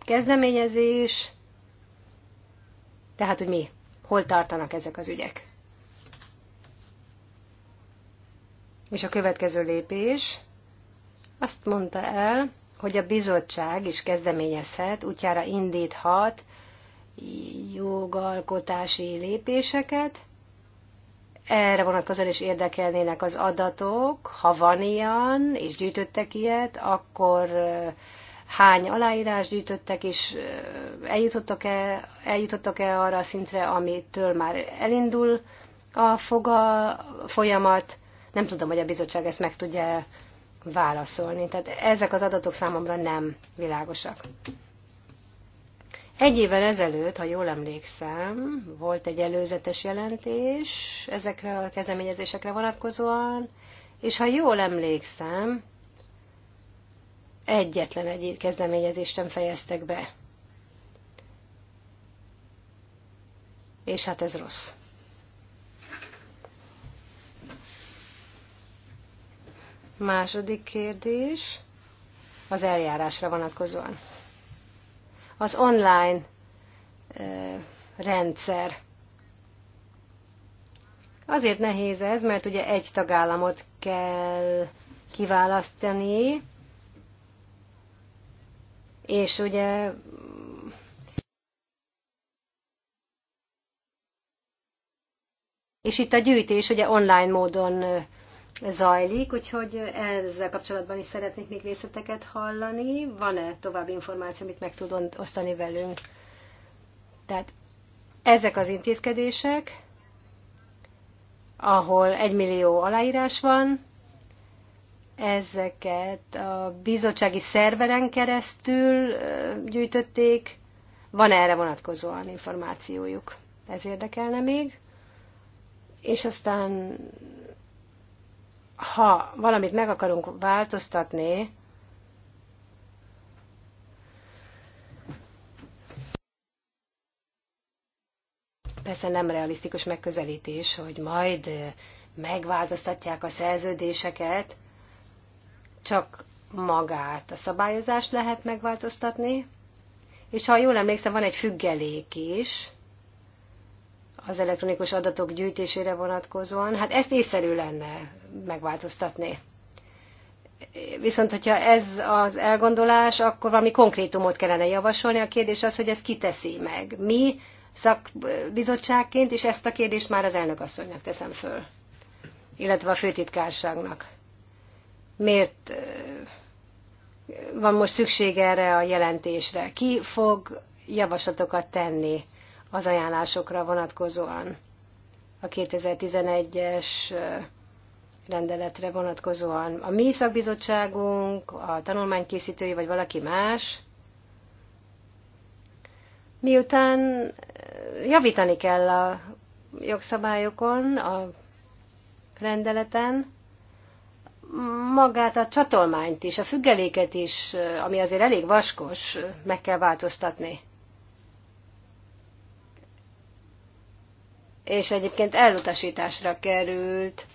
kezdeményezés, tehát hogy mi, hol tartanak ezek az ügyek. És a következő lépés azt mondta el, hogy a bizottság is kezdeményezhet, útjára indíthat jogalkotási lépéseket, erre vonatkozóan is érdekelnének az adatok, ha van ilyen, és gyűjtöttek ilyet, akkor hány aláírás gyűjtöttek, és eljutottak-e, eljutottak-e arra a szintre, amitől már elindul a foga folyamat, nem tudom, hogy a bizottság ezt meg tudja válaszolni. Tehát ezek az adatok számomra nem világosak. Egy évvel ezelőtt, ha jól emlékszem, volt egy előzetes jelentés ezekre a kezdeményezésekre vonatkozóan, és ha jól emlékszem, egyetlen egy kezdeményezést nem fejeztek be. És hát ez rossz. Második kérdés az eljárásra vonatkozóan. Az online rendszer. Azért nehéz ez, mert ugye egy tagállamot kell kiválasztani, és ugye és itt a gyűjtés ugye online módon zajlik, úgyhogy ezzel kapcsolatban is szeretnék még részleteket hallani. Van-e további információ, amit meg tudod osztani velünk? Tehát ezek az intézkedések, ahol egy millió aláírás van, ezeket a bizottsági szerveren keresztül gyűjtötték. Van -e erre vonatkozóan információjuk? Ez érdekelne még. És aztán ha valamit meg akarunk változtatni, persze nem realisztikus megközelítés, hogy majd eh, megváltoztatják a szerződéseket, csak magát a szabályozást lehet megváltoztatni, és ha jól emlékszem, van egy függelék is, az elektronikus adatok gyűjtésére vonatkozóan, hát ezt észszerű lenne megváltoztatni. Viszont, hogyha ez az elgondolás, akkor valami konkrétumot kellene javasolni. A kérdés az, hogy ez kiteszi meg. Mi szakbizottságként, és ezt a kérdést már az elnökasszonynak teszem föl, illetve a főtitkárságnak. Miért van most szükség erre a jelentésre? Ki fog javaslatokat tenni az ajánlásokra vonatkozóan, a 2011-es rendeletre vonatkozóan. A mi szakbizottságunk, a tanulmánykészítői vagy valaki más, miután javítani kell a jogszabályokon, a rendeleten, magát a csatolmányt is, a függeléket is, ami azért elég vaskos, meg kell változtatni. és egyébként elutasításra került,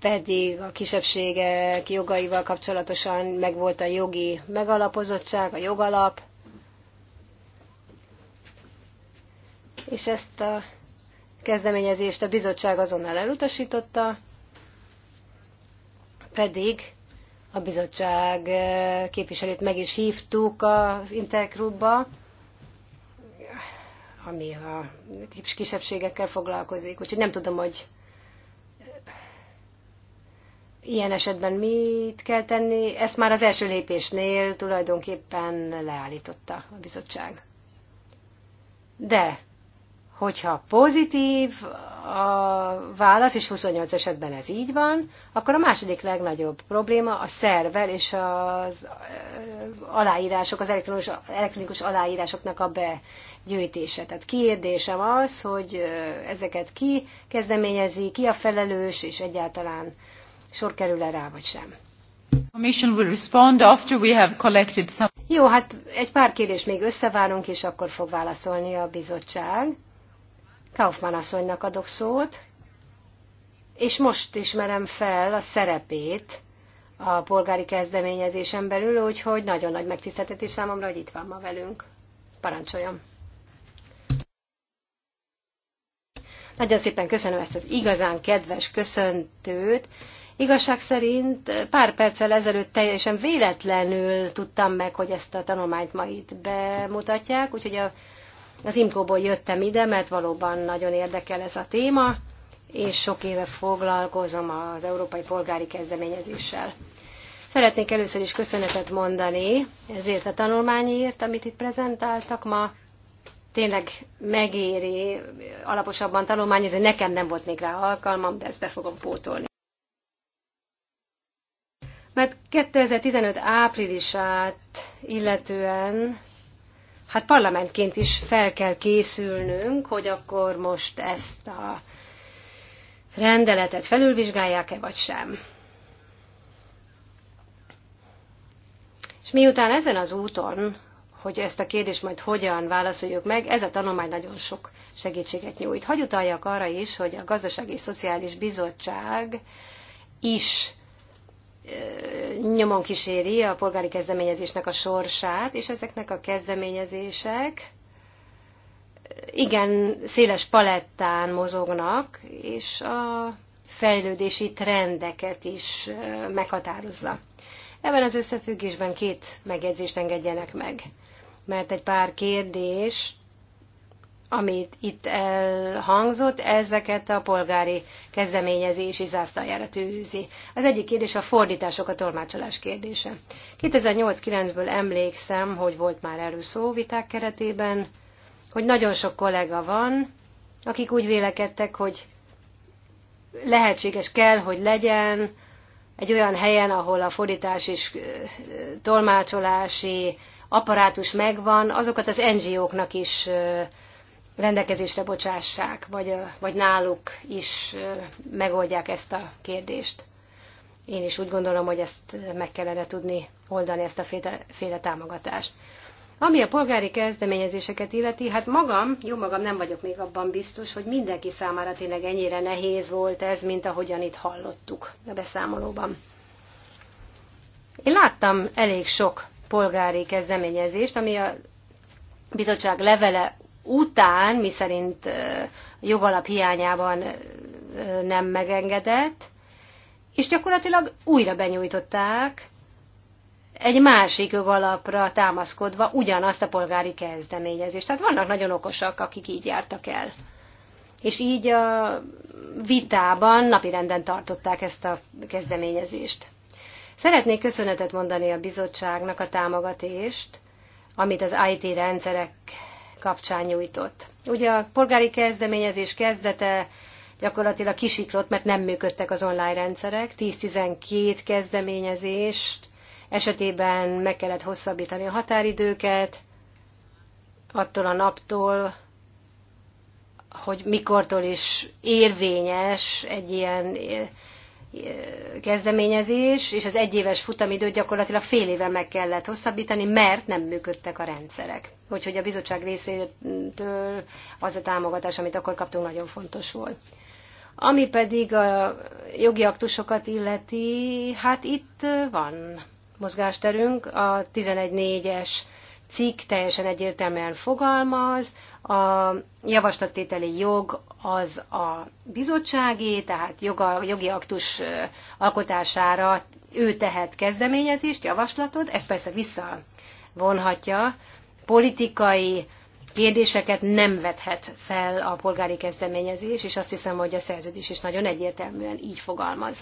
pedig a kisebbségek jogaival kapcsolatosan megvolt a jogi megalapozottság, a jogalap, és ezt a kezdeményezést a bizottság azonnal elutasította, pedig a bizottság képviselőt meg is hívtuk az Interklubba, ami a kisebbségekkel foglalkozik, úgyhogy nem tudom, hogy ilyen esetben mit kell tenni. Ezt már az első lépésnél tulajdonképpen leállította a bizottság. De Hogyha pozitív a válasz, és 28 esetben ez így van, akkor a második legnagyobb probléma a szervel és az aláírások, az elektronikus, elektronikus aláírásoknak a begyűjtése. Tehát kérdésem az, hogy ezeket ki kezdeményezi, ki a felelős, és egyáltalán sor kerül-e rá, vagy sem. Jó, hát egy pár kérdést még összevárunk, és akkor fog válaszolni a bizottság. Kaufmann asszonynak adok szót, és most ismerem fel a szerepét a polgári kezdeményezésen belül, úgyhogy nagyon nagy megtiszteltetés számomra, hogy itt van ma velünk. Parancsoljon! Nagyon szépen köszönöm ezt az igazán kedves köszöntőt. Igazság szerint pár perccel ezelőtt teljesen véletlenül tudtam meg, hogy ezt a tanulmányt ma itt bemutatják, úgyhogy a az Imkóból jöttem ide, mert valóban nagyon érdekel ez a téma, és sok éve foglalkozom az európai polgári kezdeményezéssel. Szeretnék először is köszönetet mondani ezért a tanulmányért, amit itt prezentáltak ma. Tényleg megéri alaposabban tanulmányozni, nekem nem volt még rá alkalmam, de ezt be fogom pótolni. Mert 2015 áprilisát illetően hát parlamentként is fel kell készülnünk, hogy akkor most ezt a rendeletet felülvizsgálják-e vagy sem. És miután ezen az úton, hogy ezt a kérdést majd hogyan válaszoljuk meg, ez a tanulmány nagyon sok segítséget nyújt. Hagy utaljak arra is, hogy a Gazdasági és Szociális Bizottság is nyomon kíséri a polgári kezdeményezésnek a sorsát, és ezeknek a kezdeményezések igen széles palettán mozognak, és a fejlődési trendeket is meghatározza. Ebben az összefüggésben két megjegyzést engedjenek meg, mert egy pár kérdést amit itt elhangzott, ezeket a polgári kezdeményezési zászlajára tűzi. Az egyik kérdés a fordítások, a tolmácsolás kérdése. 2008-9-ből emlékszem, hogy volt már erről szó viták keretében, hogy nagyon sok kollega van, akik úgy vélekedtek, hogy lehetséges kell, hogy legyen egy olyan helyen, ahol a fordítás és tolmácsolási apparátus megvan, azokat az NGO-knak is rendelkezésre bocsássák, vagy, vagy náluk is megoldják ezt a kérdést. Én is úgy gondolom, hogy ezt meg kellene tudni oldani, ezt a féle, féle támogatást. Ami a polgári kezdeményezéseket illeti, hát magam, jó magam nem vagyok még abban biztos, hogy mindenki számára tényleg ennyire nehéz volt ez, mint ahogyan itt hallottuk a beszámolóban. Én láttam elég sok polgári kezdeményezést, ami a bizottság levele után, miszerint jogalap hiányában nem megengedett, és gyakorlatilag újra benyújtották egy másik jogalapra támaszkodva ugyanazt a polgári kezdeményezést. Tehát vannak nagyon okosak, akik így jártak el. És így a vitában napirenden tartották ezt a kezdeményezést. Szeretnék köszönetet mondani a bizottságnak a támogatást, amit az IT rendszerek kapcsán nyújtott. Ugye a polgári kezdeményezés kezdete gyakorlatilag kisiklott, mert nem működtek az online rendszerek. 10-12 kezdeményezést esetében meg kellett hosszabbítani a határidőket, attól a naptól, hogy mikortól is érvényes egy ilyen kezdeményezés, és az egyéves futamidőt gyakorlatilag fél éve meg kellett hosszabbítani, mert nem működtek a rendszerek. Úgyhogy a bizottság részétől az a támogatás, amit akkor kaptunk, nagyon fontos volt. Ami pedig a jogi aktusokat illeti, hát itt van mozgásterünk, a 11.4-es cikk teljesen egyértelműen fogalmaz, a javaslattételi jog az a bizottságé, tehát joga, jogi aktus alkotására ő tehet kezdeményezést, javaslatot, ezt persze visszavonhatja, politikai kérdéseket nem vethet fel a polgári kezdeményezés, és azt hiszem, hogy a szerződés is nagyon egyértelműen így fogalmaz.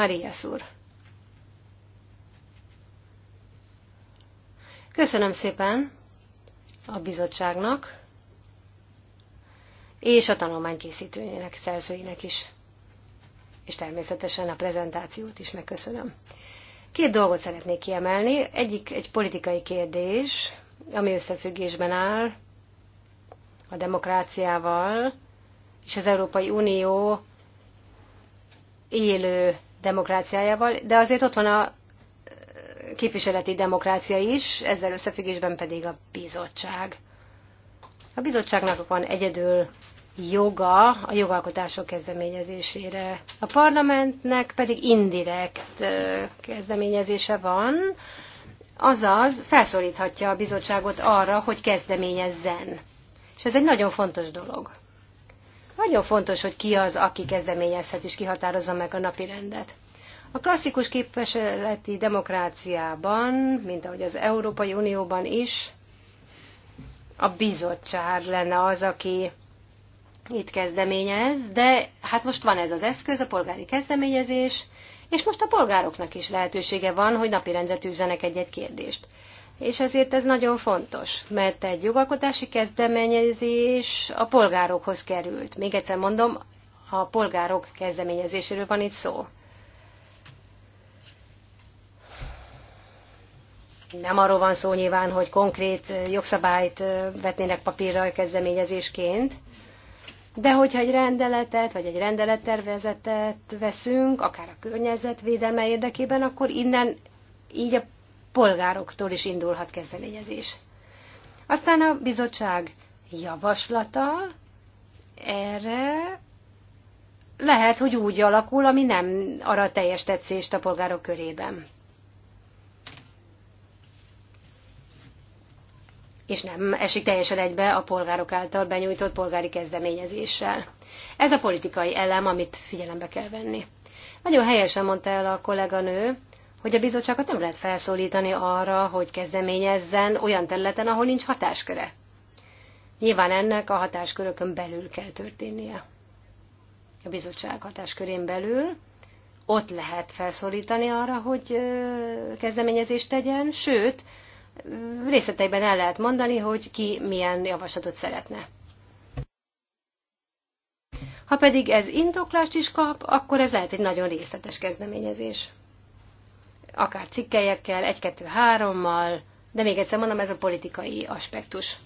Maria szúr. Köszönöm szépen a bizottságnak és a tanulmánykészítőjének, szerzőinek is. És természetesen a prezentációt is megköszönöm. Két dolgot szeretnék kiemelni. Egyik egy politikai kérdés, ami összefüggésben áll a demokráciával, és az Európai Unió élő demokráciájával, de azért ott van a eh, képviseleti demokrácia is, ezzel összefüggésben pedig a bizottság. A bizottságnak van egyedül joga a jogalkotások kezdeményezésére. A parlamentnek pedig indirekt eh, kezdeményezése van, azaz felszólíthatja a bizottságot arra, hogy kezdeményezzen. És ez egy nagyon fontos dolog. Nagyon fontos, hogy ki az, aki kezdeményezhet és kihatározza meg a napi rendet. A klasszikus képviseleti demokráciában, mint ahogy az Európai Unióban is, a bizottság lenne az, aki itt kezdeményez, de hát most van ez az eszköz, a polgári kezdeményezés, és most a polgároknak is lehetősége van, hogy napirendre tűzzenek egy-egy kérdést és ezért ez nagyon fontos, mert egy jogalkotási kezdeményezés a polgárokhoz került. Még egyszer mondom, a polgárok kezdeményezéséről van itt szó. Nem arról van szó nyilván, hogy konkrét jogszabályt vetnének papírra kezdeményezésként, de hogyha egy rendeletet, vagy egy rendelettervezetet veszünk, akár a környezetvédelme érdekében, akkor innen így a polgároktól is indulhat kezdeményezés. Aztán a bizottság javaslata erre lehet, hogy úgy alakul, ami nem arra teljes tetszést a polgárok körében. és nem esik teljesen egybe a polgárok által benyújtott polgári kezdeményezéssel. Ez a politikai elem, amit figyelembe kell venni. Nagyon helyesen mondta el a kolléganő, hogy a bizottságot nem lehet felszólítani arra, hogy kezdeményezzen olyan területen, ahol nincs hatásköre. Nyilván ennek a hatáskörökön belül kell történnie. A bizottság hatáskörén belül ott lehet felszólítani arra, hogy kezdeményezést tegyen, sőt, részleteiben el lehet mondani, hogy ki milyen javaslatot szeretne. Ha pedig ez indoklást is kap, akkor ez lehet egy nagyon részletes kezdeményezés akár cikkelyekkel, egy-kettő-hárommal, de még egyszer mondom, ez a politikai aspektus.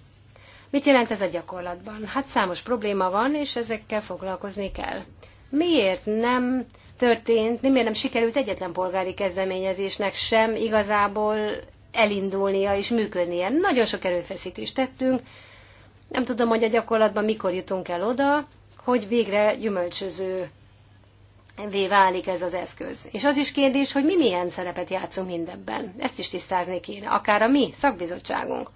Mit jelent ez a gyakorlatban? Hát számos probléma van, és ezekkel foglalkozni kell. Miért nem történt, miért nem sikerült egyetlen polgári kezdeményezésnek sem igazából elindulnia és működnie? Nagyon sok erőfeszítést tettünk, nem tudom, hogy a gyakorlatban mikor jutunk el oda, hogy végre gyümölcsöző válik ez az eszköz. És az is kérdés, hogy mi milyen szerepet játszunk mindebben. Ezt is tisztázni kéne, akár a mi szakbizottságunk.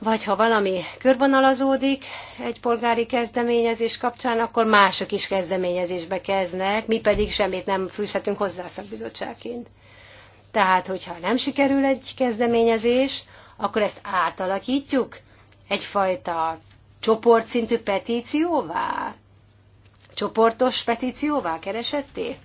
Vagy ha valami körvonalazódik egy polgári kezdeményezés kapcsán, akkor mások is kezdeményezésbe kezdnek, mi pedig semmit nem fűzhetünk hozzá szakbizottságként. Tehát, hogyha nem sikerül egy kezdeményezés, akkor ezt átalakítjuk egyfajta csoportszintű petícióvá, csoportos petícióvá keresetté?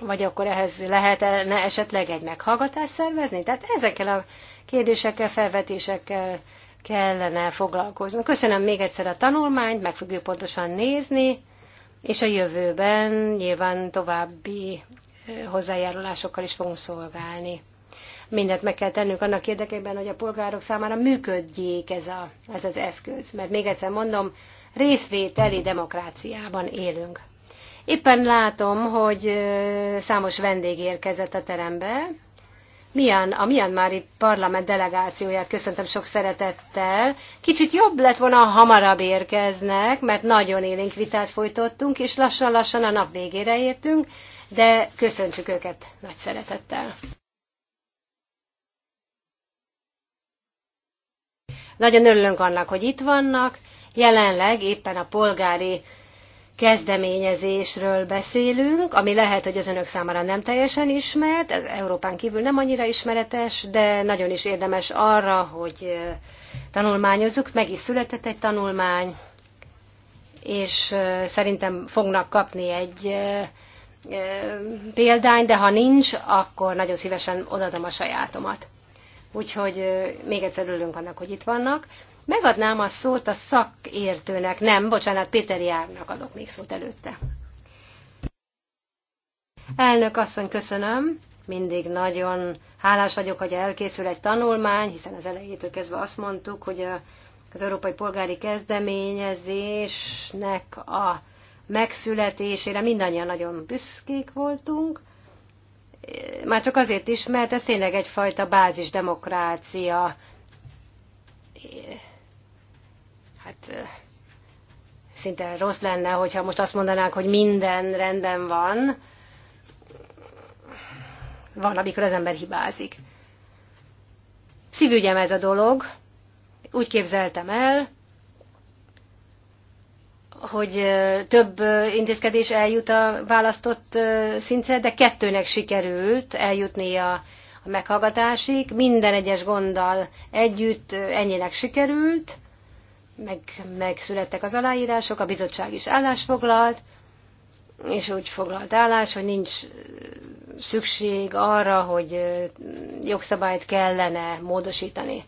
Vagy akkor ehhez lehetne esetleg egy meghallgatást szervezni? Tehát ezekkel a kérdésekkel, felvetésekkel kellene foglalkozni. Köszönöm még egyszer a tanulmányt, meg fogjuk pontosan nézni, és a jövőben nyilván további hozzájárulásokkal is fogunk szolgálni. Mindent meg kell tennünk annak érdekében, hogy a polgárok számára működjék ez, a, ez az eszköz. Mert még egyszer mondom, részvételi demokráciában élünk. Éppen látom, hogy számos vendég érkezett a terembe. Mian, a Mianmári parlament delegációját köszöntöm sok szeretettel. Kicsit jobb lett volna, ha hamarabb érkeznek, mert nagyon élénk vitát folytottunk, és lassan-lassan a nap végére értünk, de köszöntsük őket nagy szeretettel. Nagyon örülünk annak, hogy itt vannak, Jelenleg éppen a polgári kezdeményezésről beszélünk, ami lehet, hogy az önök számára nem teljesen ismert, ez Európán kívül nem annyira ismeretes, de nagyon is érdemes arra, hogy tanulmányozzuk. Meg is született egy tanulmány, és szerintem fognak kapni egy példány, de ha nincs, akkor nagyon szívesen odadom a sajátomat. Úgyhogy még egyszer örülünk annak, hogy itt vannak. Megadnám a szót a szakértőnek, nem, bocsánat, Péter Járnak adok még szót előtte. Elnök asszony, köszönöm. Mindig nagyon hálás vagyok, hogy elkészül egy tanulmány, hiszen az elejétől kezdve azt mondtuk, hogy a, az Európai Polgári Kezdeményezésnek a megszületésére mindannyian nagyon büszkék voltunk. Már csak azért is, mert ez tényleg egyfajta bázisdemokrácia hát szinte rossz lenne, hogyha most azt mondanák, hogy minden rendben van. Van, amikor az ember hibázik. Szívügyem ez a dolog. Úgy képzeltem el, hogy több intézkedés eljut a választott szintre, de kettőnek sikerült eljutni a, a meghallgatásig. Minden egyes gonddal együtt ennyinek sikerült meg, megszülettek az aláírások, a bizottság is állásfoglalt, és úgy foglalt állás, hogy nincs szükség arra, hogy jogszabályt kellene módosítani.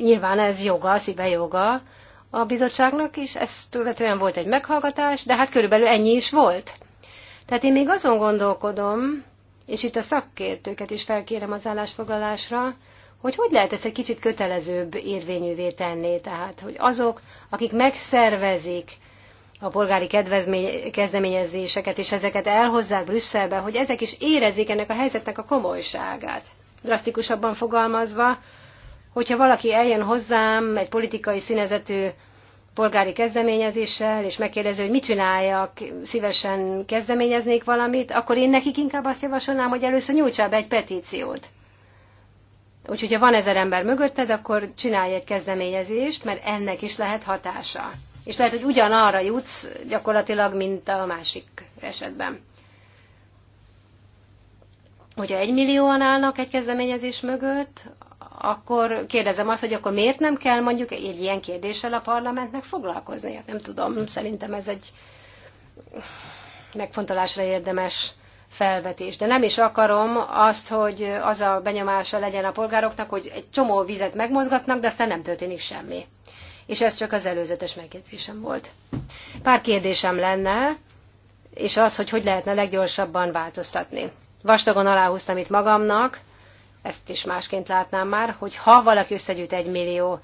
Nyilván ez joga, szíve joga a bizottságnak is, ezt tulajdonképpen volt egy meghallgatás, de hát körülbelül ennyi is volt. Tehát én még azon gondolkodom, és itt a szakértőket is felkérem az állásfoglalásra, hogy hogy lehet ezt egy kicsit kötelezőbb érvényűvé tenni, tehát hogy azok, akik megszervezik a polgári kedvezmény, kezdeményezéseket, és ezeket elhozzák Brüsszelbe, hogy ezek is érezzék ennek a helyzetnek a komolyságát. Drasztikusabban fogalmazva, hogyha valaki eljön hozzám egy politikai színezetű polgári kezdeményezéssel, és megkérdezi, hogy mit csináljak, szívesen kezdeményeznék valamit, akkor én nekik inkább azt javasolnám, hogy először nyújtsá be egy petíciót. Úgyhogy, ha van ezer ember mögötted, akkor csinálj egy kezdeményezést, mert ennek is lehet hatása. És lehet, hogy ugyanarra jutsz gyakorlatilag, mint a másik esetben. Hogyha egy millióan állnak egy kezdeményezés mögött, akkor kérdezem azt, hogy akkor miért nem kell mondjuk egy ilyen kérdéssel a parlamentnek foglalkozni? Nem tudom, szerintem ez egy megfontolásra érdemes felvetés. De nem is akarom azt, hogy az a benyomása legyen a polgároknak, hogy egy csomó vizet megmozgatnak, de aztán nem történik semmi. És ez csak az előzetes megjegyzésem volt. Pár kérdésem lenne, és az, hogy hogy lehetne leggyorsabban változtatni. Vastagon aláhúztam itt magamnak, ezt is másként látnám már, hogy ha valaki összegyűjt egy millió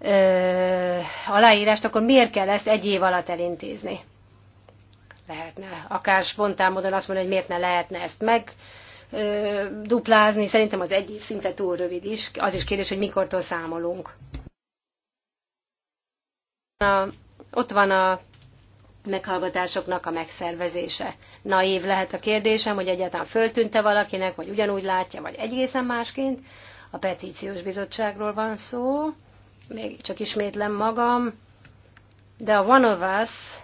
ö, aláírást, akkor miért kell ezt egy év alatt elintézni? lehetne akár spontán módon azt mondani, hogy miért ne lehetne ezt meg duplázni. Szerintem az egy év szinte túl rövid is. Az is kérdés, hogy mikortól számolunk. A, ott van a meghallgatásoknak a megszervezése. Naív lehet a kérdésem, hogy egyáltalán föltűnte valakinek, vagy ugyanúgy látja, vagy egészen másként. A petíciós bizottságról van szó, még csak ismétlem magam, de a One of Us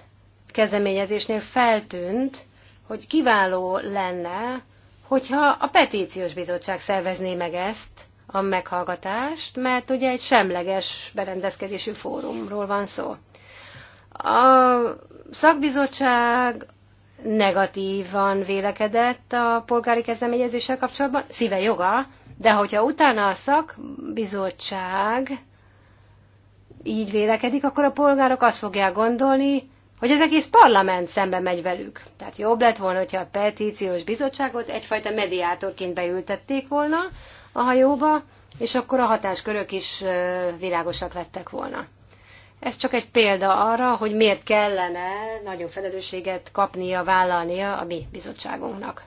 kezdeményezésnél feltűnt, hogy kiváló lenne, hogyha a petíciós bizottság szervezné meg ezt, a meghallgatást, mert ugye egy semleges berendezkedésű fórumról van szó. A szakbizottság negatívan vélekedett a polgári kezdeményezéssel kapcsolatban, szíve joga, de hogyha utána a szakbizottság így vélekedik, akkor a polgárok azt fogják gondolni, hogy az egész parlament szembe megy velük. Tehát jobb lett volna, hogyha a petíciós bizottságot egyfajta mediátorként beültették volna a hajóba, és akkor a hatáskörök is világosak lettek volna. Ez csak egy példa arra, hogy miért kellene nagyon felelősséget kapnia, vállalnia a mi bizottságunknak.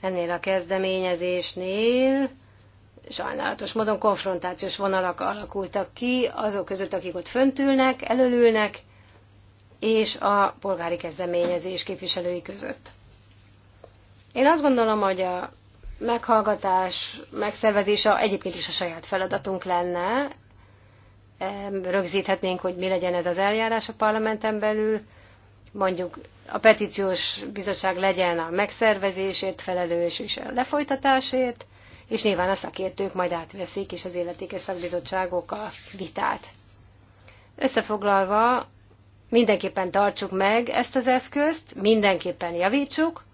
Ennél a kezdeményezésnél sajnálatos módon konfrontációs vonalak alakultak ki azok között, akik ott fönt ülnek, elölülnek, és a polgári kezdeményezés képviselői között. Én azt gondolom, hogy a meghallgatás megszervezése egyébként is a saját feladatunk lenne. Rögzíthetnénk, hogy mi legyen ez az eljárás a parlamenten belül. Mondjuk a petíciós bizottság legyen a megszervezésért felelős és a lefolytatásért, és nyilván a szakértők majd átveszik, és az életékes szakbizottságok a vitát. Összefoglalva, mindenképpen tartsuk meg ezt az eszközt, mindenképpen javítsuk,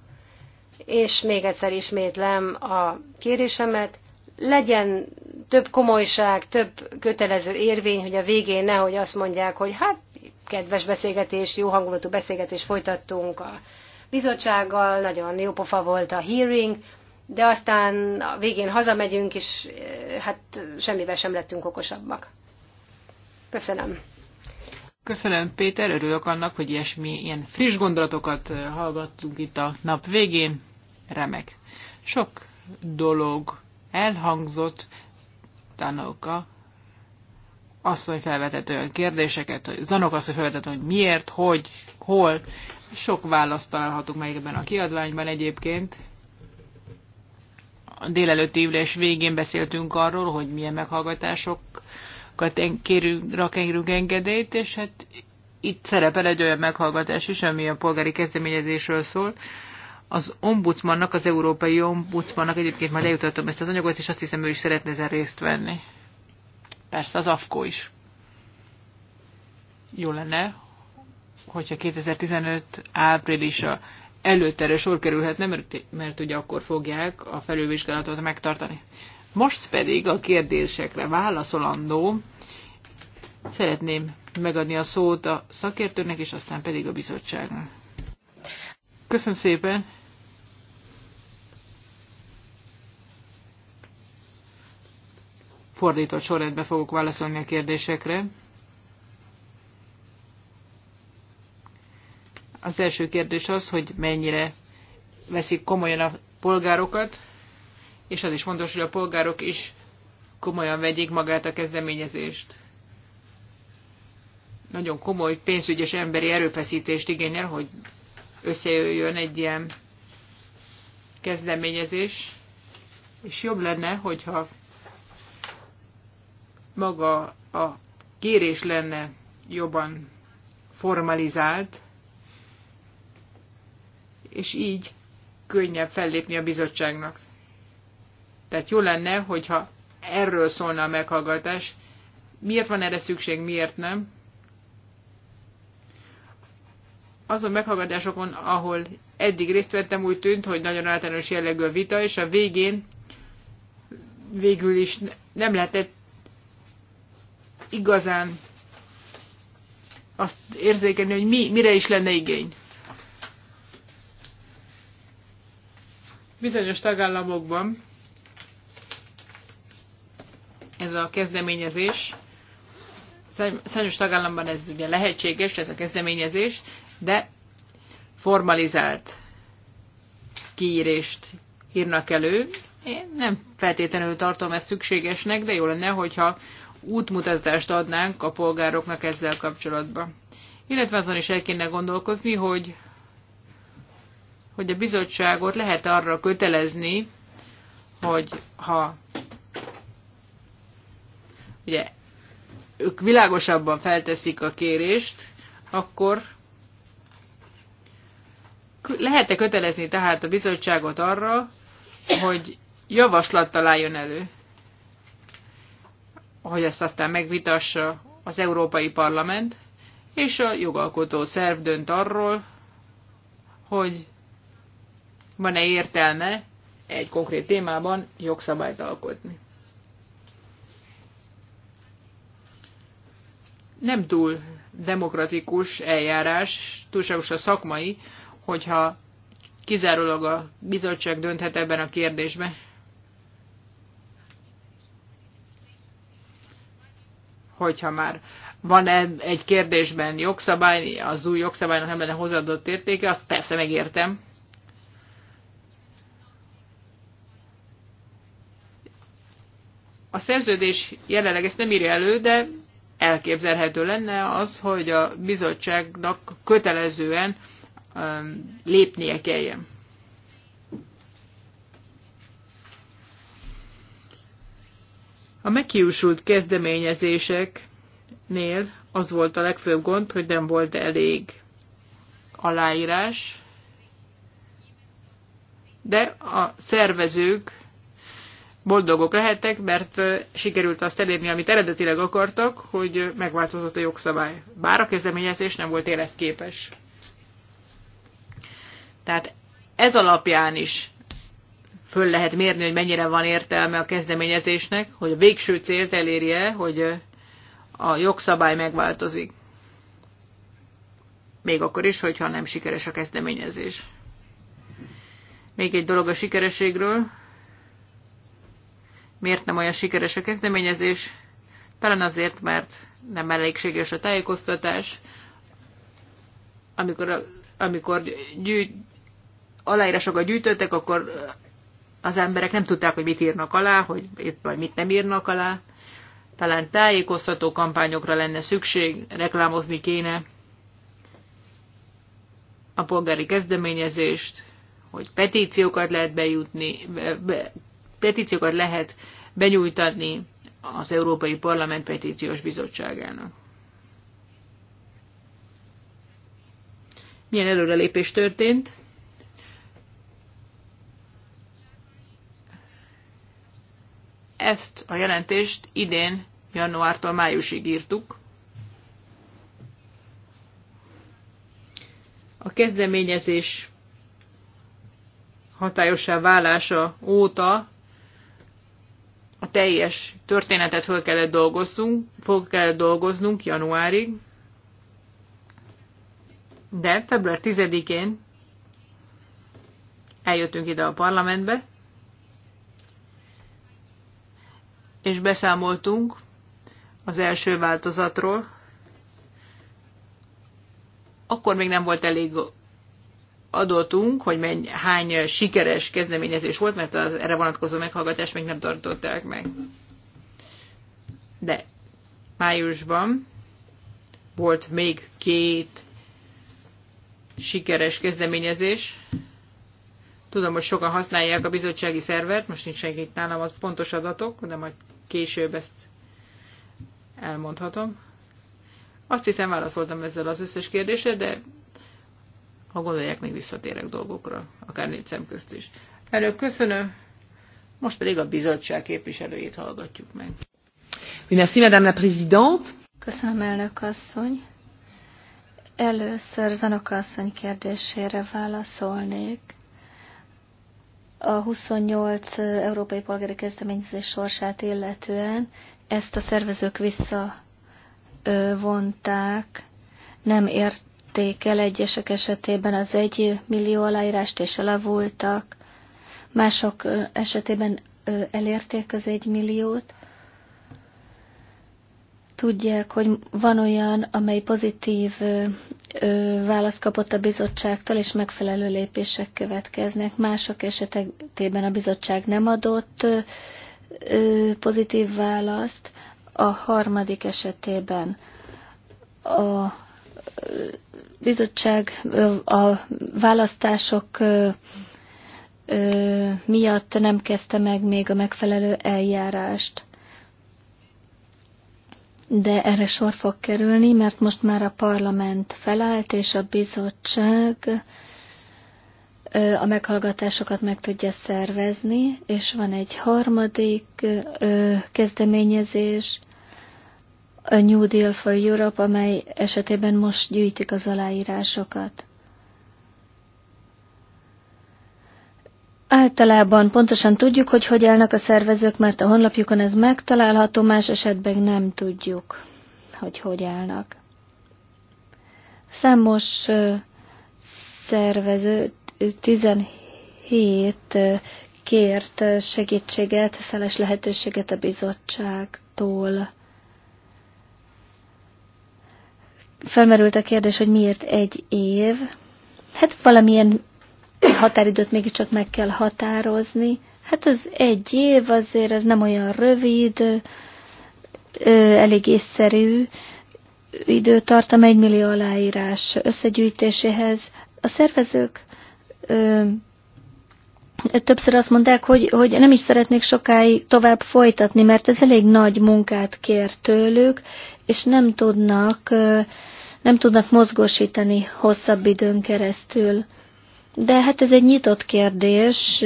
és még egyszer ismétlem a kérésemet, legyen több komolyság, több kötelező érvény, hogy a végén nehogy azt mondják, hogy hát kedves beszélgetés, jó hangulatú beszélgetés folytattunk a bizottsággal, nagyon jó pofa volt a hearing, de aztán a végén hazamegyünk, és eh, hát semmivel sem lettünk okosabbak. Köszönöm. Köszönöm, Péter, örülök annak, hogy ilyesmi, ilyen friss gondolatokat eh, hallgattunk itt a nap végén. Remek. Sok dolog elhangzott, Tanoka asszony felvetett olyan kérdéseket, hogy Zanok asszony felvetett, hogy miért, hogy, hol. Sok választ találhatunk meg ebben a kiadványban egyébként a délelőtti ülés végén beszéltünk arról, hogy milyen meghallgatásokat kérünk, kérünk engedélyt, és hát itt szerepel egy olyan meghallgatás is, ami a polgári kezdeményezésről szól. Az ombudsmannak, az európai ombudsmannak egyébként majd eljutatom ezt az anyagot, és azt hiszem ő is szeretne ezen részt venni. Persze az AFKO is. Jó lenne, hogyha 2015 áprilisa előttere sor kerülhetne, mert, mert ugye akkor fogják a felülvizsgálatot megtartani. Most pedig a kérdésekre válaszolandó szeretném megadni a szót a szakértőnek, és aztán pedig a bizottságnak. Köszönöm szépen! Fordított sorrendben fogok válaszolni a kérdésekre. Az első kérdés az, hogy mennyire veszik komolyan a polgárokat, és az is fontos, hogy a polgárok is komolyan vegyék magát a kezdeményezést. Nagyon komoly pénzügyes emberi erőfeszítést igényel, hogy összejöjjön egy ilyen kezdeményezés, és jobb lenne, hogyha maga a kérés lenne jobban formalizált, és így könnyebb fellépni a bizottságnak. Tehát jó lenne, hogyha erről szólna a meghallgatás. Miért van erre szükség, miért nem? Azon meghallgatásokon, ahol eddig részt vettem, úgy tűnt, hogy nagyon általános jellegű a vita, és a végén végül is nem lehetett igazán azt érzékelni, hogy mi, mire is lenne igény. Bizonyos tagállamokban ez a kezdeményezés, bizonyos tagállamban ez ugye lehetséges, ez a kezdeményezés, de formalizált kiírést írnak elő. Én nem feltétlenül tartom ezt szükségesnek, de jó lenne, hogyha útmutatást adnánk a polgároknak ezzel kapcsolatban. Illetve azon is el kéne gondolkozni, hogy hogy a bizottságot lehet arra kötelezni, hogy ha ugye ők világosabban felteszik a kérést, akkor lehet-e kötelezni tehát a bizottságot arra, hogy javaslattal álljon elő, hogy ezt aztán megvitassa az Európai Parlament, és a jogalkotó szerv dönt arról, hogy van-e értelme egy konkrét témában jogszabályt alkotni. Nem túl demokratikus eljárás, túlságosan szakmai, hogyha kizárólag a bizottság dönthet ebben a kérdésben. Hogyha már van-e egy kérdésben jogszabály, az új jogszabálynak nem lenne hozzáadott értéke, azt persze megértem, A szerződés jelenleg ezt nem írja elő, de elképzelhető lenne az, hogy a bizottságnak kötelezően um, lépnie kelljen. A meghiúsult kezdeményezéseknél az volt a legfőbb gond, hogy nem volt elég aláírás, de a szervezők boldogok lehettek, mert sikerült azt elérni, amit eredetileg akartak, hogy megváltozott a jogszabály. Bár a kezdeményezés nem volt életképes. Tehát ez alapján is föl lehet mérni, hogy mennyire van értelme a kezdeményezésnek, hogy a végső célt elérje, hogy a jogszabály megváltozik. Még akkor is, hogyha nem sikeres a kezdeményezés. Még egy dolog a sikerességről miért nem olyan sikeres a kezdeményezés, talán azért, mert nem elégséges a tájékoztatás, amikor, amikor gyűjt, aláírásokat gyűjtöttek, akkor az emberek nem tudták, hogy mit írnak alá, hogy vagy mit nem írnak alá. Talán tájékoztató kampányokra lenne szükség, reklámozni kéne a polgári kezdeményezést, hogy petíciókat lehet bejutni, be, be, petíciókat lehet benyújtani az Európai Parlament Petíciós Bizottságának. Milyen előrelépés történt? Ezt a jelentést idén, januártól májusig írtuk. A kezdeményezés hatályosá válása óta a teljes történetet föl kellett dolgoznunk, föl kellett dolgoznunk januárig, de február 10-én eljöttünk ide a parlamentbe, és beszámoltunk az első változatról. Akkor még nem volt elég adatunk, hogy menny, hány sikeres kezdeményezés volt, mert az erre vonatkozó meghallgatást még nem tartották meg. De májusban volt még két sikeres kezdeményezés. Tudom, hogy sokan használják a bizottsági szervert, most nincs senki itt nálam az pontos adatok, de majd később ezt elmondhatom. Azt hiszem válaszoltam ezzel az összes kérdésre, de ha gondolják, még visszatérek dolgokra, akár négy szem közt is. Erről köszönöm. Most pedig a bizottság képviselőjét hallgatjuk meg. Merci, Madame la Présidente. Köszönöm, elnök asszony. Először Zanoka asszony kérdésére válaszolnék. A 28 európai polgári kezdeményezés sorsát illetően ezt a szervezők visszavonták, nem ért érték el egyesek esetében az egy millió aláírást, és elavultak, mások esetében elérték az egy milliót. Tudják, hogy van olyan, amely pozitív választ kapott a bizottságtól, és megfelelő lépések következnek. Mások esetében a bizottság nem adott pozitív választ, a harmadik esetében a bizottság a választások miatt nem kezdte meg még a megfelelő eljárást. De erre sor fog kerülni, mert most már a parlament felállt, és a bizottság a meghallgatásokat meg tudja szervezni, és van egy harmadik kezdeményezés, a New Deal for Europe, amely esetében most gyűjtik az aláírásokat. Általában pontosan tudjuk, hogy hogy állnak a szervezők, mert a honlapjukon ez megtalálható, más esetben nem tudjuk, hogy hogy állnak. Számos szervező 17 kért segítséget, szeles lehetőséget a bizottságtól. felmerült a kérdés, hogy miért egy év. Hát valamilyen határidőt mégiscsak meg kell határozni. Hát az egy év azért ez nem olyan rövid, elég észszerű időtartam egy millió aláírás összegyűjtéséhez. A szervezők ö, többször azt mondták, hogy, hogy nem is szeretnék sokáig tovább folytatni, mert ez elég nagy munkát kér tőlük, és nem tudnak, nem tudnak mozgósítani hosszabb időn keresztül. De hát ez egy nyitott kérdés,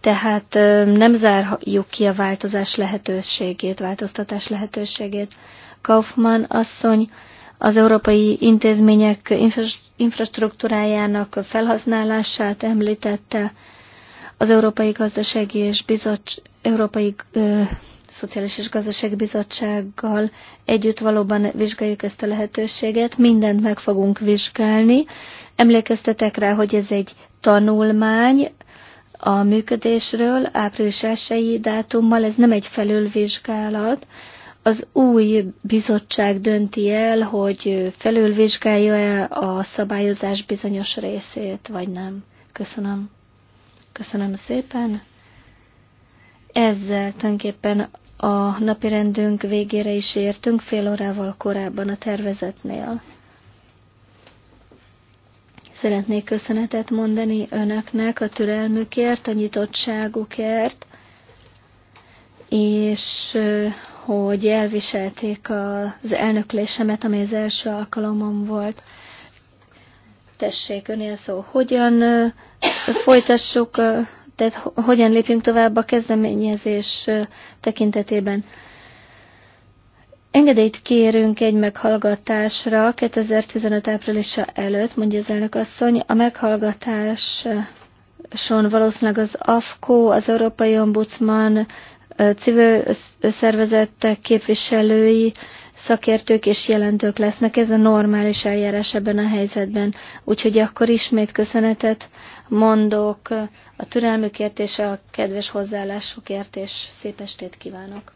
tehát nem zárjuk ki a változás lehetőségét, változtatás lehetőségét. Kaufmann asszony az európai intézmények infrastruktúrájának felhasználását említette, az Európai Gazdasági és Bizottság, Európai Szociális és Gazdasági Bizottsággal együtt valóban vizsgáljuk ezt a lehetőséget, mindent meg fogunk vizsgálni. Emlékeztetek rá, hogy ez egy tanulmány a működésről, április 1 dátummal, ez nem egy felülvizsgálat, az új bizottság dönti el, hogy felülvizsgálja-e a szabályozás bizonyos részét, vagy nem. Köszönöm. Köszönöm szépen. Ezzel tulajdonképpen a napirendünk végére is értünk, fél órával korábban a tervezetnél. Szeretnék köszönetet mondani önöknek a türelmükért, a nyitottságukért, és hogy elviselték az elnöklésemet, ami az első alkalomon volt. Tessék, önél szó. Hogyan folytassuk tehát hogyan lépjünk tovább a kezdeményezés tekintetében. Engedélyt kérünk egy meghallgatásra 2015 áprilisa előtt, mondja az elnök asszony. A meghallgatáson valószínűleg az AFKO, az Európai Ombudsman, civil szervezettek képviselői, szakértők és jelentők lesznek, ez a normális eljárás ebben a helyzetben. Úgyhogy akkor ismét köszönetet mondok a türelmükért és a kedves hozzáállásukért, és szép estét kívánok!